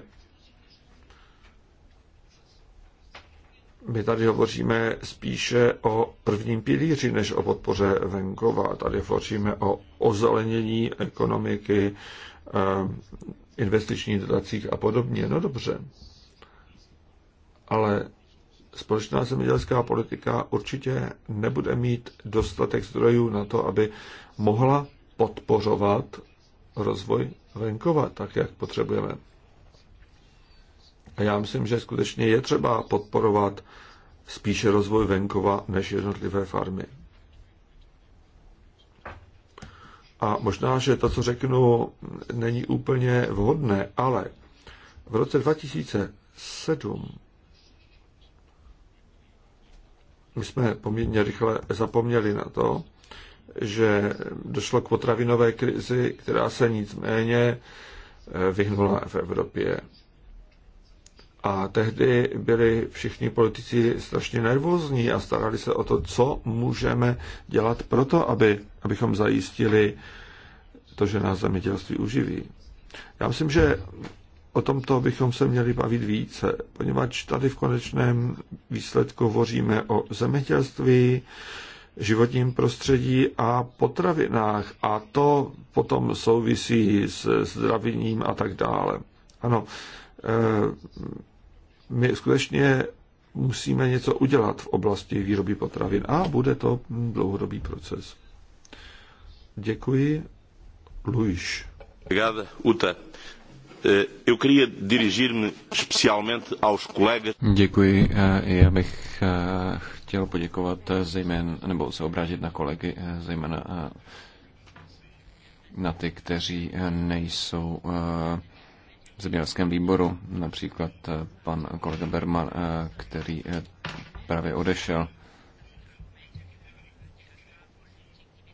my tady hovoříme spíše o prvním pilíři než o podpoře venkova. Tady hovoříme o ozelenění ekonomiky, eh, investičních dotacích a podobně. No dobře. Ale společná zemědělská politika určitě nebude mít dostatek zdrojů na to, aby mohla podpořovat rozvoj venkova tak, jak potřebujeme. A já myslím, že skutečně je třeba podporovat spíše rozvoj venkova než jednotlivé farmy. A možná, že to, co řeknu, není úplně vhodné, ale v roce 2007 my jsme poměrně rychle zapomněli na to, že došlo k potravinové krizi, která se nicméně eh, vyhnula v Evropě. A tehdy byli všichni politici strašně nervózní a starali se o to, co můžeme dělat pro to, aby, abychom zajistili to, že nás zemědělství uživí. Já myslím, že o tomto bychom se měli bavit více, poněvadž tady v konečném výsledku hovoříme o zemědělství, životním prostředí a potravinách a to potom souvisí s zdravím a tak dále. Ano, eh, my skutečně musíme něco udělat v oblasti výroby potravin a bude to dlouhodobý proces. Děkuji. Luís. Obrigado, Uta. Eh, eu queria dirigir-me especialmente aos colegas. Děkuji. Eh, já bych eh, chtěl poděkovat zejména, nebo se obrátit na kolegy, zejména na ty, kteří nejsou v zemědělském výboru, například eh, pan kolega Berman, eh, který eh, právě odešel,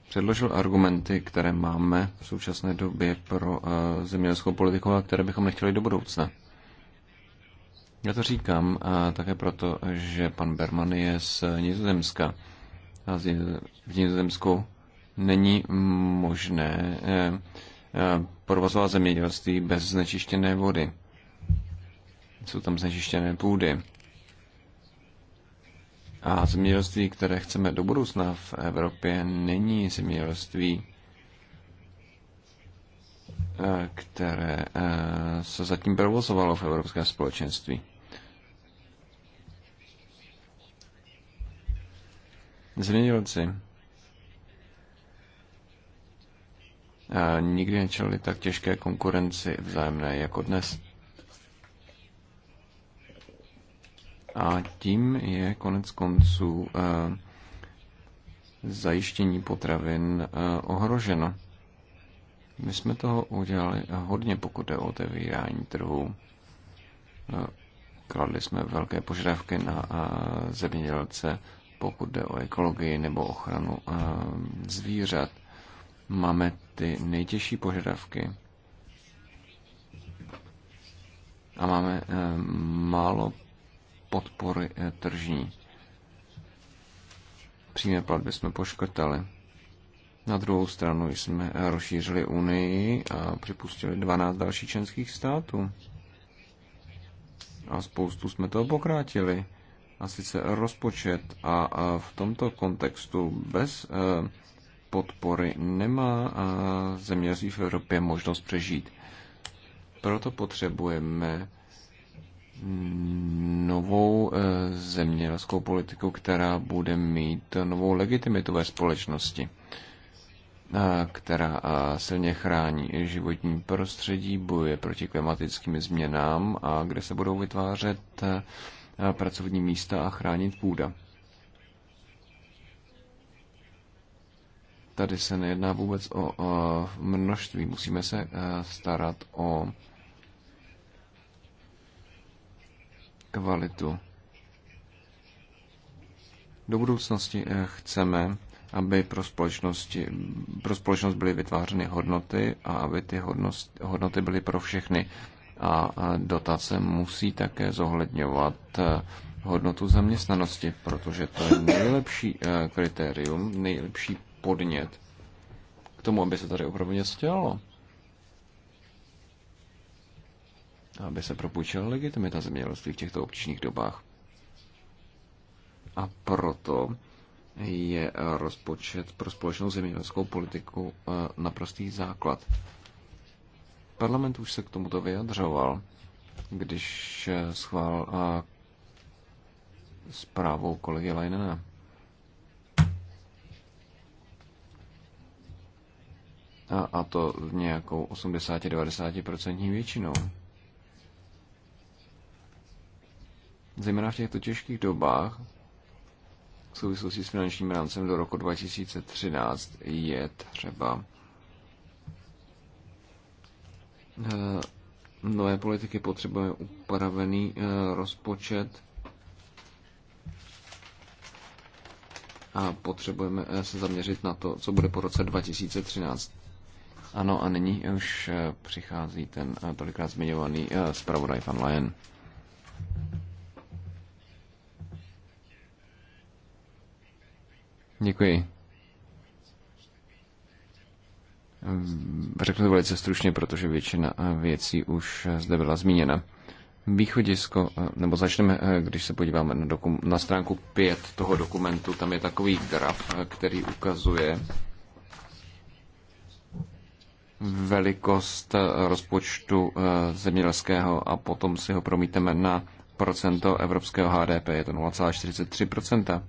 předložil argumenty, které máme v současné době pro zemědělskou politiku a které bychom nechtěli do budoucna. Já to říkám a také proto, že pan Berman je z Nizozemska. A v Nizozemsku není možné Eh, provozovat zemědělství bez znečištěné vody. Jsou tam znečištěné půdy. A zemědělství, které chceme do budoucna v Evropě, není zemědělství, eh, které eh, se zatím provozovalo v Evropském společenství. Zemědělci nikdy nečelili tak těžké konkurenci vzájemné jako dnes. A tím je konec konců eh, zajištění potravin eh, ohroženo. My jsme toho udělali hodně, pokud je o otevírání trhu. Eh, kladli jsme velké požadavky na zemědělce, pokud jde o ekologii nebo ochranu zvířat máme ty nejtěžší požadavky a máme eh, málo podpory eh, tržní. Přímé platby jsme poškrtali. Na druhou stranu jsme eh, rozšířili Unii a připustili 12 dalších členských států. A spoustu jsme toho pokrátili. A sice rozpočet a, a v tomto kontextu bez eh, podpory nemá zemědělství v Evropě možnost přežít. Proto potřebujeme novou e, zemědělskou politiku, která bude mít novou legitimitu ve společnosti, která silně chrání životní prostředí, bojuje proti klimatickým změnám a kde se budou vytvářet e, pracovní místa a chránit půda. Tady se nejedná vůbec o, o množství. Musíme se eh, starat o kvalitu. Do budoucnosti eh, chceme, aby pro, společnosti, pro společnost byly vytvářeny hodnoty a aby ty hodnost, hodnoty byly pro všechny. A dotace musí také zohledňovat eh, hodnotu zaměstnanosti, protože to je nejlepší kritérium, nejlepší podnět k tomu, aby se tady opravdu něco dělalo. Aby se propůjčila legitimita zemědělství v těchto obtížných dobách. A proto je rozpočet pro společnou zemědělskou politiku eh, naprostý základ. Parlament už se k tomuto vyjadřoval, když eh, schvál eh, zprávu kolegy Leinena. a, a to nějakou 80-90% většinou. Zejména v těchto těžkých dobách v souvislosti s finančním rámcem do roku 2013 je třeba eh, nové politiky potřebujeme upravený eh, rozpočet a potřebujeme eh, se zaměřit na to, co bude po roce 2013. Ano, a nyní už eh, přichází ten eh, tolikrát zmiňovaný eh, zpravodaj Van Lajen. Děkuji. Řeknu to velice stručně, protože většina věcí už zde byla zmíněna. Východisko, nebo začneme, když se podíváme na, dokum, na stránku 5 toho dokumentu, tam je takový graf, který ukazuje, velikost eh, rozpočtu eh, zemědělského a potom si ho promíteme na procento evropského HDP, je to 0,43%.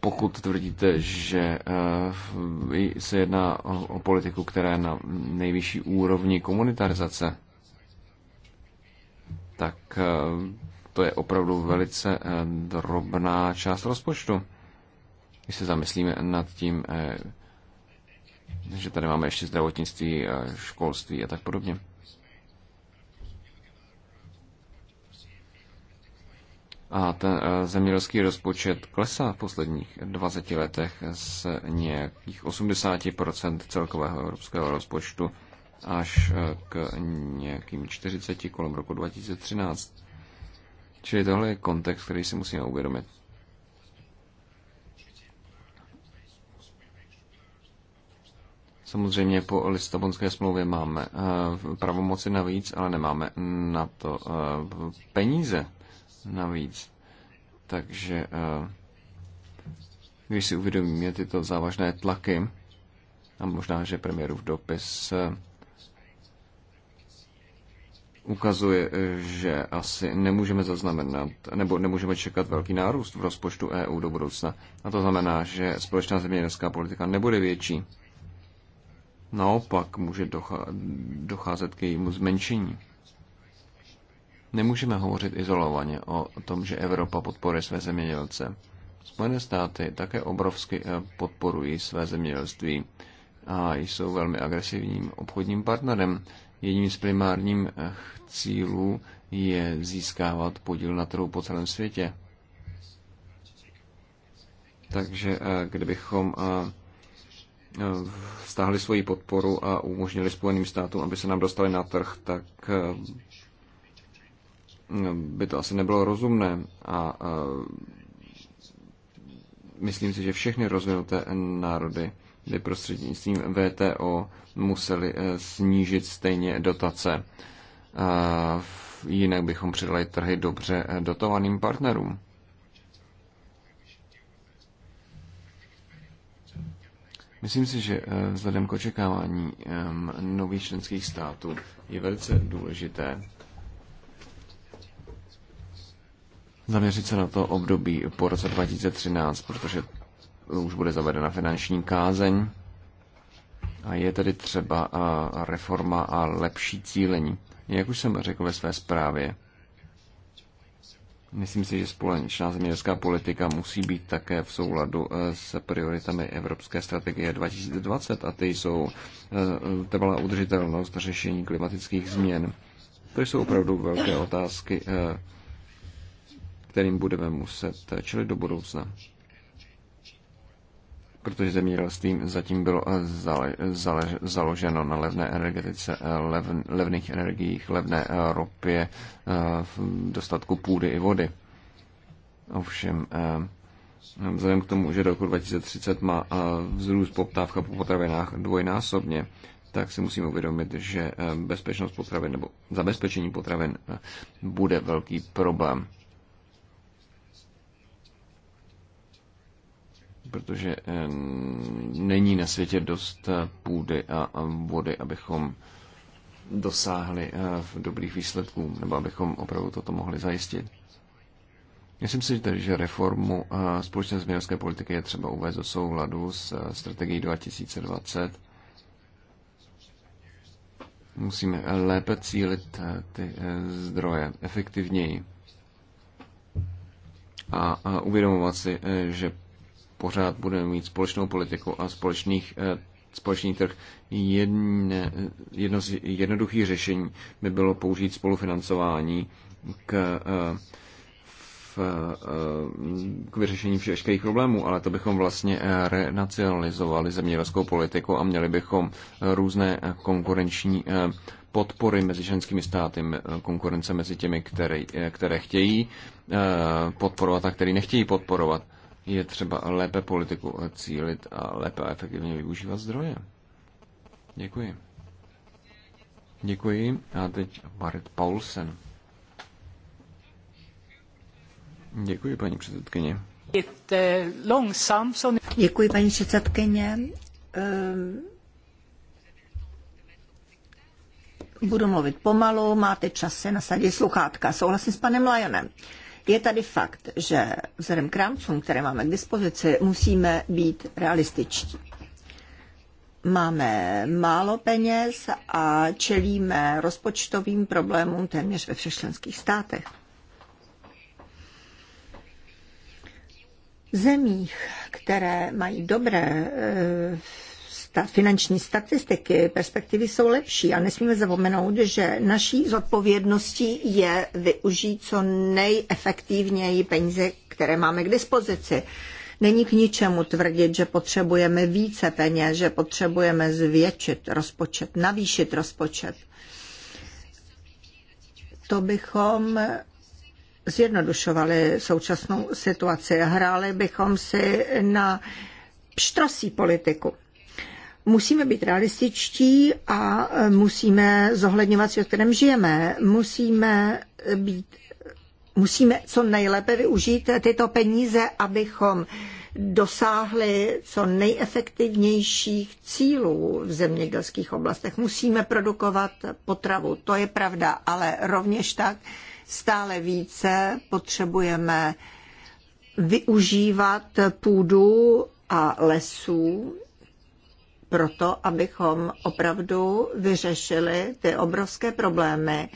Pokud tvrdíte, že eh, se jedná o politiku, která je na nejvyšší úrovni komunitarizace, tak to je opravdu velice drobná část rozpočtu. Když se zamyslíme nad tím, že tady máme ještě zdravotnictví, eh, školství a tak podobně. A ten eh, zemědělský rozpočet klesá v posledních 20 letech z nějakých 80% celkového evropského rozpočtu až eh, k nějakým 40 kolem roku 2013. Čili tohle je kontext, který si musíme uvědomit. Samozřejmě po Lisabonské smlouvě máme eh, pravomoci navíc, ale nemáme na to eh, peníze navíc. Takže eh, když si uvědomíme tyto závažné tlaky, a možná, že premiérův dopis ukazuje, že asi nemůžeme zaznamenat, nebo nemůžeme čekat velký nárůst v rozpočtu EU do budoucna. A to znamená, že společná zeměnická politika nebude větší Naopak může docházet k jejímu zmenšení. Nemůžeme hovořit izolovaně o tom, že Evropa podporuje své zemědělce. Spojené státy také obrovsky eh, podporují své zemědělství a jsou velmi agresivním obchodním partnerem. Jedním z primárních eh, cílů je získávat podíl na trhu po celém světě. Takže eh, kdybychom Eh, stáhli svoji podporu a umožnili Spojeným státům, aby se nám dostali na trh, tak eh, no, by to asi nebylo rozumné. A eh, myslím si, že všechny rozvinuté národy by prostřednictvím VTO museli snížit stejně dotace. Jinak bychom přidali trhy dobře dotovaným partnerům. Myslím si, že eh, vzhledem k očekávání nových členských států je velice důležité zaměřit se na to období po roce 2013, protože už bude zavedena finanční kázeň a je tedy třeba eh, reforma a lepší cílení. Jak už jsem řekl ve své zprávě, Myslím si, že společná zemědělská politika musí být také v souladu eh, s prioritami Evropské strategie 2020 a ty jsou eh, trvalá udržitelnost, řešení klimatických změn. To jsou opravdu velké otázky, eh, kterým budeme muset čelit do budoucna protože zemědělstvím zatím bylo eh, zale, zale, založeno na levné energetice, eh, lev, levných energiích, levné eh, ropě, dostatku půdy i vody. Ovšem, vzhledem k tomu, že do roku 2030 má vzrůst poptávka po potravinách dvojnásobně, tak si musíme uvědomit, že bezpečnost potravin nebo zabezpečení potravin bude velký problém. protože eh, není na světě dost eh, půdy a vody, abychom dosáhli eh, dobrých výsledků, nebo abychom opravdu toto mohli zajistit. Myslím si tedy, že reformu společné zemědělské politiky je třeba uvést do souladu s strategií 2020. Musíme lépe cílit ty zdroje efektivněji a uvědomovat si, že pořád budeme mít společnou politiku a společných, eh, společný trh. Jedne, jedno z jednoduchých řešení by bylo použít spolufinancování k, eh, v, eh, k vyřešení všech problémů, ale to bychom vlastně renacionalizovali zemědělskou politiku a měli bychom různé konkurenční podpory mezi ženskými státy, konkurence mezi těmi, které, které chtějí podporovat a které nechtějí podporovat je třeba lépe politiku cílit a lépe a efektivně využívat zdroje. Děkuji. Děkuji. A teď Marit Paulsen. Děkuji, paní předsedkyně. Děkuji, paní předsedkyně. Ehm, budu mluvit pomalu, máte čas se nasadit sluchátka. Souhlasím s panem Lajonem. Je tady fakt, že vzhledem k rámcům, které máme k dispozici, musíme být realističtí. Máme málo peněz a čelíme rozpočtovým problémům téměř ve všech členských státech. V zemích, které mají dobré eh, sta, finanční statistiky, perspektivy jsou lepší a nesmíme zapomenout, že naší zodpovědností je využít co nejefektivněji peníze, které máme k dispozici. Není k ničemu tvrdit, že potřebujeme více peněz, že potřebujeme zvětšit rozpočet, navýšit rozpočet. To bychom zjednodušovali současnou situaci. Hráli bychom si na pštrosí politiku. Musíme být realističtí a e, musíme zohledňovat svět, v kterém žijeme. Musíme být musíme co nejlépe využít tyto peníze, abychom dosáhli co nejefektivnějších cílů v zemědělských oblastech. Musíme produkovat potravu, to je pravda, ale rovněž tak stále více potřebujeme využívat půdu a lesů proto, abychom opravdu vyřešili ty obrovské problémy,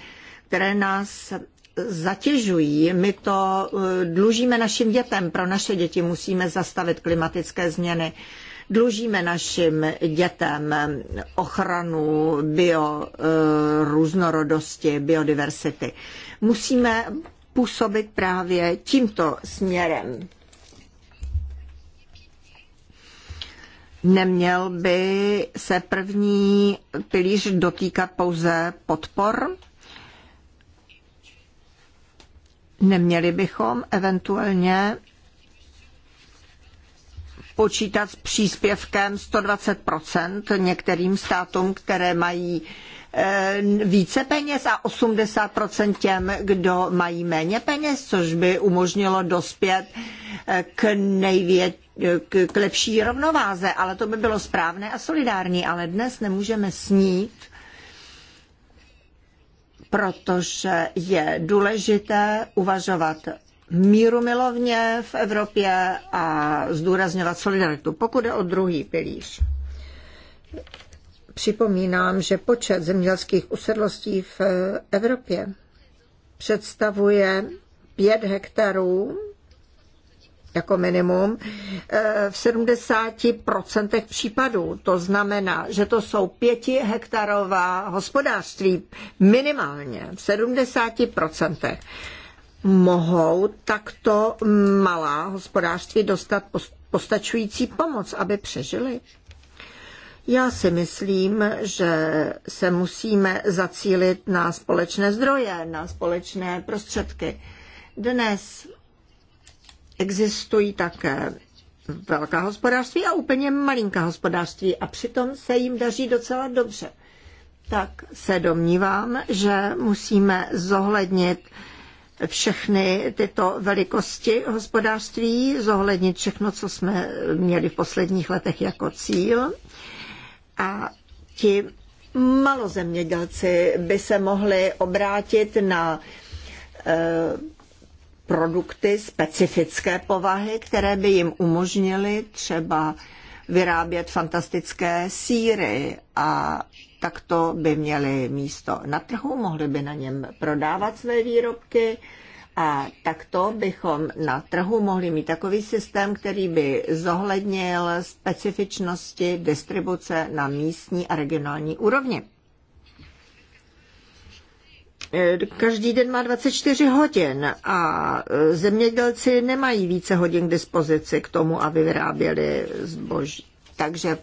které nás zatěžují. My to eh, dlužíme našim dětem. Pro naše děti musíme zastavit klimatické změny. Dlužíme našim dětem ochranu bio eh, různorodosti, biodiversity. Musíme působit právě tímto směrem. Neměl by se první pilíř dotýkat pouze podpor? Neměli bychom eventuálně počítat s příspěvkem 120 některým státům, které mají eh, více peněz a 80 těm, kdo mají méně peněz, což by umožnilo dospět eh, k největší E, k, k lepší rovnováze, ale to by bylo správné a solidární, ale dnes nemůžeme snít, protože je důležité uvažovat míru milovně v Evropě a zdůrazňovat solidaritu, pokud je o druhý pilíř. Připomínám, že počet zemědělských usedlostí v Evropě představuje 5 hektarů jako minimum eh, v 70% případů. To znamená, že to jsou pěti hektarová hospodářství minimálně v 70% mohou takto malá hospodářství dostat postačující pomoc, aby přežili. Já si myslím, že se musíme zacílit na společné zdroje, na společné prostředky. Dnes existují také velká hospodářství a úplně malinká hospodářství a přitom se jim daří docela dobře. Tak se domnívám, že musíme zohlednit všechny tyto velikosti hospodářství, zohlednit všechno, co jsme měli v posledních letech jako cíl. A ti malozemědělci by se mohli obrátit na eh, produkty specifické povahy, které by jim umožnily třeba vyrábět fantastické síry a takto by měli místo na trhu, mohli by na něm prodávat své výrobky a takto bychom na trhu mohli mít takový systém, který by zohlednil specifičnosti distribuce na místní a regionální úrovni. Eh, každý den má 24 hodin a eh, zemědělci nemají více hodin k dispozici k tomu, aby vyráběli zboží. Takže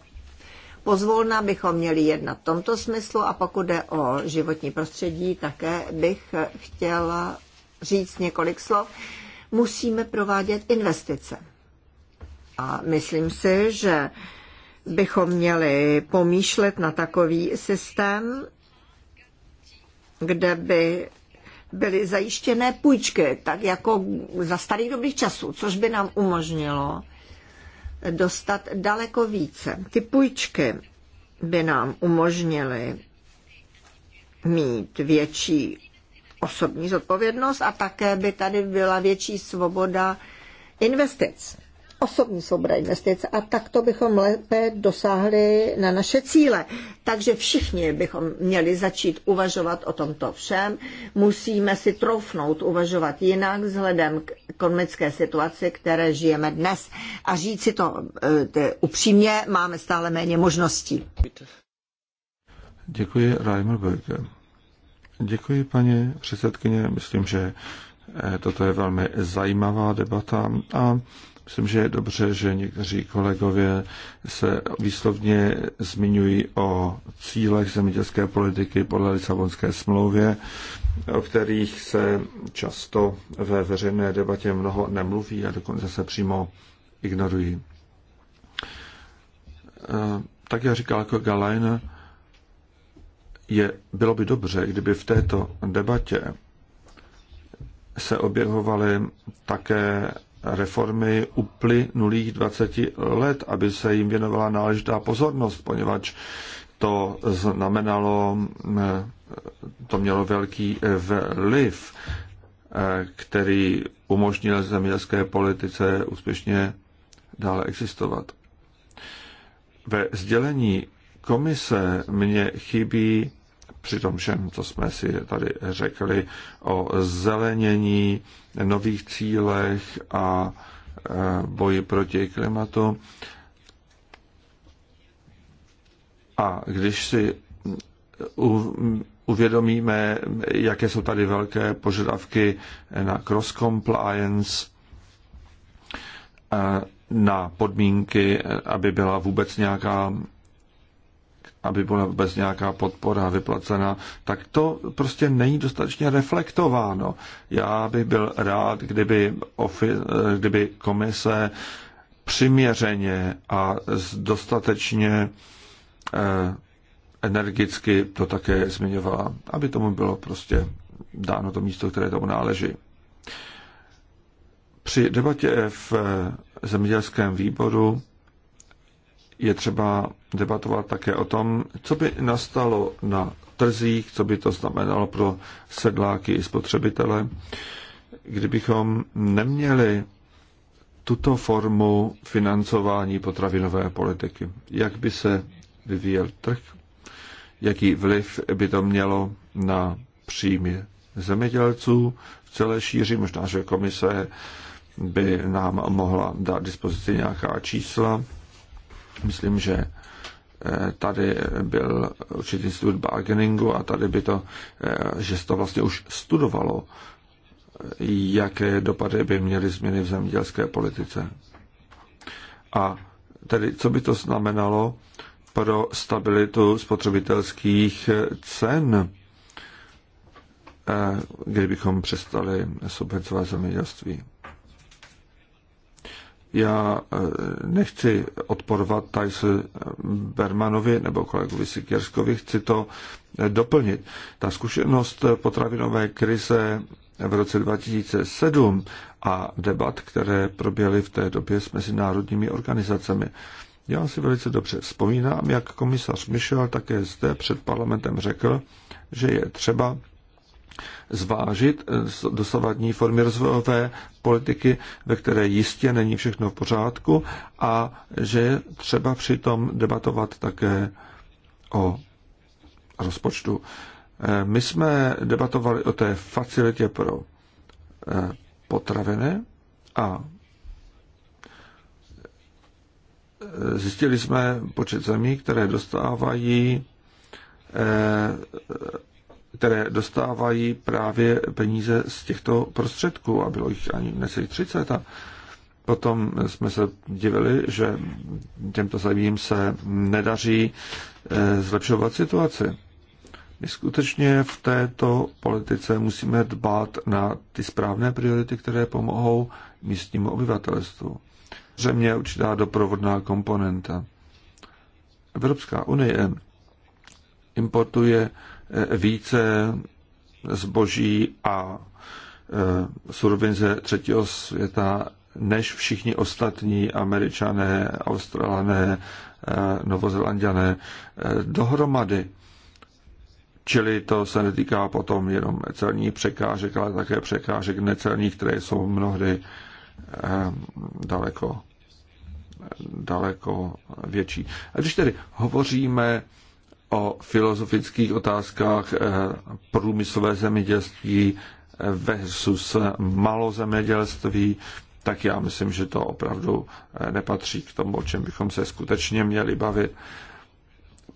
pozvolna bychom měli jednat v tomto smyslu a pokud jde o životní prostředí, také bych chtěla říct několik slov. Musíme provádět investice. A myslím si, že bychom měli pomýšlet na takový systém, kde by byly zajištěné půjčky, tak jako za starých dobrých časů, což by nám umožnilo dostat daleko více. Ty půjčky by nám umožnily mít větší osobní zodpovědnost a také by tady byla větší svoboda investic osobní svoboda investic a takto bychom lépe dosáhli na naše cíle. Takže všichni bychom měli začít uvažovat o tomto všem. Musíme si troufnout uvažovat jinak vzhledem k ekonomické situaci, které žijeme dnes. A říct si to eh, upřímně, máme stále méně možností. Děkuji, Reimer Berger. Děkuji, paní předsedkyně. Myslím, že eh, toto je velmi zajímavá debata a Myslím, že je dobře, že někteří kolegové se výslovně zmiňují o cílech zemědělské politiky podle Lisabonské smlouvě, o kterých se často ve veřejné debatě mnoho nemluví a dokonce se přímo ignorují. Eh, tak jak říkal jako Galajn, je, bylo by dobře, kdyby v této debatě se objevovaly také reformy uplynulých 20 let, aby se jim věnovala náležitá pozornost, poněvadž to znamenalo, eh, to mělo velký eh, vliv, eh, který umožnil zemědělské politice úspěšně dále existovat. Ve sdělení komise mně chybí při tom všem, co jsme si tady řekli o zelenění, nových cílech a e, boji proti klimatu. A když si uvědomíme, jaké jsou tady velké požadavky na cross compliance, e, na podmínky, aby byla vůbec nějaká aby byla vůbec nějaká podpora vyplacena, tak to prostě není dostatečně reflektováno. Já bych byl rád, kdyby, ofi, kdyby komise přiměřeně a dostatečně eh, energicky to také zmiňovala, aby tomu bylo prostě dáno to místo, které tomu náleží. Při debatě v eh, zemědělském výboru je třeba debatovat také o tom, co by nastalo na trzích, co by to znamenalo pro sedláky i spotřebitele, kdybychom neměli tuto formu financování potravinové politiky. Jak by se vyvíjel trh? Jaký vliv by to mělo na příjmy zemědělců v celé šíři? Možná, že komise by nám mohla dát dispozici nějaká čísla Myslím, že eh, tady byl určitý institut bargainingu a tady by to, eh, že se to vlastně už studovalo, jaké dopady by měly změny v zemědělské politice. A tedy, co by to znamenalo pro stabilitu spotřebitelských eh, cen, kdybychom přestali subvencovat zemědělství. Já eh, nechci odporovat Tajse Bermanovi nebo kolegovi Sikierskovi, chci to eh, doplnit. Ta zkušenost potravinové krize v roce 2007 a debat, které proběhly v té době s mezinárodními organizacemi. Já si velice dobře vzpomínám, jak komisař Michel také zde před parlamentem řekl, že je třeba zvážit eh, dosavadní formy rozvojové politiky, ve které jistě není všechno v pořádku a že je třeba přitom debatovat také o rozpočtu. Eh, my jsme debatovali o té facilitě pro eh, potraviny a zjistili jsme počet zemí, které dostávají které dostávají právě peníze z těchto prostředků a bylo jich ani necelých 30 a potom jsme se divili, že těmto zemím se nedaří eh, zlepšovat situaci. My skutečně v této politice musíme dbát na ty správné priority, které pomohou místnímu obyvatelstvu. Země určitá doprovodná komponenta. Evropská unie importuje více zboží a e, surovin ze třetího světa než všichni ostatní američané, australané, e, novozelandiané e, dohromady. Čili to se netýká potom jenom celních překážek, ale také překážek necelních, které jsou mnohdy daleko, daleko větší. A když tedy hovoříme o filozofických otázkách eh, průmyslové zemědělství versus malozemědělství, tak já myslím, že to opravdu eh, nepatří k tomu, o čem bychom se skutečně měli bavit.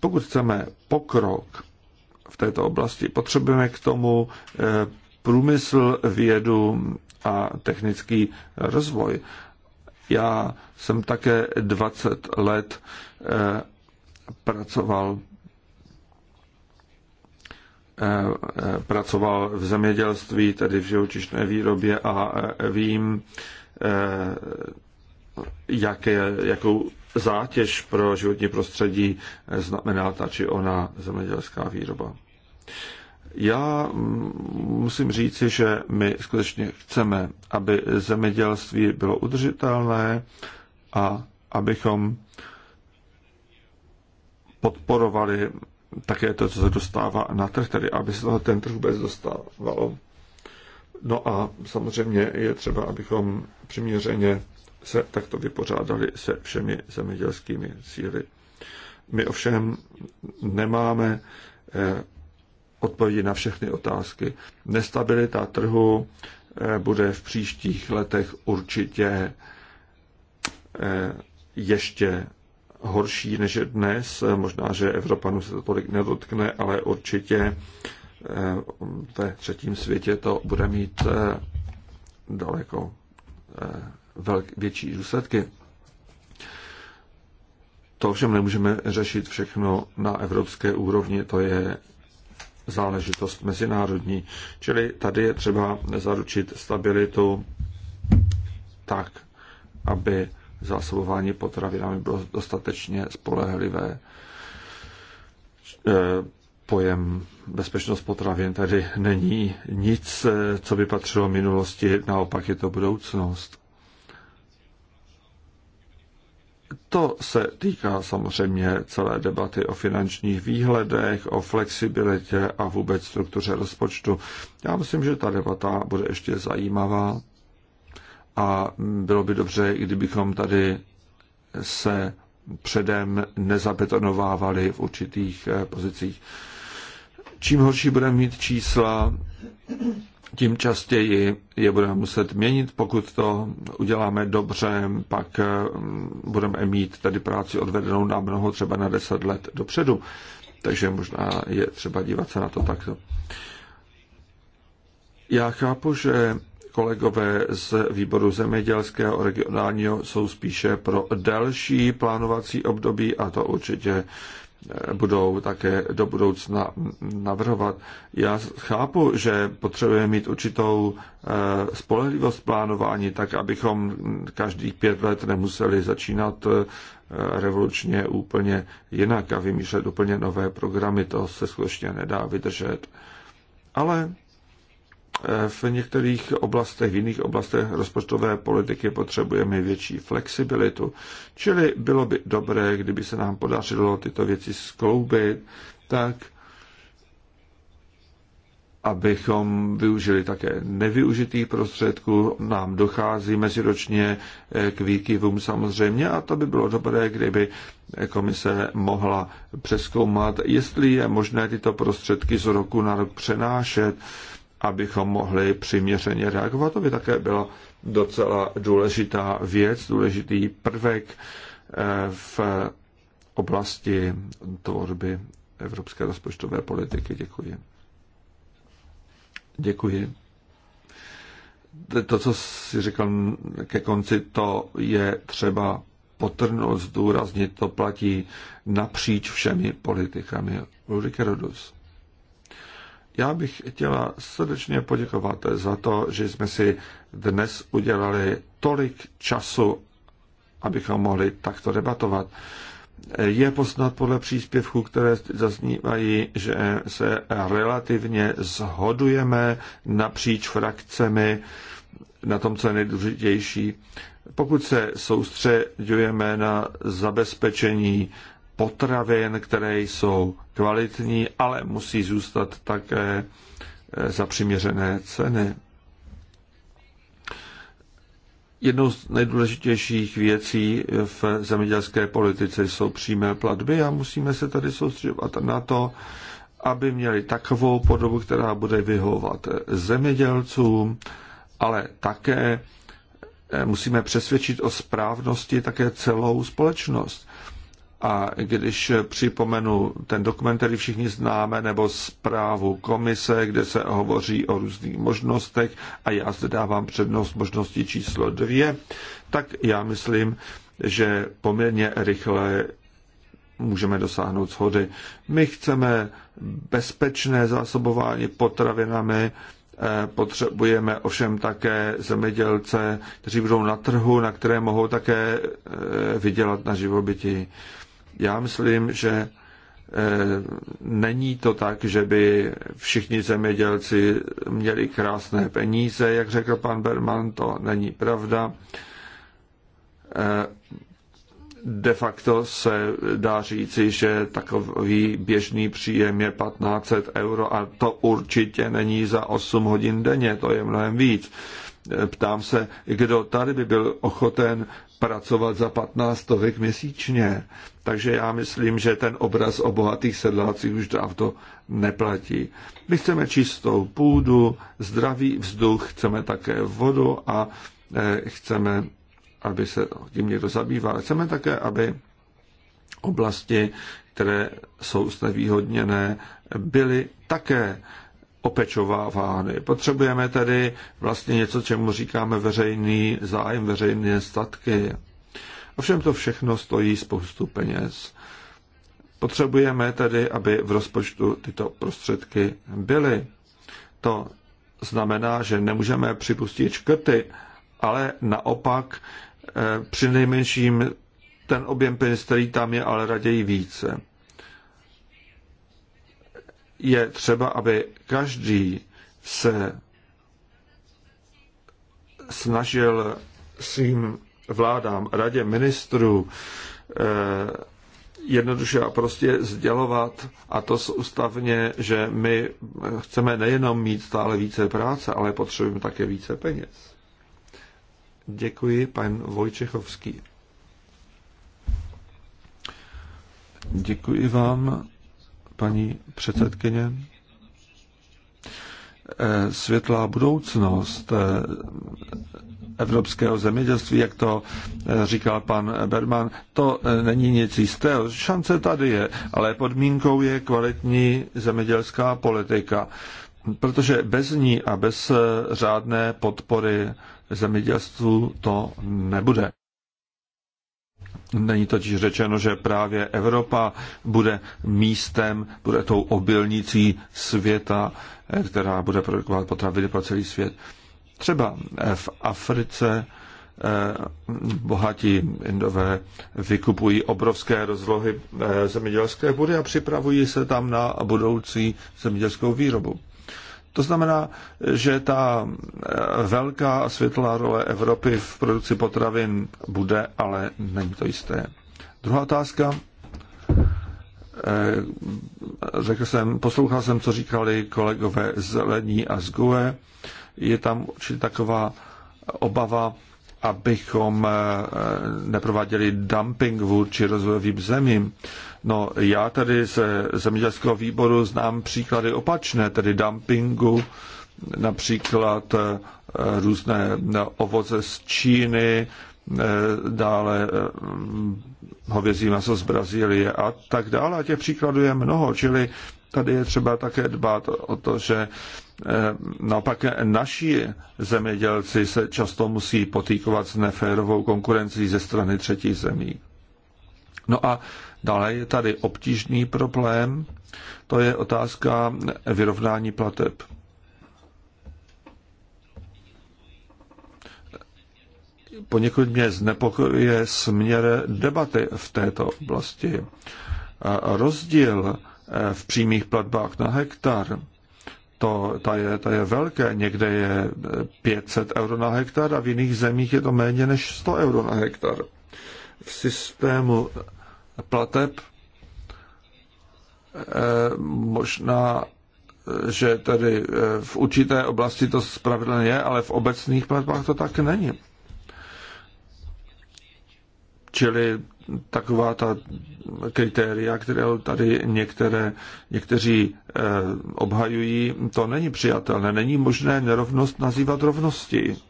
Pokud chceme pokrok v této oblasti, potřebujeme k tomu eh, průmysl, vědu a technický rozvoj. Já jsem také 20 let pracoval Eh, eh, pracoval v zemědělství, tedy v živočišné výrobě a eh, vím, jak je, jakou zátěž pro životní prostředí znamená ta či ona zemědělská výroba. Já musím říci, že my skutečně chceme, aby zemědělství bylo udržitelné a abychom podporovali také to, co se dostává na trh, tedy aby se toho ten trh vůbec dostávalo. No a samozřejmě je třeba, abychom přiměřeně se takto vypořádali se všemi zemědělskými síly. My ovšem nemáme eh, odpovědi na všechny otázky. Nestabilita trhu eh, bude v příštích letech určitě eh, ještě horší než dnes. Možná, že Evropanů se to tolik nedotkne, ale určitě eh, ve třetím světě to bude mít eh, daleko eh, velk, větší důsledky. To ovšem nemůžeme řešit všechno na evropské úrovni, to je záležitost mezinárodní. Čili tady je třeba zaručit stabilitu tak, aby zásobování potravinami bylo dostatečně spolehlivé. Eh, pojem bezpečnost potravin tady není nic, eh, co by patřilo minulosti, naopak je to budoucnost. To se týká samozřejmě celé debaty o finančních výhledech, o flexibilitě a vůbec struktuře rozpočtu. Já myslím, že ta debata bude ještě zajímavá a bylo by dobře, kdybychom tady se předem nezabetonovávali v určitých eh, pozicích. Čím horší budeme mít čísla, tím častěji je budeme muset měnit. Pokud to uděláme dobře, pak eh, budeme mít tady práci odvedenou na mnoho, třeba na deset let dopředu. Takže možná je třeba dívat se na to takto. Já chápu, že kolegové z výboru zemědělského regionálního jsou spíše pro delší plánovací období a to určitě eh, budou také do budoucna navrhovat. Já chápu, že potřebujeme mít určitou eh, spolehlivost plánování, tak abychom každých pět let nemuseli začínat eh, revolučně úplně jinak a vymýšlet úplně nové programy. To se skutečně nedá vydržet. Ale v některých oblastech, v jiných oblastech rozpočtové politiky potřebujeme větší flexibilitu. Čili bylo by dobré, kdyby se nám podařilo tyto věci skloubit tak, abychom využili také nevyužitých prostředků. Nám dochází meziročně eh, k výkyvům samozřejmě a to by bylo dobré, kdyby komise mohla přeskoumat, jestli je možné tyto prostředky z roku na rok přenášet abychom mohli přiměřeně reagovat. To by také byla docela důležitá věc, důležitý prvek eh, v oblasti tvorby evropské rozpočtové politiky. Děkuji. Děkuji. To, co jsi říkal ke konci, to je třeba potrnout, zdůraznit, to platí napříč všemi politikami. Ulrike Rodus. Já bych chtěla srdečně poděkovat za to, že jsme si dnes udělali tolik času, abychom mohli takto debatovat. Je poznat podle příspěvků, které zaznívají, že se relativně zhodujeme napříč frakcemi na tom, co je nejdůležitější. Pokud se soustředujeme na zabezpečení potravin, které jsou kvalitní, ale musí zůstat také eh, za přiměřené ceny. Jednou z nejdůležitějších věcí v zemědělské politice jsou přímé platby a musíme se tady soustředovat na to, aby měli takovou podobu, která bude vyhovovat zemědělcům, ale také eh, musíme přesvědčit o správnosti také celou společnost. A když připomenu ten dokument, který všichni známe, nebo zprávu komise, kde se hovoří o různých možnostech, a já zde dávám přednost možnosti číslo dvě, tak já myslím, že poměrně rychle můžeme dosáhnout shody. My chceme bezpečné zásobování potravinami, eh, potřebujeme ovšem také zemědělce, kteří budou na trhu, na které mohou také eh, vydělat na živobytí. Já myslím, že eh, není to tak, že by všichni zemědělci měli krásné peníze, jak řekl pan Berman, to není pravda. Eh, de facto se dá říci, že takový běžný příjem je 1500 euro a to určitě není za 8 hodin denně, to je mnohem víc ptám se, kdo tady by byl ochoten pracovat za 15 stovek měsíčně. Takže já myslím, že ten obraz o bohatých sedlácích už dávno neplatí. My chceme čistou půdu, zdravý vzduch, chceme také vodu a eh, chceme, aby se tím někdo zabýval. Chceme také, aby oblasti, které jsou znevýhodněné, byly také opečovávány. Potřebujeme tedy vlastně něco, čemu říkáme veřejný zájem, veřejné statky. Ovšem to všechno stojí spoustu peněz. Potřebujeme tedy, aby v rozpočtu tyto prostředky byly. To znamená, že nemůžeme připustit škrty, ale naopak eh, při nejmenším ten objem peněz, který tam je, ale raději více je třeba, aby každý se snažil svým vládám, radě ministrů, eh, jednoduše a prostě sdělovat, a to ústavně, že my chceme nejenom mít stále více práce, ale potřebujeme také více peněz. Děkuji, pan Vojčechovský. Děkuji vám paní předsedkyně. Eh, světlá budoucnost eh, evropského zemědělství, jak to eh, říkal pan Berman, to není nic jistého. Šance tady je, ale podmínkou je kvalitní zemědělská politika, protože bez ní a bez řádné podpory zemědělství to nebude. Není totiž řečeno, že právě Evropa bude místem, bude tou obilnicí světa, eh, která bude produkovat potraviny pro celý svět. Třeba eh, v Africe eh, bohatí indové vykupují obrovské rozlohy zemědělské půdy a připravují se tam na budoucí zemědělskou výrobu. To znamená, že ta eh, velká a světlá role Evropy v produkci potravin bude, ale není to jisté. Druhá otázka. Eh, řekl jsem, poslouchal jsem, co říkali kolegové z Lení a z GUE. Je tam určitě taková obava, abychom eh, neprováděli dumping vůči rozvojovým zemím. No, já tady ze zemědělského výboru znám příklady opačné, tedy dumpingu, například eh, různé eh, ovoce z Číny, eh, dále hovězí maso z Brazílie a tak dále. A těch příkladů je mnoho, čili tady je třeba také dbát o to, že naopak naši zemědělci se často musí potýkovat s neférovou konkurencí ze strany třetích zemí. No a Dále je tady obtížný problém, to je otázka vyrovnání plateb. Poněkud mě znepokojuje směr debaty v této oblasti. Rozdíl eh, v přímých platbách na hektar to, ta, je, ta je velké. Někde je 500 eh, euro na hektar a v jiných zemích je to méně než 100 euro na hektar. V systému plateb. Eh, možná, eh, že tedy eh, v určité oblasti to spravedlné je, ale v obecných platbách to tak není. Čili taková ta kritéria, které tady některé, někteří obhajují, to není přijatelné. Není možné nerovnost nazývat rovností.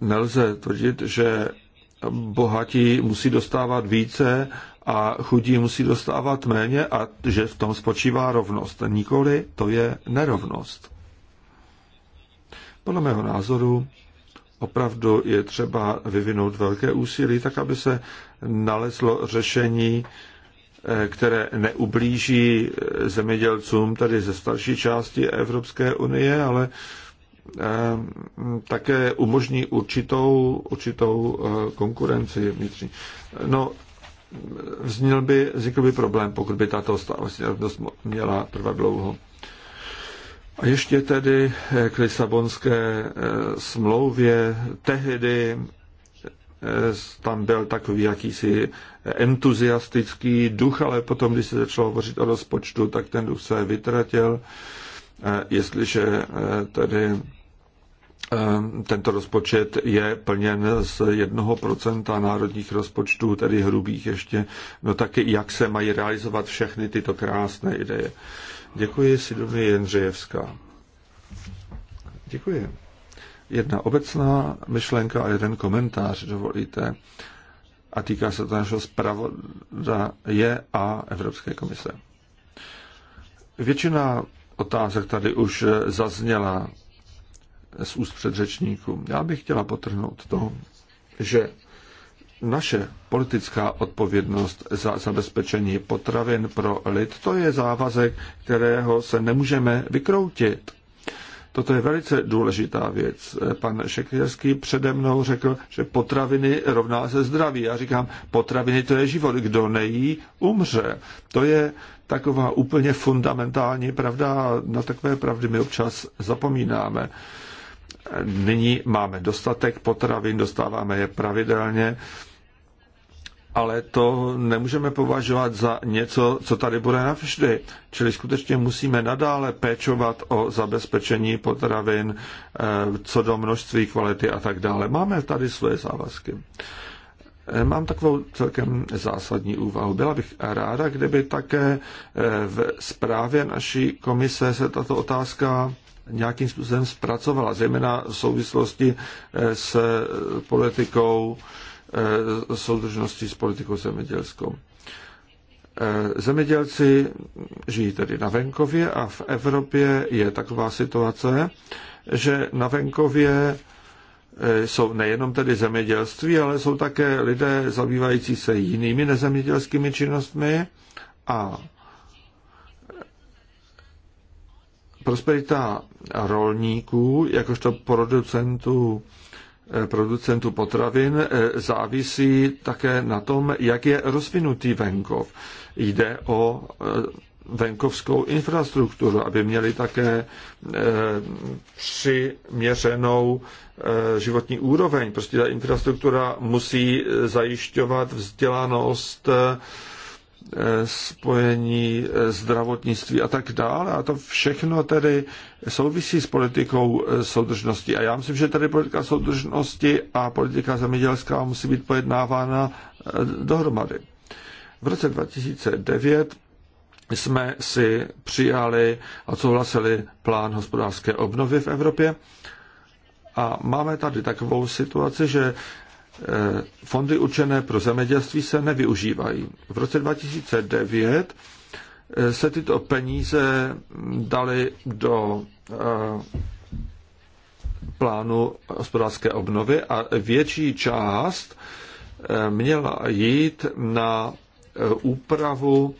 Nelze tvrdit, že bohatí musí dostávat více a chudí musí dostávat méně a že v tom spočívá rovnost. Nikoli to je nerovnost. Podle mého názoru opravdu je třeba vyvinout velké úsilí, tak aby se nalezlo řešení, eh, které neublíží eh, zemědělcům tady ze starší části Evropské unie, ale Ehm, také umožní určitou, určitou eh, konkurenci vnitřní. No, vznikl by, vznikl by problém, pokud by tato stávající rovnost měla trvat dlouho. A ještě tedy eh, k Lisabonské eh, smlouvě. Tehdy tam byl takový jakýsi entuziastický duch, ale potom, když se začalo hovořit o rozpočtu, tak ten duch se vytratil. Jestliže tedy Ehm, tento rozpočet je plněn z 1% národních rozpočtů, tedy hrubých ještě, no taky jak se mají realizovat všechny tyto krásné ideje. Děkuji Sidonie Jendřejevská. Děkuji. Jedna obecná myšlenka a jeden komentář, dovolíte. A týká se to našeho zpravodaje a Evropské komise. Většina otázek tady už zazněla z úst předřečníků. Já bych chtěla potrhnout to, že naše politická odpovědnost za zabezpečení potravin pro lid, to je závazek, kterého se nemůžeme vykroutit. Toto je velice důležitá věc. Pan Šekvěrský přede mnou řekl, že potraviny rovná se zdraví. Já říkám, potraviny to je život. Kdo nejí, umře. To je taková úplně fundamentální pravda a na takové pravdy my občas zapomínáme. Nyní máme dostatek potravin, dostáváme je pravidelně, ale to nemůžeme považovat za něco, co tady bude navždy. Čili skutečně musíme nadále péčovat o zabezpečení potravin, eh, co do množství, kvality a tak dále. Máme tady svoje závazky. Eh, mám takovou celkem zásadní úvahu. Byla bych ráda, kdyby také eh, v zprávě naší komise se tato otázka nějakým způsobem zpracovala, zejména v souvislosti eh, s eh, politikou eh, soudržnosti s politikou zemědělskou. Zemědělci žijí tedy na venkově a v Evropě je taková situace, že na venkově jsou nejenom tedy zemědělství, ale jsou také lidé zabývající se jinými nezemědělskými činnostmi a prosperita rolníků, jakožto producentů, eh, producentů potravin, eh, závisí také na tom, jak je rozvinutý venkov. Jde o eh, venkovskou infrastrukturu, aby měli také přiměřenou životní úroveň. Prostě ta infrastruktura musí zajišťovat vzdělanost, Eh, spojení eh, zdravotnictví a tak dále. A to všechno tedy souvisí s politikou eh, soudržnosti. A já myslím, že tady politika soudržnosti a politika zemědělská musí být pojednávána dohromady. V roce 2009 jsme si přijali a souhlasili plán hospodářské obnovy v Evropě. A máme tady takovou situaci, že Eh, fondy určené pro zemědělství se nevyužívají. V roce 2009 eh, se tyto peníze daly do eh, plánu hospodářské obnovy a větší část měla jít na úpravu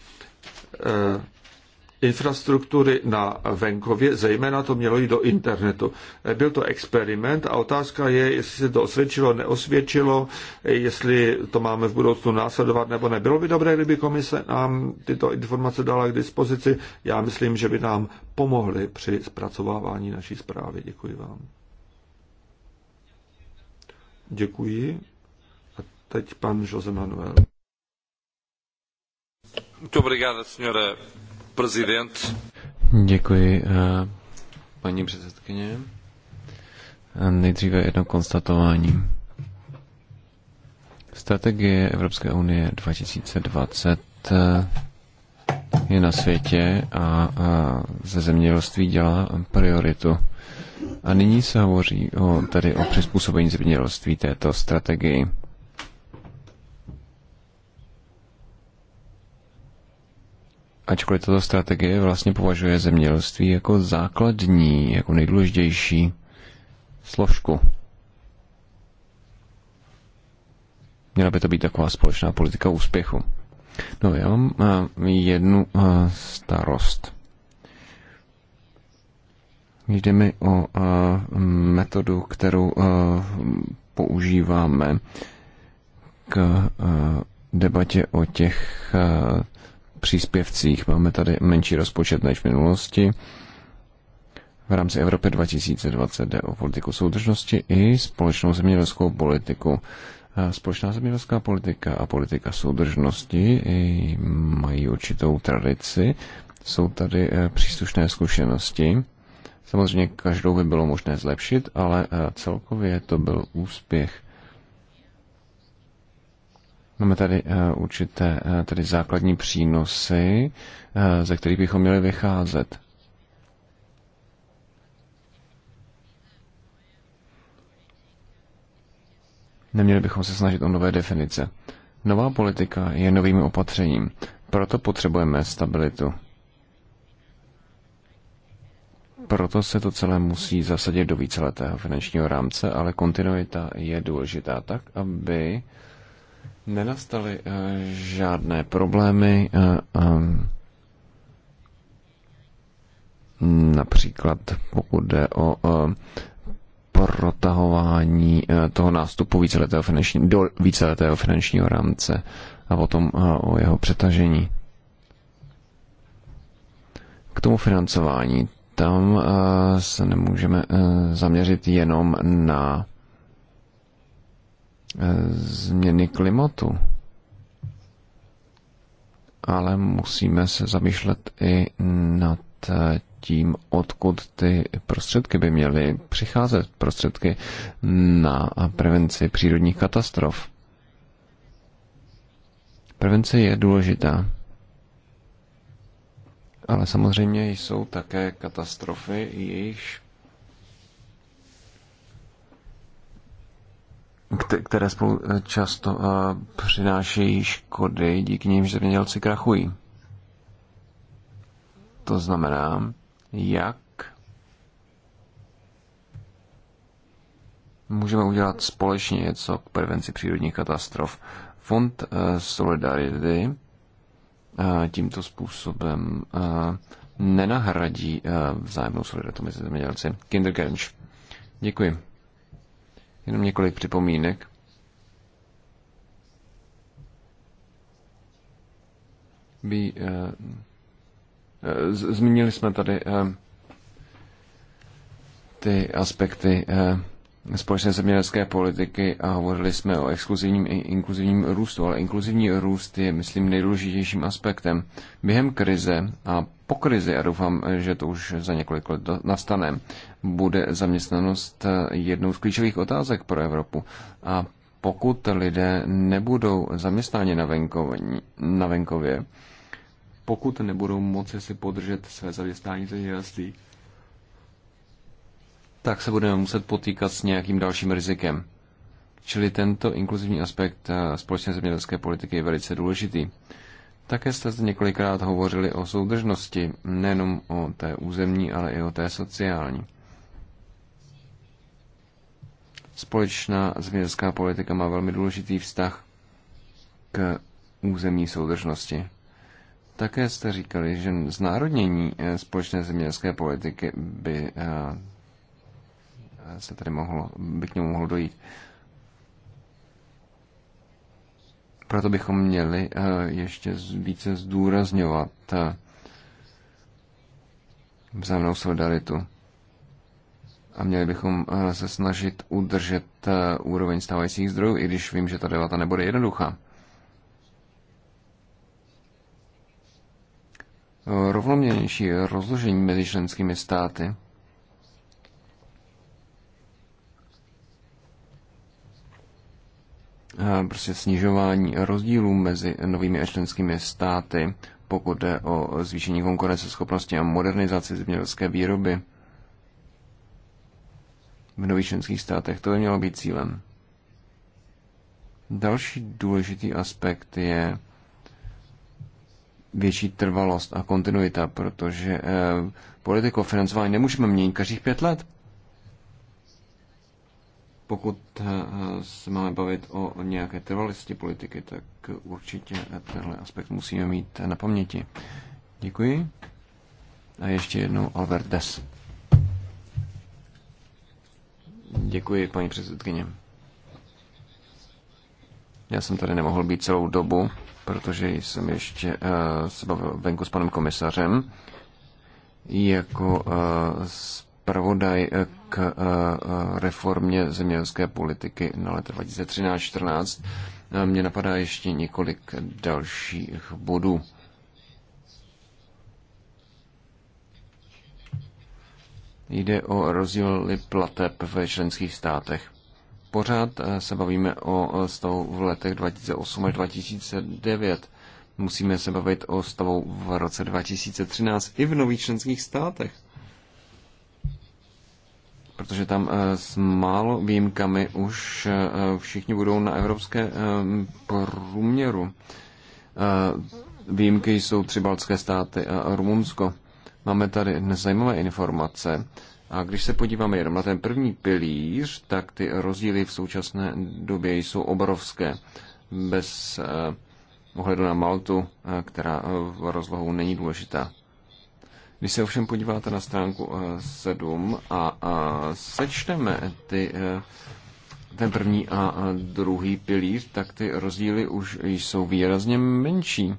infrastruktury na venkově, zejména to mělo jít do internetu. Byl to experiment a otázka je, jestli se to osvědčilo, neosvědčilo, jestli to máme v budoucnu následovat nebo ne. Bylo by dobré, kdyby komise nám tyto informace dala k dispozici. Já myslím, že by nám pomohly při zpracovávání naší zprávy. Děkuji vám. Děkuji. A teď pan Jose Manuel prezident. Děkuji, eh, paní předsedkyně. Nejdříve jedno konstatování. Strategie Evropské unie 2020 eh, je na světě a, eh, ze zemědělství dělá prioritu. A nyní se hovoří o, tady o přizpůsobení zemědělství této strategii. ačkoliv tato strategie vlastně považuje zemědělství jako základní, jako nejdůležitější složku. Měla by to být taková společná politika úspěchu. No, já mám eh, jednu eh, starost. Jde mi o eh, metodu, kterou používáme k debatě o těch příspěvcích. Máme tady menší rozpočet než v minulosti. V rámci Evropy 2020 jde o politiku soudržnosti i společnou zemědělskou politiku. Společná zemědělská politika a politika soudržnosti mají určitou tradici. Jsou tady eh, příslušné zkušenosti. Samozřejmě každou by bylo možné zlepšit, ale eh, celkově to byl úspěch. Máme tady eh, určité eh, tady základní přínosy, eh, ze kterých bychom měli vycházet. Neměli bychom se snažit o nové definice. Nová politika je novým opatřením, proto potřebujeme stabilitu. Proto se to celé musí zasadit do víceletého finančního rámce, ale kontinuita je důležitá tak, aby Nenastaly eh, žádné problémy. Eh, eh, například pokud jde o protahování toho nástupu víceletého finanční, do víceletého finančního rámce a potom o jeho přetažení. K tomu financování. Tam se nemůžeme zaměřit jenom na Eh, změny klimatu. Ale musíme se zamýšlet i nad eh, tím, odkud ty prostředky by měly přicházet, prostředky na prevenci přírodních katastrof. Prevence je důležitá, ale samozřejmě jsou také katastrofy, jejichž které spolu eh, často eh, přinášejí škody, díky nimž zemědělci krachují. To znamená, jak můžeme udělat společně něco k prevenci přírodních katastrof. Fond eh, Solidarity tímto způsobem nenahradí vzájemnou solidaritu mezi zemědělci. Kindergarten. Děkuji. Jenom několik připomínek. By, eh, eh, z, zmínili jsme tady eh, ty aspekty společné zemědělské politiky a hovořili jsme o exkluzivním i inkluzivním růstu, ale inkluzivní růst je, myslím, nejdůležitějším aspektem. Během krize a po krizi, a doufám, že to už za několik let nastane, bude zaměstnanost eh, jednou z klíčových otázek pro Evropu. A pokud lidé nebudou zaměstnáni na, venkovní, na venkově, pokud nebudou moci si podržet své zaměstnání ze zemědělství, tak se budeme muset potýkat s nějakým dalším rizikem. Čili tento inkluzivní aspekt eh, společné zemědělské politiky je velice důležitý. Také jste zde několikrát hovořili o soudržnosti, nejenom o té územní, ale i o té sociální. Společná zemědělská politika má velmi důležitý vztah k územní soudržnosti. Také jste říkali, že znárodnění eh, společné zemědělské politiky by eh, se tady mohlo, by k němu mohlo dojít. Proto bychom měli eh, ještě více zdůrazňovat vzájemnou solidaritu a měli bychom eh, se snažit udržet eh, úroveň stávajících zdrojů, i když vím, že ta debata nebude jednoduchá. Rovnoměrnější rozložení mezi členskými státy eh, prostě snižování rozdílů mezi novými a členskými státy, pokud jde o zvýšení konkurenceschopnosti a modernizaci zemědělské výroby, v nových členských státech. To by mělo být cílem. Další důležitý aspekt je větší trvalost a kontinuita, protože eh, politiku financování nemůžeme měnit každých pět let. Pokud eh, se máme bavit o nějaké trvalosti politiky, tak určitě tenhle aspekt musíme mít na paměti. Děkuji. A ještě jednou Albert Des. Děkuji, paní předsedkyně. Já jsem tady nemohl být celou dobu, protože jsem ještě uh, se bavil venku s panem komisařem jako uh, zpravodaj eh, k uh, reformě zemědělské politiky na let 2013-2014. Mně napadá ještě několik dalších bodů. Jde o rozdíly plateb ve členských státech. Pořád eh, se bavíme o eh, stavu v letech 2008 až 2009. Musíme se bavit o stavu v roce 2013 i v nových členských státech. Protože tam eh, s málo výjimkami už všichni budou na evropské ehm, průměru. Výjimky jsou tři baltské státy a Rumunsko. Máme tady dnes zajímavé informace. A když se podíváme jenom na ten první pilíř, tak ty rozdíly v současné době jsou obrovské. Bez eh, ohledu na Maltu, eh, která v eh, rozlohou není důležitá. Když se ovšem podíváte na stránku 7 a, a sečteme ty, ten první a druhý pilíř, tak ty rozdíly už jsou výrazně menší.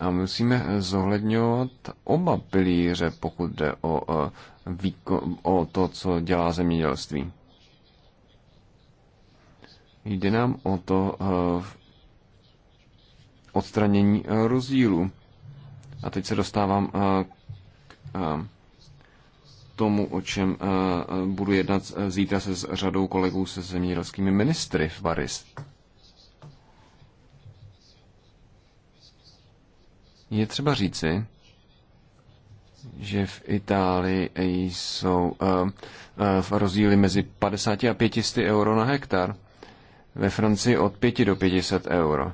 A musíme zohledňovat oba pilíře, pokud jde o, e, o, o to, co dělá zemědělství. Jde nám o to e, odstranění e, rozdílu. A teď se dostávám k tomu, o čem budu jednat zítra se s řadou kolegů se zemědělskými ministry v Baris. Je třeba říci, že v Itálii jsou uh, uh, rozdíly mezi 50 a 500 euro na hektar, ve Francii od 5 do 500 euro.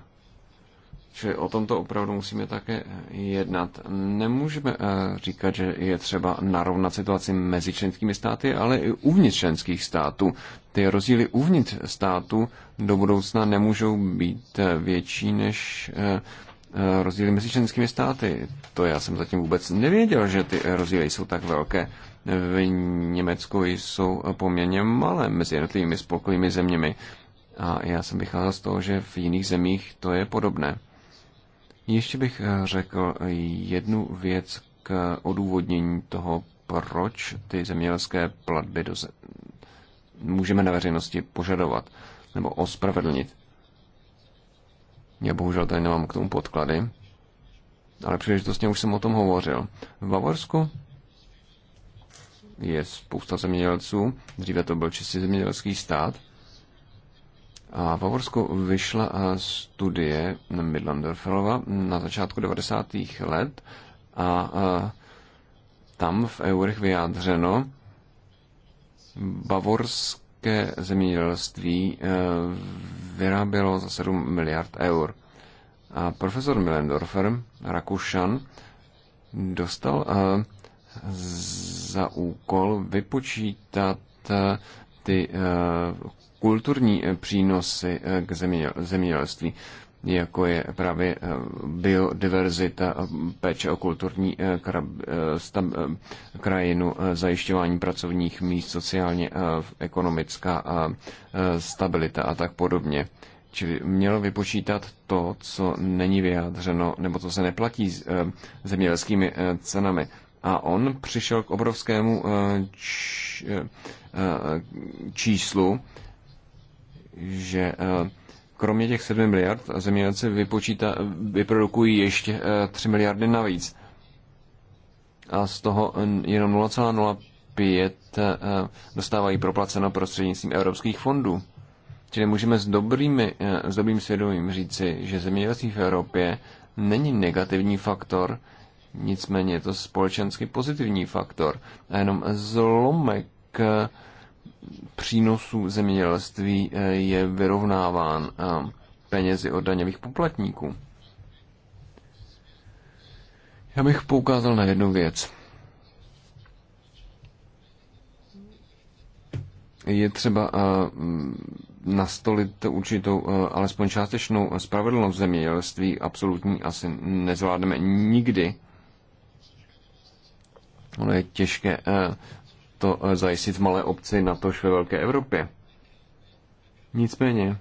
Čili o tomto opravdu musíme také jednat. Nemůžeme eh, říkat, že je třeba narovnat situaci mezi členskými státy, ale i uvnitř členských států. Ty rozdíly uvnitř států do budoucna nemůžou být větší než Eh, rozdíly mezi členskými státy. To já jsem zatím vůbec nevěděl, že ty rozdíly jsou tak velké. V Německu jsou poměrně malé mezi jednotlivými spolkovými zeměmi. A já jsem vycházel z toho, že v jiných zemích to je podobné. Ještě bych eh, řekl jednu věc k odůvodnění toho, proč ty zemědělské platby do... můžeme na veřejnosti požadovat nebo ospravedlnit. Já bohužel tady nemám k tomu podklady, ale příležitostně už jsem o tom hovořil. V Bavorsku je spousta zemědělců, dříve to byl čistě zemědělský stát, a v Bavorsku vyšla studie Midlanderfelova na začátku 90. let a tam v eurech vyjádřeno, bavorsk české zemědělství eh, vyrábělo za 7 miliard eur. A profesor Millendorfer, Rakušan, dostal eh, za úkol vypočítat eh, ty kulturní přínosy k zemědělství jako je právě eh, biodiverzita, eh, péče o kulturní eh, krajinu, zajišťování pracovních míst, sociálně ekonomická stabilita a tak podobně. Čili mělo vypočítat to, co není vyjádřeno, nebo co se neplatí zemědělskými cenami. A on přišel k obrovskému číslu, že kromě těch 7 miliard zemědělci vypočíta, vyprodukují ještě 3 eh, miliardy navíc. A z toho eh, jenom 0,05 eh, dostávají proplaceno prostřednictvím evropských fondů. Čili můžeme s, dobrými, s dobrým svědomím říci, že zemědělství v Evropě není negativní faktor, nicméně je to společensky pozitivní faktor. A jenom zlomek přínosů zemědělství eh, je vyrovnáván eh, penězi od daňových poplatníků. Já bych poukázal na jednu věc. Je třeba eh, nastolit určitou, alespoň částečnou spravedlnost v zemědělství. Absolutní asi nezvládneme nikdy. Ono je těžké to eh, zajistit v malé obci, na tož ve velké Evropě. Nicméně,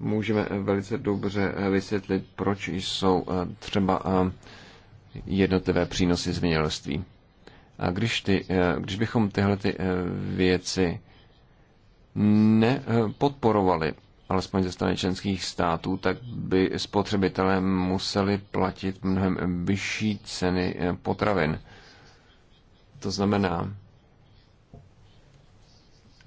můžeme eh, velice dobře eh, vysvětlit, proč jsou třeba jednotlivé přínosy změnělství. A když, ty, když bychom tyhle ty věci nepodporovali, alespoň ze strany členských států, tak by spotřebitelé museli platit mnohem vyšší ceny potravin. To znamená,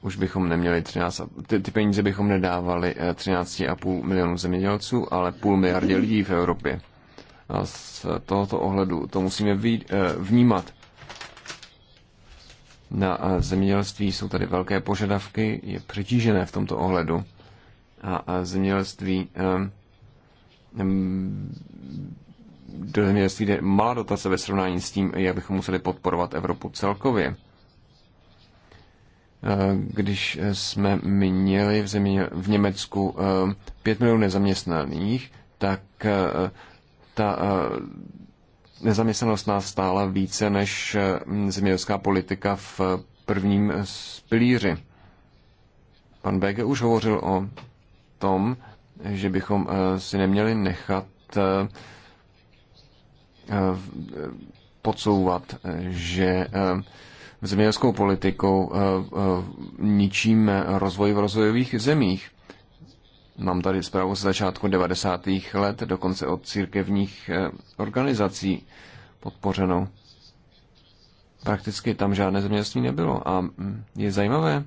už bychom neměli 13, ty, ty peníze bychom nedávali 13,5 eh, milionů zemědělců, ale půl miliardy lidí v Evropě. A z tohoto ohledu to musíme vý, eh, vnímat. Na eh, zemědělství jsou tady velké požadavky, je přetížené v tomto ohledu. A zemědělství do zemědělství jde malá dotace ve srovnání s tím, jak bychom museli podporovat Evropu celkově. Eh, když jsme měli v, země, v Německu 5 eh, milionů nezaměstnaných, tak eh, ta nezaměstnanost nás stála více než zemědělská politika v prvním pilíři. Pan Bege už hovořil o tom, že bychom si neměli nechat Eh, podsouvat, že eh, zemědělskou politikou eh, ničím rozvoj v rozvojových zemích. Mám tady zprávu z začátku 90. let, dokonce od církevních organizací podpořenou. Prakticky tam žádné zemědělství nebylo. A hm, je zajímavé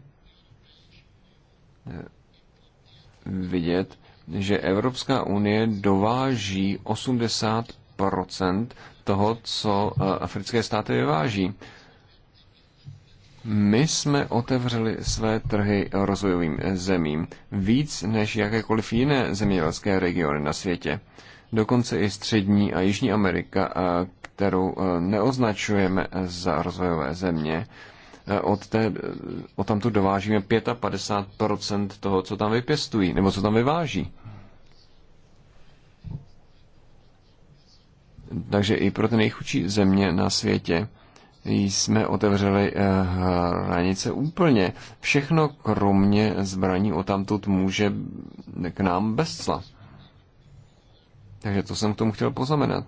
vidět, že Evropská unie dováží 80 toho, co eh, africké státy vyváží. My jsme otevřeli své trhy rozvojovým eh, zemím víc než jakékoliv jiné zemědělské regiony na světě. Dokonce i Střední a Jižní Amerika, eh, kterou neoznačujeme za rozvojové země, od, té, od tamtu dovážíme 55% toho, co tam vypěstují, nebo co tam vyváží. Takže i pro ty nejchudší země na světě jsme otevřeli eh, hranice úplně. Všechno kromě zbraní tamtud může k nám bez cla. Takže to jsem k tomu chtěl poznamenat.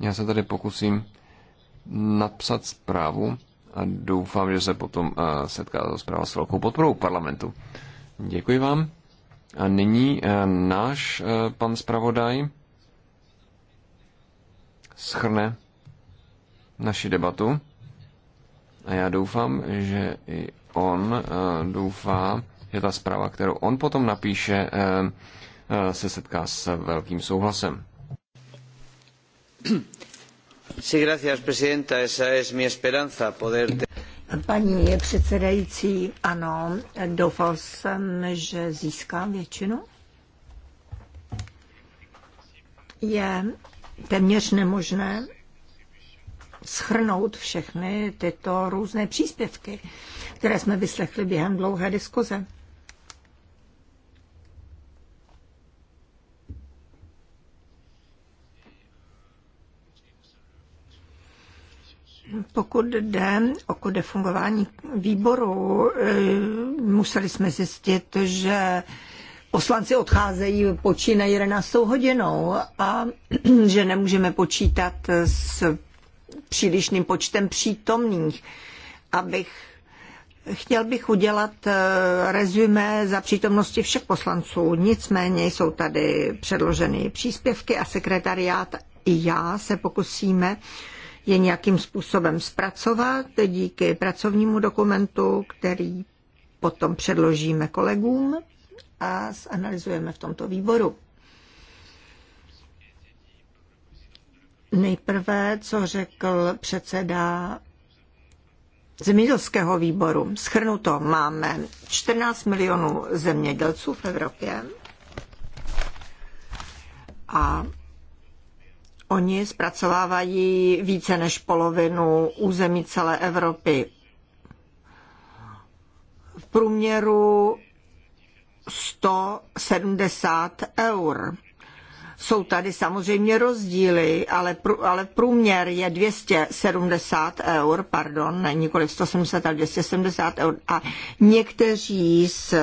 Já se tady pokusím napsat zprávu a doufám, že se potom eh, setká ta zpráva s velkou podporou parlamentu. Děkuji vám. A nyní eh, náš pan zpravodaj schrne naši debatu. A já doufám, že i on eh, doufá, že ta zpráva, kterou on potom napíše, eh, eh, se setká s velkým souhlasem. Sí, gracias, presidenta. Esa es mi esperanza, poder... Paní předsedající, ano, doufal jsem, že získám většinu. Je téměř nemožné schrnout všechny tyto různé příspěvky, které jsme vyslechli během dlouhé diskuze. Pokud jde o kode fungování výboru, e, museli jsme zjistit, že poslanci odcházejí počínají 11. hodinou a (clears throat) že nemůžeme počítat s přílišným počtem přítomných, abych Chtěl bych udělat eh, rezumé za přítomnosti všech poslanců, nicméně jsou tady předloženy příspěvky a sekretariát i já se pokusíme je nějakým způsobem zpracovat díky pracovnímu dokumentu, který potom předložíme kolegům a zanalizujeme v tomto výboru. Nejprve, co řekl předseda zemědělského výboru. Schrnuto máme 14 milionů zemědělců v Evropě a oni zpracovávají více než polovinu území celé Evropy. V průměru 170 eur. Jsou tady samozřejmě rozdíly, ale, pr- ale průměr je 270 eur, pardon, ne nikoli 170, ale 270 eur. A někteří z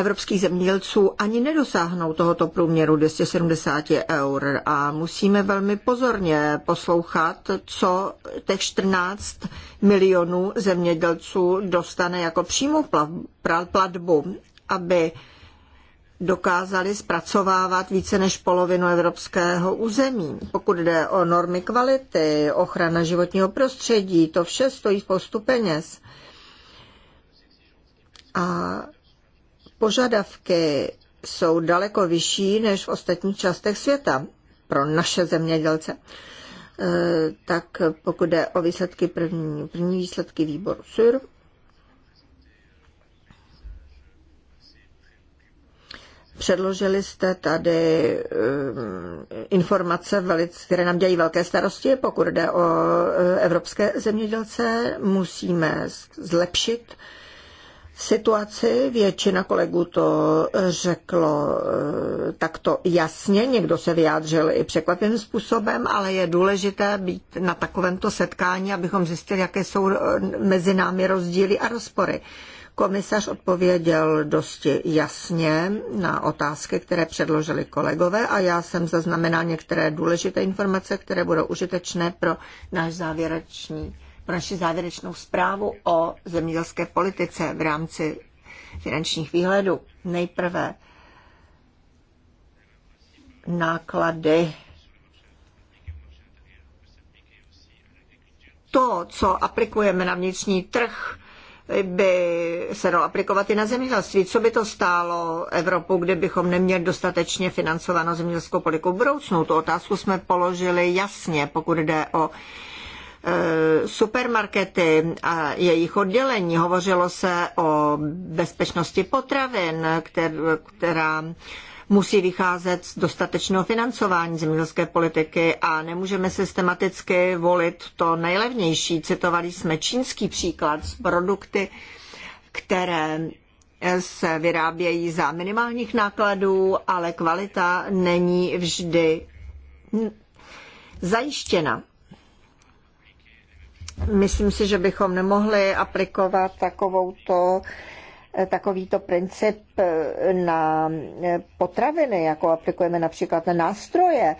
evropských zemědělců ani nedosáhnou tohoto průměru 270 eur a musíme velmi pozorně poslouchat, co těch 14 milionů zemědělců dostane jako přímou platbu, aby dokázali zpracovávat více než polovinu evropského území. Pokud jde o normy kvality, ochrana životního prostředí, to vše stojí spoustu peněz. A požadavky jsou daleko vyšší než v ostatních částech světa pro naše zemědělce. E, tak pokud jde o výsledky první, první výsledky výboru SUR, Předložili jste tady um, informace, velice, které nám dělají velké starosti. Pokud jde o e, evropské zemědělce, musíme zlepšit uh, situaci. Většina kolegů to eh, řeklo eh, takto jasně, někdo se vyjádřil i překvapivým způsobem, ale je důležité být na takovémto setkání, abychom zjistili, jaké jsou eh, mezi námi rozdíly a rozpory. Komisař odpověděl dosti jasně na otázky, které předložili kolegové a já jsem zaznamenal některé důležité informace, které budou užitečné pro náš závěrečný naši závěrečnou zprávu o zemědělské politice v rámci finančních výhledů. Nejprve náklady to, co aplikujeme na vnitřní trh, by se dalo aplikovat i na zemědělství. Co by to stálo Evropu, kdybychom neměli dostatečně financovanou zemědělskou politiku v budoucnu? Tu otázku jsme položili jasně, pokud jde o Eh, supermarkety a jejich oddělení. Hovořilo se o bezpečnosti potravin, která musí vycházet z dostatečného financování zemědělské politiky a nemůžeme systematicky volit to nejlevnější. Citovali jsme čínský příklad z produkty, které se vyrábějí za minimálních nákladů, ale kvalita není vždy zajištěna. Myslím si, že bychom nemohli aplikovat takovouto eh, takovýto princip eh, na eh, potraviny, jako aplikujeme například na nástroje.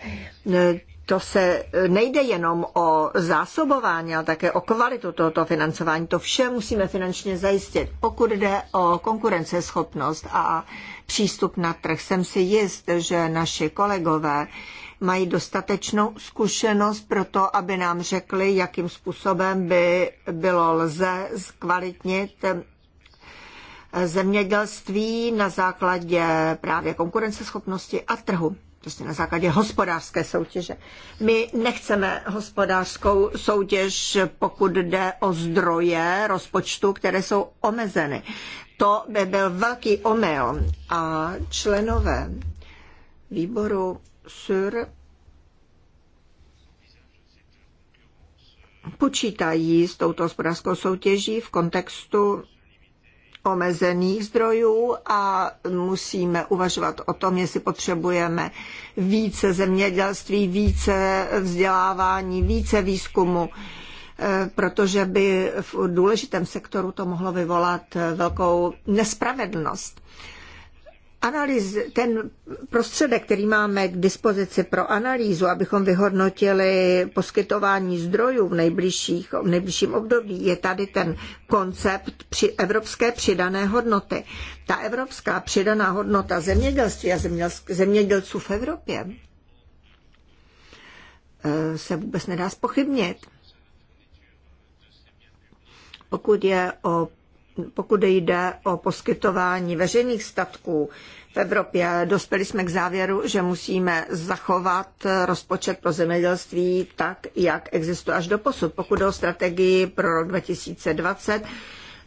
To se nejde jenom o zásobování, ale také o kvalitu tohoto financování. To vše musíme finančně zajistit. Pokud jde o konkurenceschopnost a přístup na trh, jsem si jist, že naši kolegové mají dostatečnou zkušenost pro to, aby nám řekli, jakým způsobem by bylo lze zkvalitnit eh, zemědělství na základě právě konkurenceschopnosti a trhu. Prostě na základě hospodářské soutěže. My nechceme hospodářskou soutěž, pokud jde o zdroje rozpočtu, které jsou omezeny. To by byl velký omyl. A členové výboru sur počítají s touto hospodářskou soutěží v kontextu omezených zdrojů a musíme uvažovat o tom, jestli potřebujeme více zemědělství, více vzdělávání, více výzkumu, eh, protože by v důležitém sektoru to mohlo vyvolat velkou nespravedlnost analýz, ten prostředek, který máme k dispozici pro analýzu, abychom vyhodnotili poskytování zdrojů v, nejbližších, v nejbližším období, je tady ten koncept při evropské přidané hodnoty. Ta evropská přidaná hodnota zemědělství a zemědělců v Evropě e, se vůbec nedá spochybnit. Pokud je o pokud jde o poskytování veřejných statků v Evropě, dospěli jsme k závěru, že musíme zachovat rozpočet pro zemědělství tak, jak existuje až do posud. Pokud jde o strategii pro rok 2020,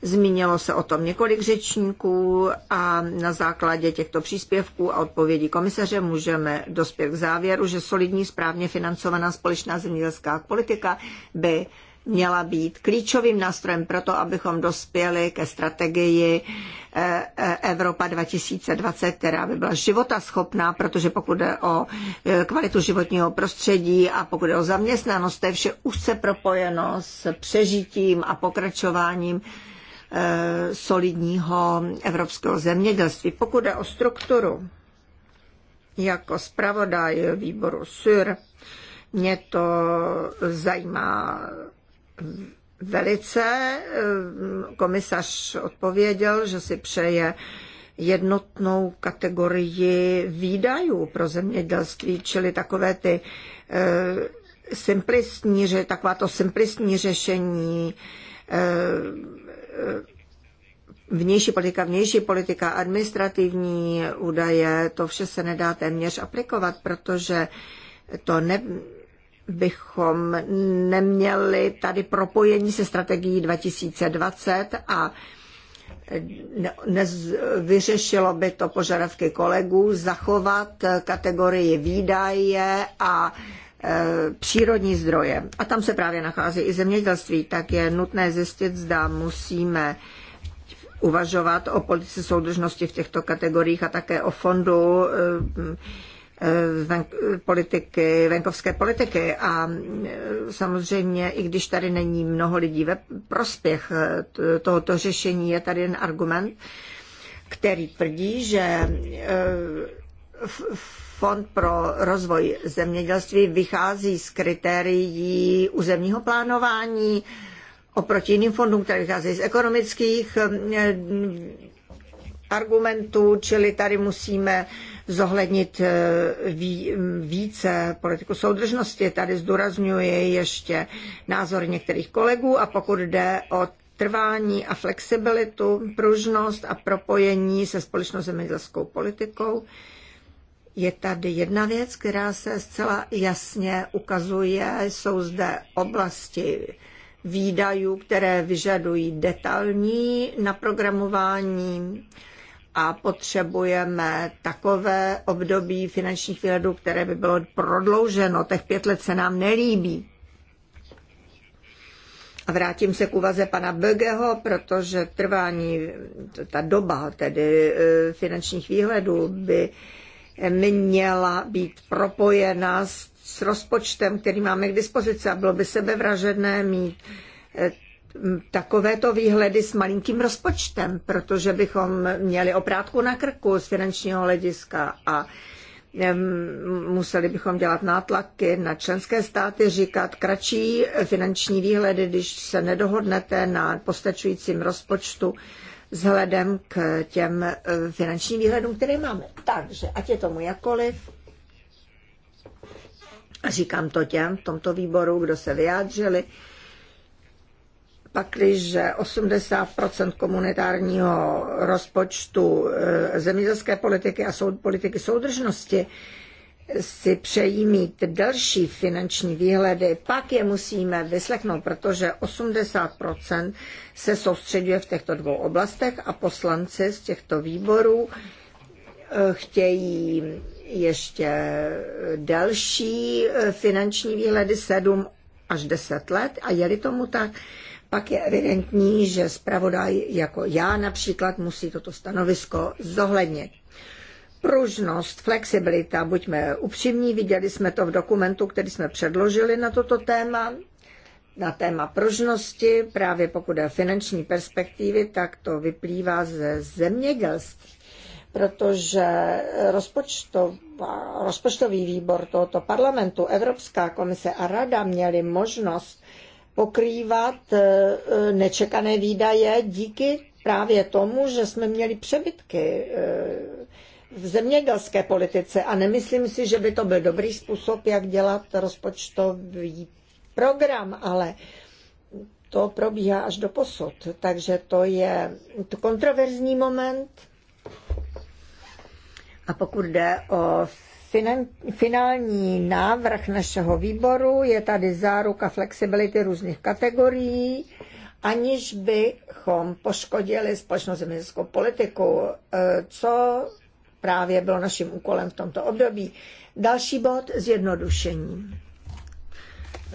Zmínilo se o tom několik řečníků a na základě těchto příspěvků a odpovědí komisaře můžeme dospět k závěru, že solidní, správně financovaná společná zemědělská politika by měla být klíčovým nástrojem pro to, abychom dospěli ke strategii eh, eh, Evropa 2020, která by byla životaschopná, protože pokud jde o eh, kvalitu životního prostředí a pokud jde o zaměstnanost, to je vše úzce propojeno s přežitím a pokračováním solidního evropského zemědělství. Pokud jde o strukturu, jako zpravodaj výboru SUR, mě to zajímá velice. Eh, komisař odpověděl, že si přeje jednotnou kategorii výdajů pro zemědělství, čili takové ty eh, simplistní, že taková to simplistní řešení eh, vnější politika, vnější politika, administrativní údaje, to vše se nedá téměř aplikovat, protože to ne, bychom neměli tady propojení se strategií 2020 a vyřešilo by to požadavky kolegů zachovat kategorii výdaje a e, přírodní zdroje. A tam se právě nachází i zemědělství, tak je nutné zjistit, zda musíme uvažovat o politice soudržnosti v těchto kategoriích a také o fondu e, Eh, politiky, venkovské politiky a eh, samozřejmě, i když tady není mnoho lidí ve prospěch eh, tohoto řešení, je tady jen argument, který tvrdí, že Fond pro rozvoj zemědělství vychází z kritérií územního plánování oproti jiným fondům, které vycházejí z ekonomických argumentů, čili tady musíme uh, zohlednit eh, více politiku soudržnosti. Tady zdůrazňuji ještě názor některých kolegů a pokud jde o trvání a flexibilitu, pružnost a propojení se společnou zemědělskou politikou, je tady jedna věc, která se zcela jasně ukazuje. Jsou zde oblasti výdajů, které vyžadují detailní naprogramování a potřebujeme takové období finančních výhledů, které by bylo prodlouženo. Těch pět let se nám nelíbí. A vrátím se k úvaze pana Bögeho, protože trvání, ta doba tedy e, finančních výhledů by měla být propojena s, s rozpočtem, který máme k dispozici a bylo by sebevražedné mít e, takovéto výhledy s malinkým rozpočtem, protože bychom měli oprátku na krku z finančního hlediska a museli bychom dělat nátlaky na členské státy, říkat kratší finanční výhledy, když se nedohodnete na postačujícím rozpočtu vzhledem k těm eh, finančním výhledům, které máme. Takže, ať je tomu jakoliv, říkám to těm v tomto výboru, kdo se vyjádřili, pakliže 80 komunitárního rozpočtu eh, zemědělské politiky a sou, politiky soudržnosti si přejí mít další finanční výhledy, pak je musíme vyslechnout, protože 80% se soustředuje v těchto dvou oblastech a poslanci z těchto výborů eh, chtějí ještě další eh, finanční výhledy 7 až 10 let a je-li tomu tak, pak je evidentní, že zpravodaj jako já například musí toto stanovisko zohlednit. Pružnost, flexibilita, buďme upřímní, viděli jsme to v dokumentu, který jsme předložili na toto téma, na téma pružnosti, právě pokud je finanční perspektivy, tak to vyplývá ze zemědělství protože rozpočtový výbor tohoto parlamentu, Evropská komise a Rada měli možnost pokrývat eh, eh, nečekané výdaje díky právě tomu, že jsme měli přebytky eh, v zemědělské politice a nemyslím si, že by to byl dobrý způsob, jak dělat rozpočtový program, ale to probíhá až do posud. Takže to je to kontroverzní moment. A pokud jde o finan, finální návrh našeho výboru, je tady záruka flexibility různých kategorií, aniž bychom poškodili společnou zemědělskou politiku, e, co právě bylo naším úkolem v tomto období. Další bod zjednodušení.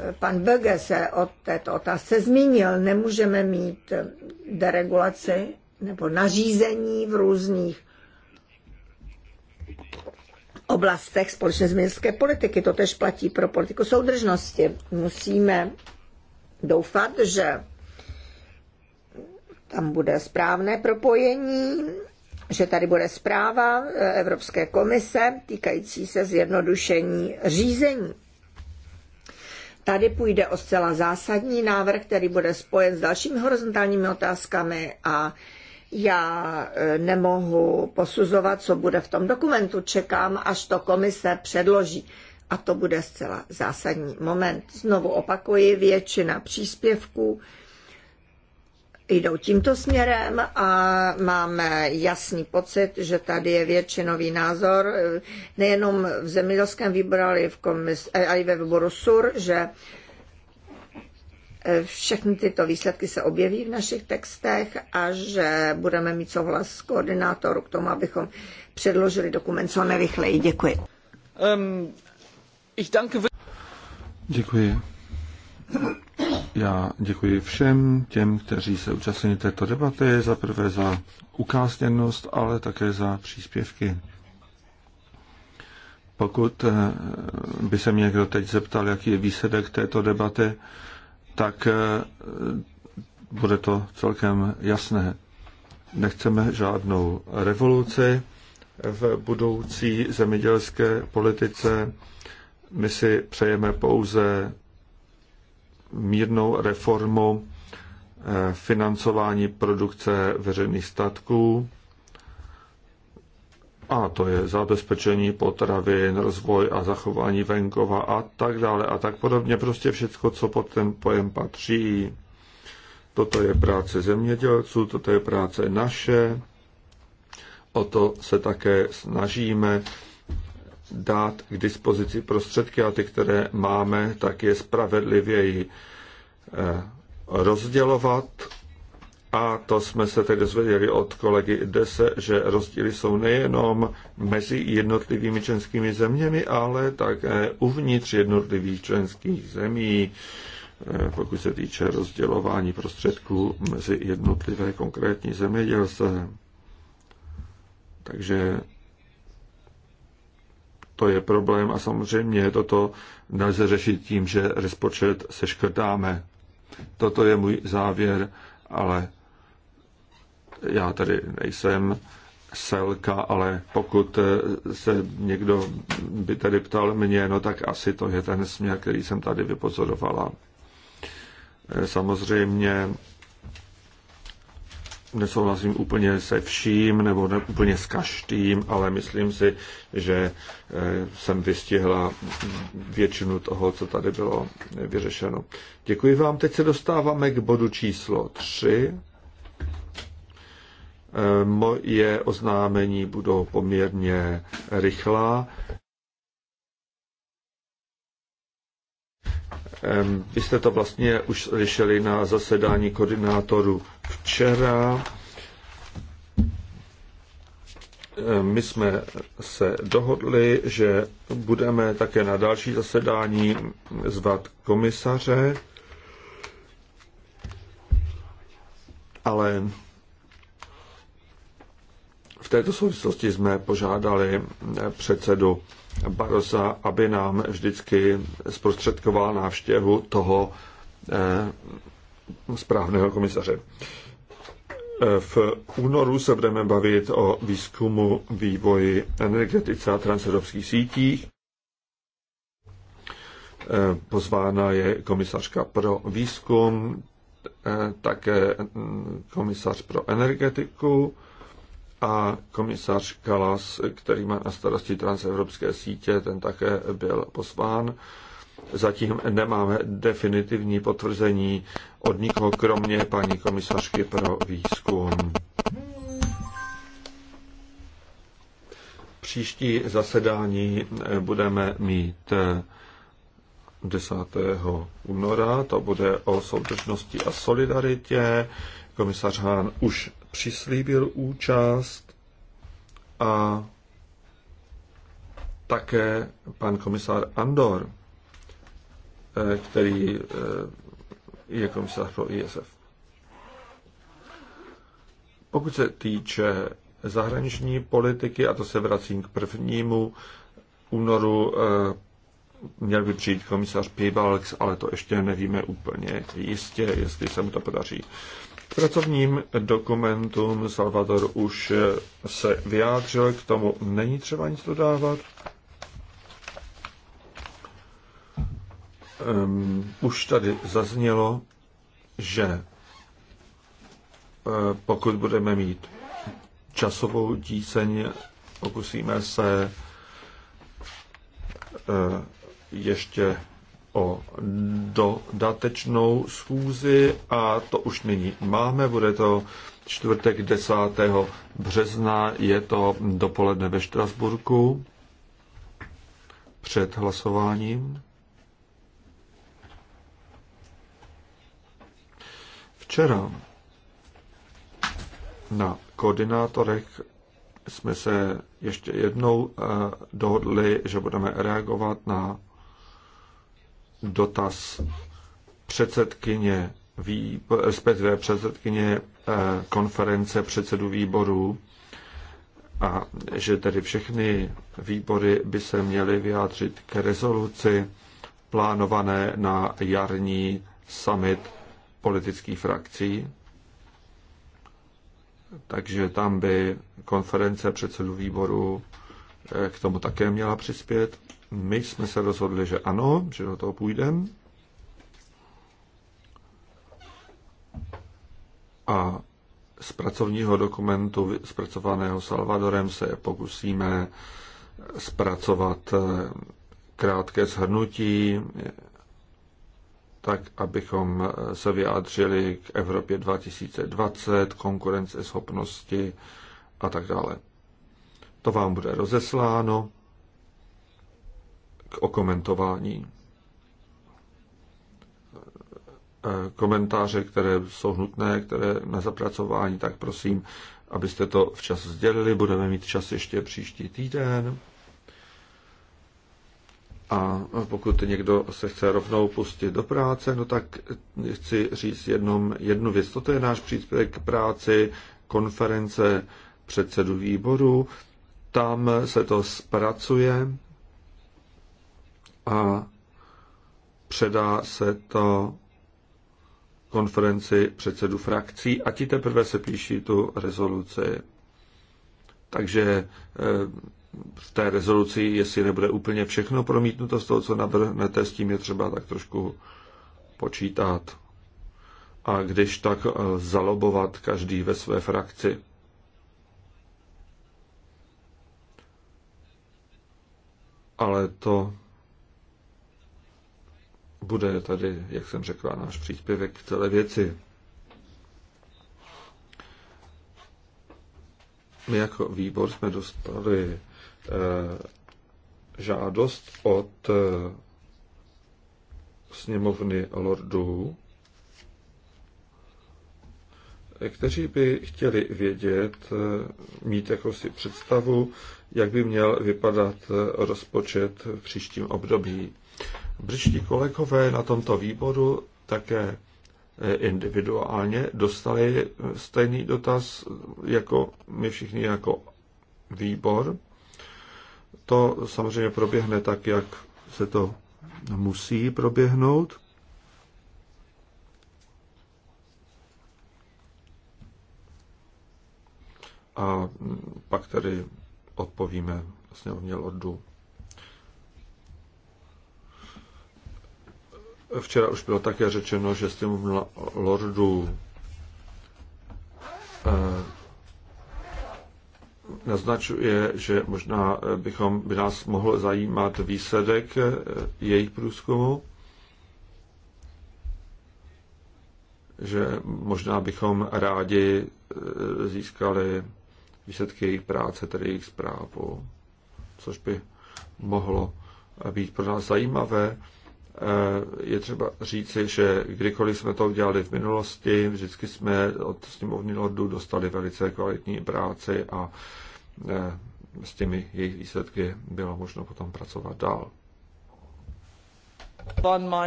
E, pan Böge se o této otázce zmínil. Nemůžeme mít deregulaci nebo nařízení v různých oblastech společné zemědělské politiky. To tež platí pro politiku soudržnosti. Musíme doufat, že tam bude správné propojení, že tady bude zpráva e, Evropské komise týkající se zjednodušení řízení. Tady půjde o zcela zásadní návrh, který bude spojen s dalšími horizontálními otázkami a já e, nemohu posuzovat, co bude v tom dokumentu. Čekám, až to komise předloží. A to bude zcela zásadní moment. Znovu opakuji, většina příspěvků jdou tímto směrem a máme jasný pocit, že tady je většinový názor e, nejenom v zemědělském výboru, ale i, v komis, ale i ve výboru SUR, že E, všechny tyto výsledky se objeví v našich textech a že budeme mít souhlas koordinátoru k tomu, abychom předložili dokument co nejrychleji. Děkuji. Um, ich danke... Děkuji. Já děkuji všem těm, kteří se účastnili této debaty, za prvé za ukázněnost, ale také za příspěvky. Pokud eh, by se mě někdo teď zeptal, jaký je výsledek této debaty, tak eh, bude to celkem jasné. Nechceme žádnou revoluci v budoucí zemědělské politice. My si přejeme pouze mírnou reformu eh, financování produkce veřejných statků a to je zabezpečení potravin, rozvoj a zachování venkova a tak dále a tak podobně. Prostě všechno, co pod ten pojem patří. Toto je práce zemědělců, toto je práce naše. O to se také snažíme dát k dispozici prostředky a ty, které máme, tak je spravedlivěji eh, rozdělovat a to jsme se tedy dozvěděli od kolegy Dese, že rozdíly jsou nejenom mezi jednotlivými členskými zeměmi, ale také uvnitř jednotlivých členských zemí, eh, pokud se týče rozdělování prostředků mezi jednotlivé konkrétní zemědělce. Takže to je problém a samozřejmě toto nelze řešit tím, že rozpočet seškrtáme. Toto je můj závěr, ale já tady nejsem selka, ale pokud se někdo by tady ptal mě, no tak asi to je ten směr, který jsem tady vypozorovala. Eh, samozřejmě nesouhlasím úplně se vším nebo ne, úplně s každým, ale myslím si, že eh, jsem vystihla většinu toho, co tady bylo vyřešeno. Děkuji vám. Teď se dostáváme k bodu číslo 3 Moje oznámení budou poměrně rychlá. Vy jste to vlastně už slyšeli na zasedání koordinátorů včera. My jsme se dohodli, že budeme také na další zasedání zvat komisaře, ale této souvislosti jsme požádali eh, předsedu Barosa, aby nám vždycky zprostředkoval návštěvu toho eh, správného komisaře. Eh, v únoru se budeme bavit o výzkumu, vývoji energetice a transevropských sítích. Pozvána je komisařka pro výzkum, také mm, komisař pro energetiku a komisař Kalas, který má na starosti transevropské sítě, ten také byl posván. Zatím nemáme definitivní potvrzení od nikoho, kromě paní komisařky pro výzkum. Příští zasedání budeme mít 10. Eh, února, to bude o soudržnosti a solidaritě. Komisař Hán už přislíbil účast a také pan komisár Andor, eh, který eh, je komisář pro ISF. Pokud se týče zahraniční politiky, a to se vracím k prvnímu únoru, eh, měl by přijít komisař Pibalx, ale to ještě nevíme úplně jistě, jestli se mu to podaří pracovním dokumentům Salvador už se vyjádřil, k tomu není třeba nic dodávat. Um, už tady zaznělo, že eh, pokud budeme mít časovou tíseň, pokusíme se eh, ještě o dodatečnou schůzi a to už nyní máme. Bude to čtvrtek 10. března, je to dopoledne ve Štrasburku před hlasováním. Včera na koordinátorech jsme se ještě jednou eh, dohodli, že budeme reagovat na dotaz předsedkyně respektive předsedkyně eh, konference předsedů výborů a že tedy všechny výbory by se měly vyjádřit k rezoluci plánované na jarní summit politických frakcí. Takže tam by konference předsedů výboru eh, k tomu také měla přispět. My jsme se rozhodli, že ano, že do toho půjdeme. A z pracovního dokumentu zpracovaného Salvadorem se pokusíme zpracovat eh, krátké shrnutí, tak abychom eh, se vyjádřili k Evropě 2020, konkurenceschopnosti a tak dále. To vám bude rozesláno k okomentování. E, komentáře, které jsou nutné, které na zapracování, tak prosím, abyste to včas sdělili. Budeme mít čas ještě příští týden. A pokud někdo se chce rovnou pustit do práce, no tak chci říct jednom, jednu věc. Toto je náš příspěvek k práci konference předsedu výboru. Tam se to zpracuje a předá se to konferenci předsedu frakcí a ti teprve se píší tu rezoluci. Takže eh, v té rezoluci, jestli nebude úplně všechno promítnuto z toho, co navrhnete, s tím je třeba tak trošku počítat. A když tak eh, zalobovat každý ve své frakci. Ale to bude tady, jak jsem řekl, náš příspěvek k celé věci. My jako výbor jsme dostali eh, žádost od eh, sněmovny lordů, kteří by chtěli vědět, eh, mít jako si představu, jak by měl vypadat rozpočet v příštím období. Britští kolegové na tomto výboru také eh, individuálně dostali stejný dotaz jako my všichni jako výbor. To samozřejmě proběhne tak, jak se to musí proběhnout. A pak tedy odpovíme vlastně od lodu. Včera už bylo také řečeno, že sněmovna lordu. Eh, naznačuje, že možná eh, bychom, by nás mohl zajímat výsledek eh, jejich průzkumu, že možná bychom rádi získali výsledky jejich práce, tedy jejich zprávu, což by mohlo být pro nás zajímavé. Eh, je třeba říci, že kdykoliv jsme to udělali v minulosti, vždycky jsme od sněmovní lodu dostali velice kvalitní práci a eh, s těmi jejich výsledky bylo možno potom pracovat dál.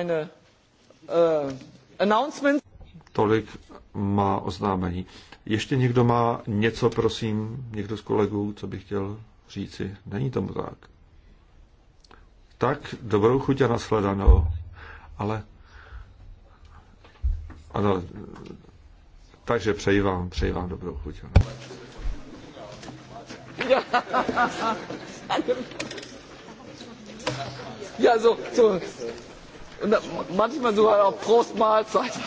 Eh, Tolik má oznámení. Ještě někdo má něco, prosím, někdo z kolegů, co by chtěl říci? Není tomu tak. Tak, dobrou chuť a nashledanou. Ale ano, takže přeji vám, přeji vám dobrou chuť. Ano. (laughs) Ja, so, so. Und manchmal sogar auch Prost Mahlzeit.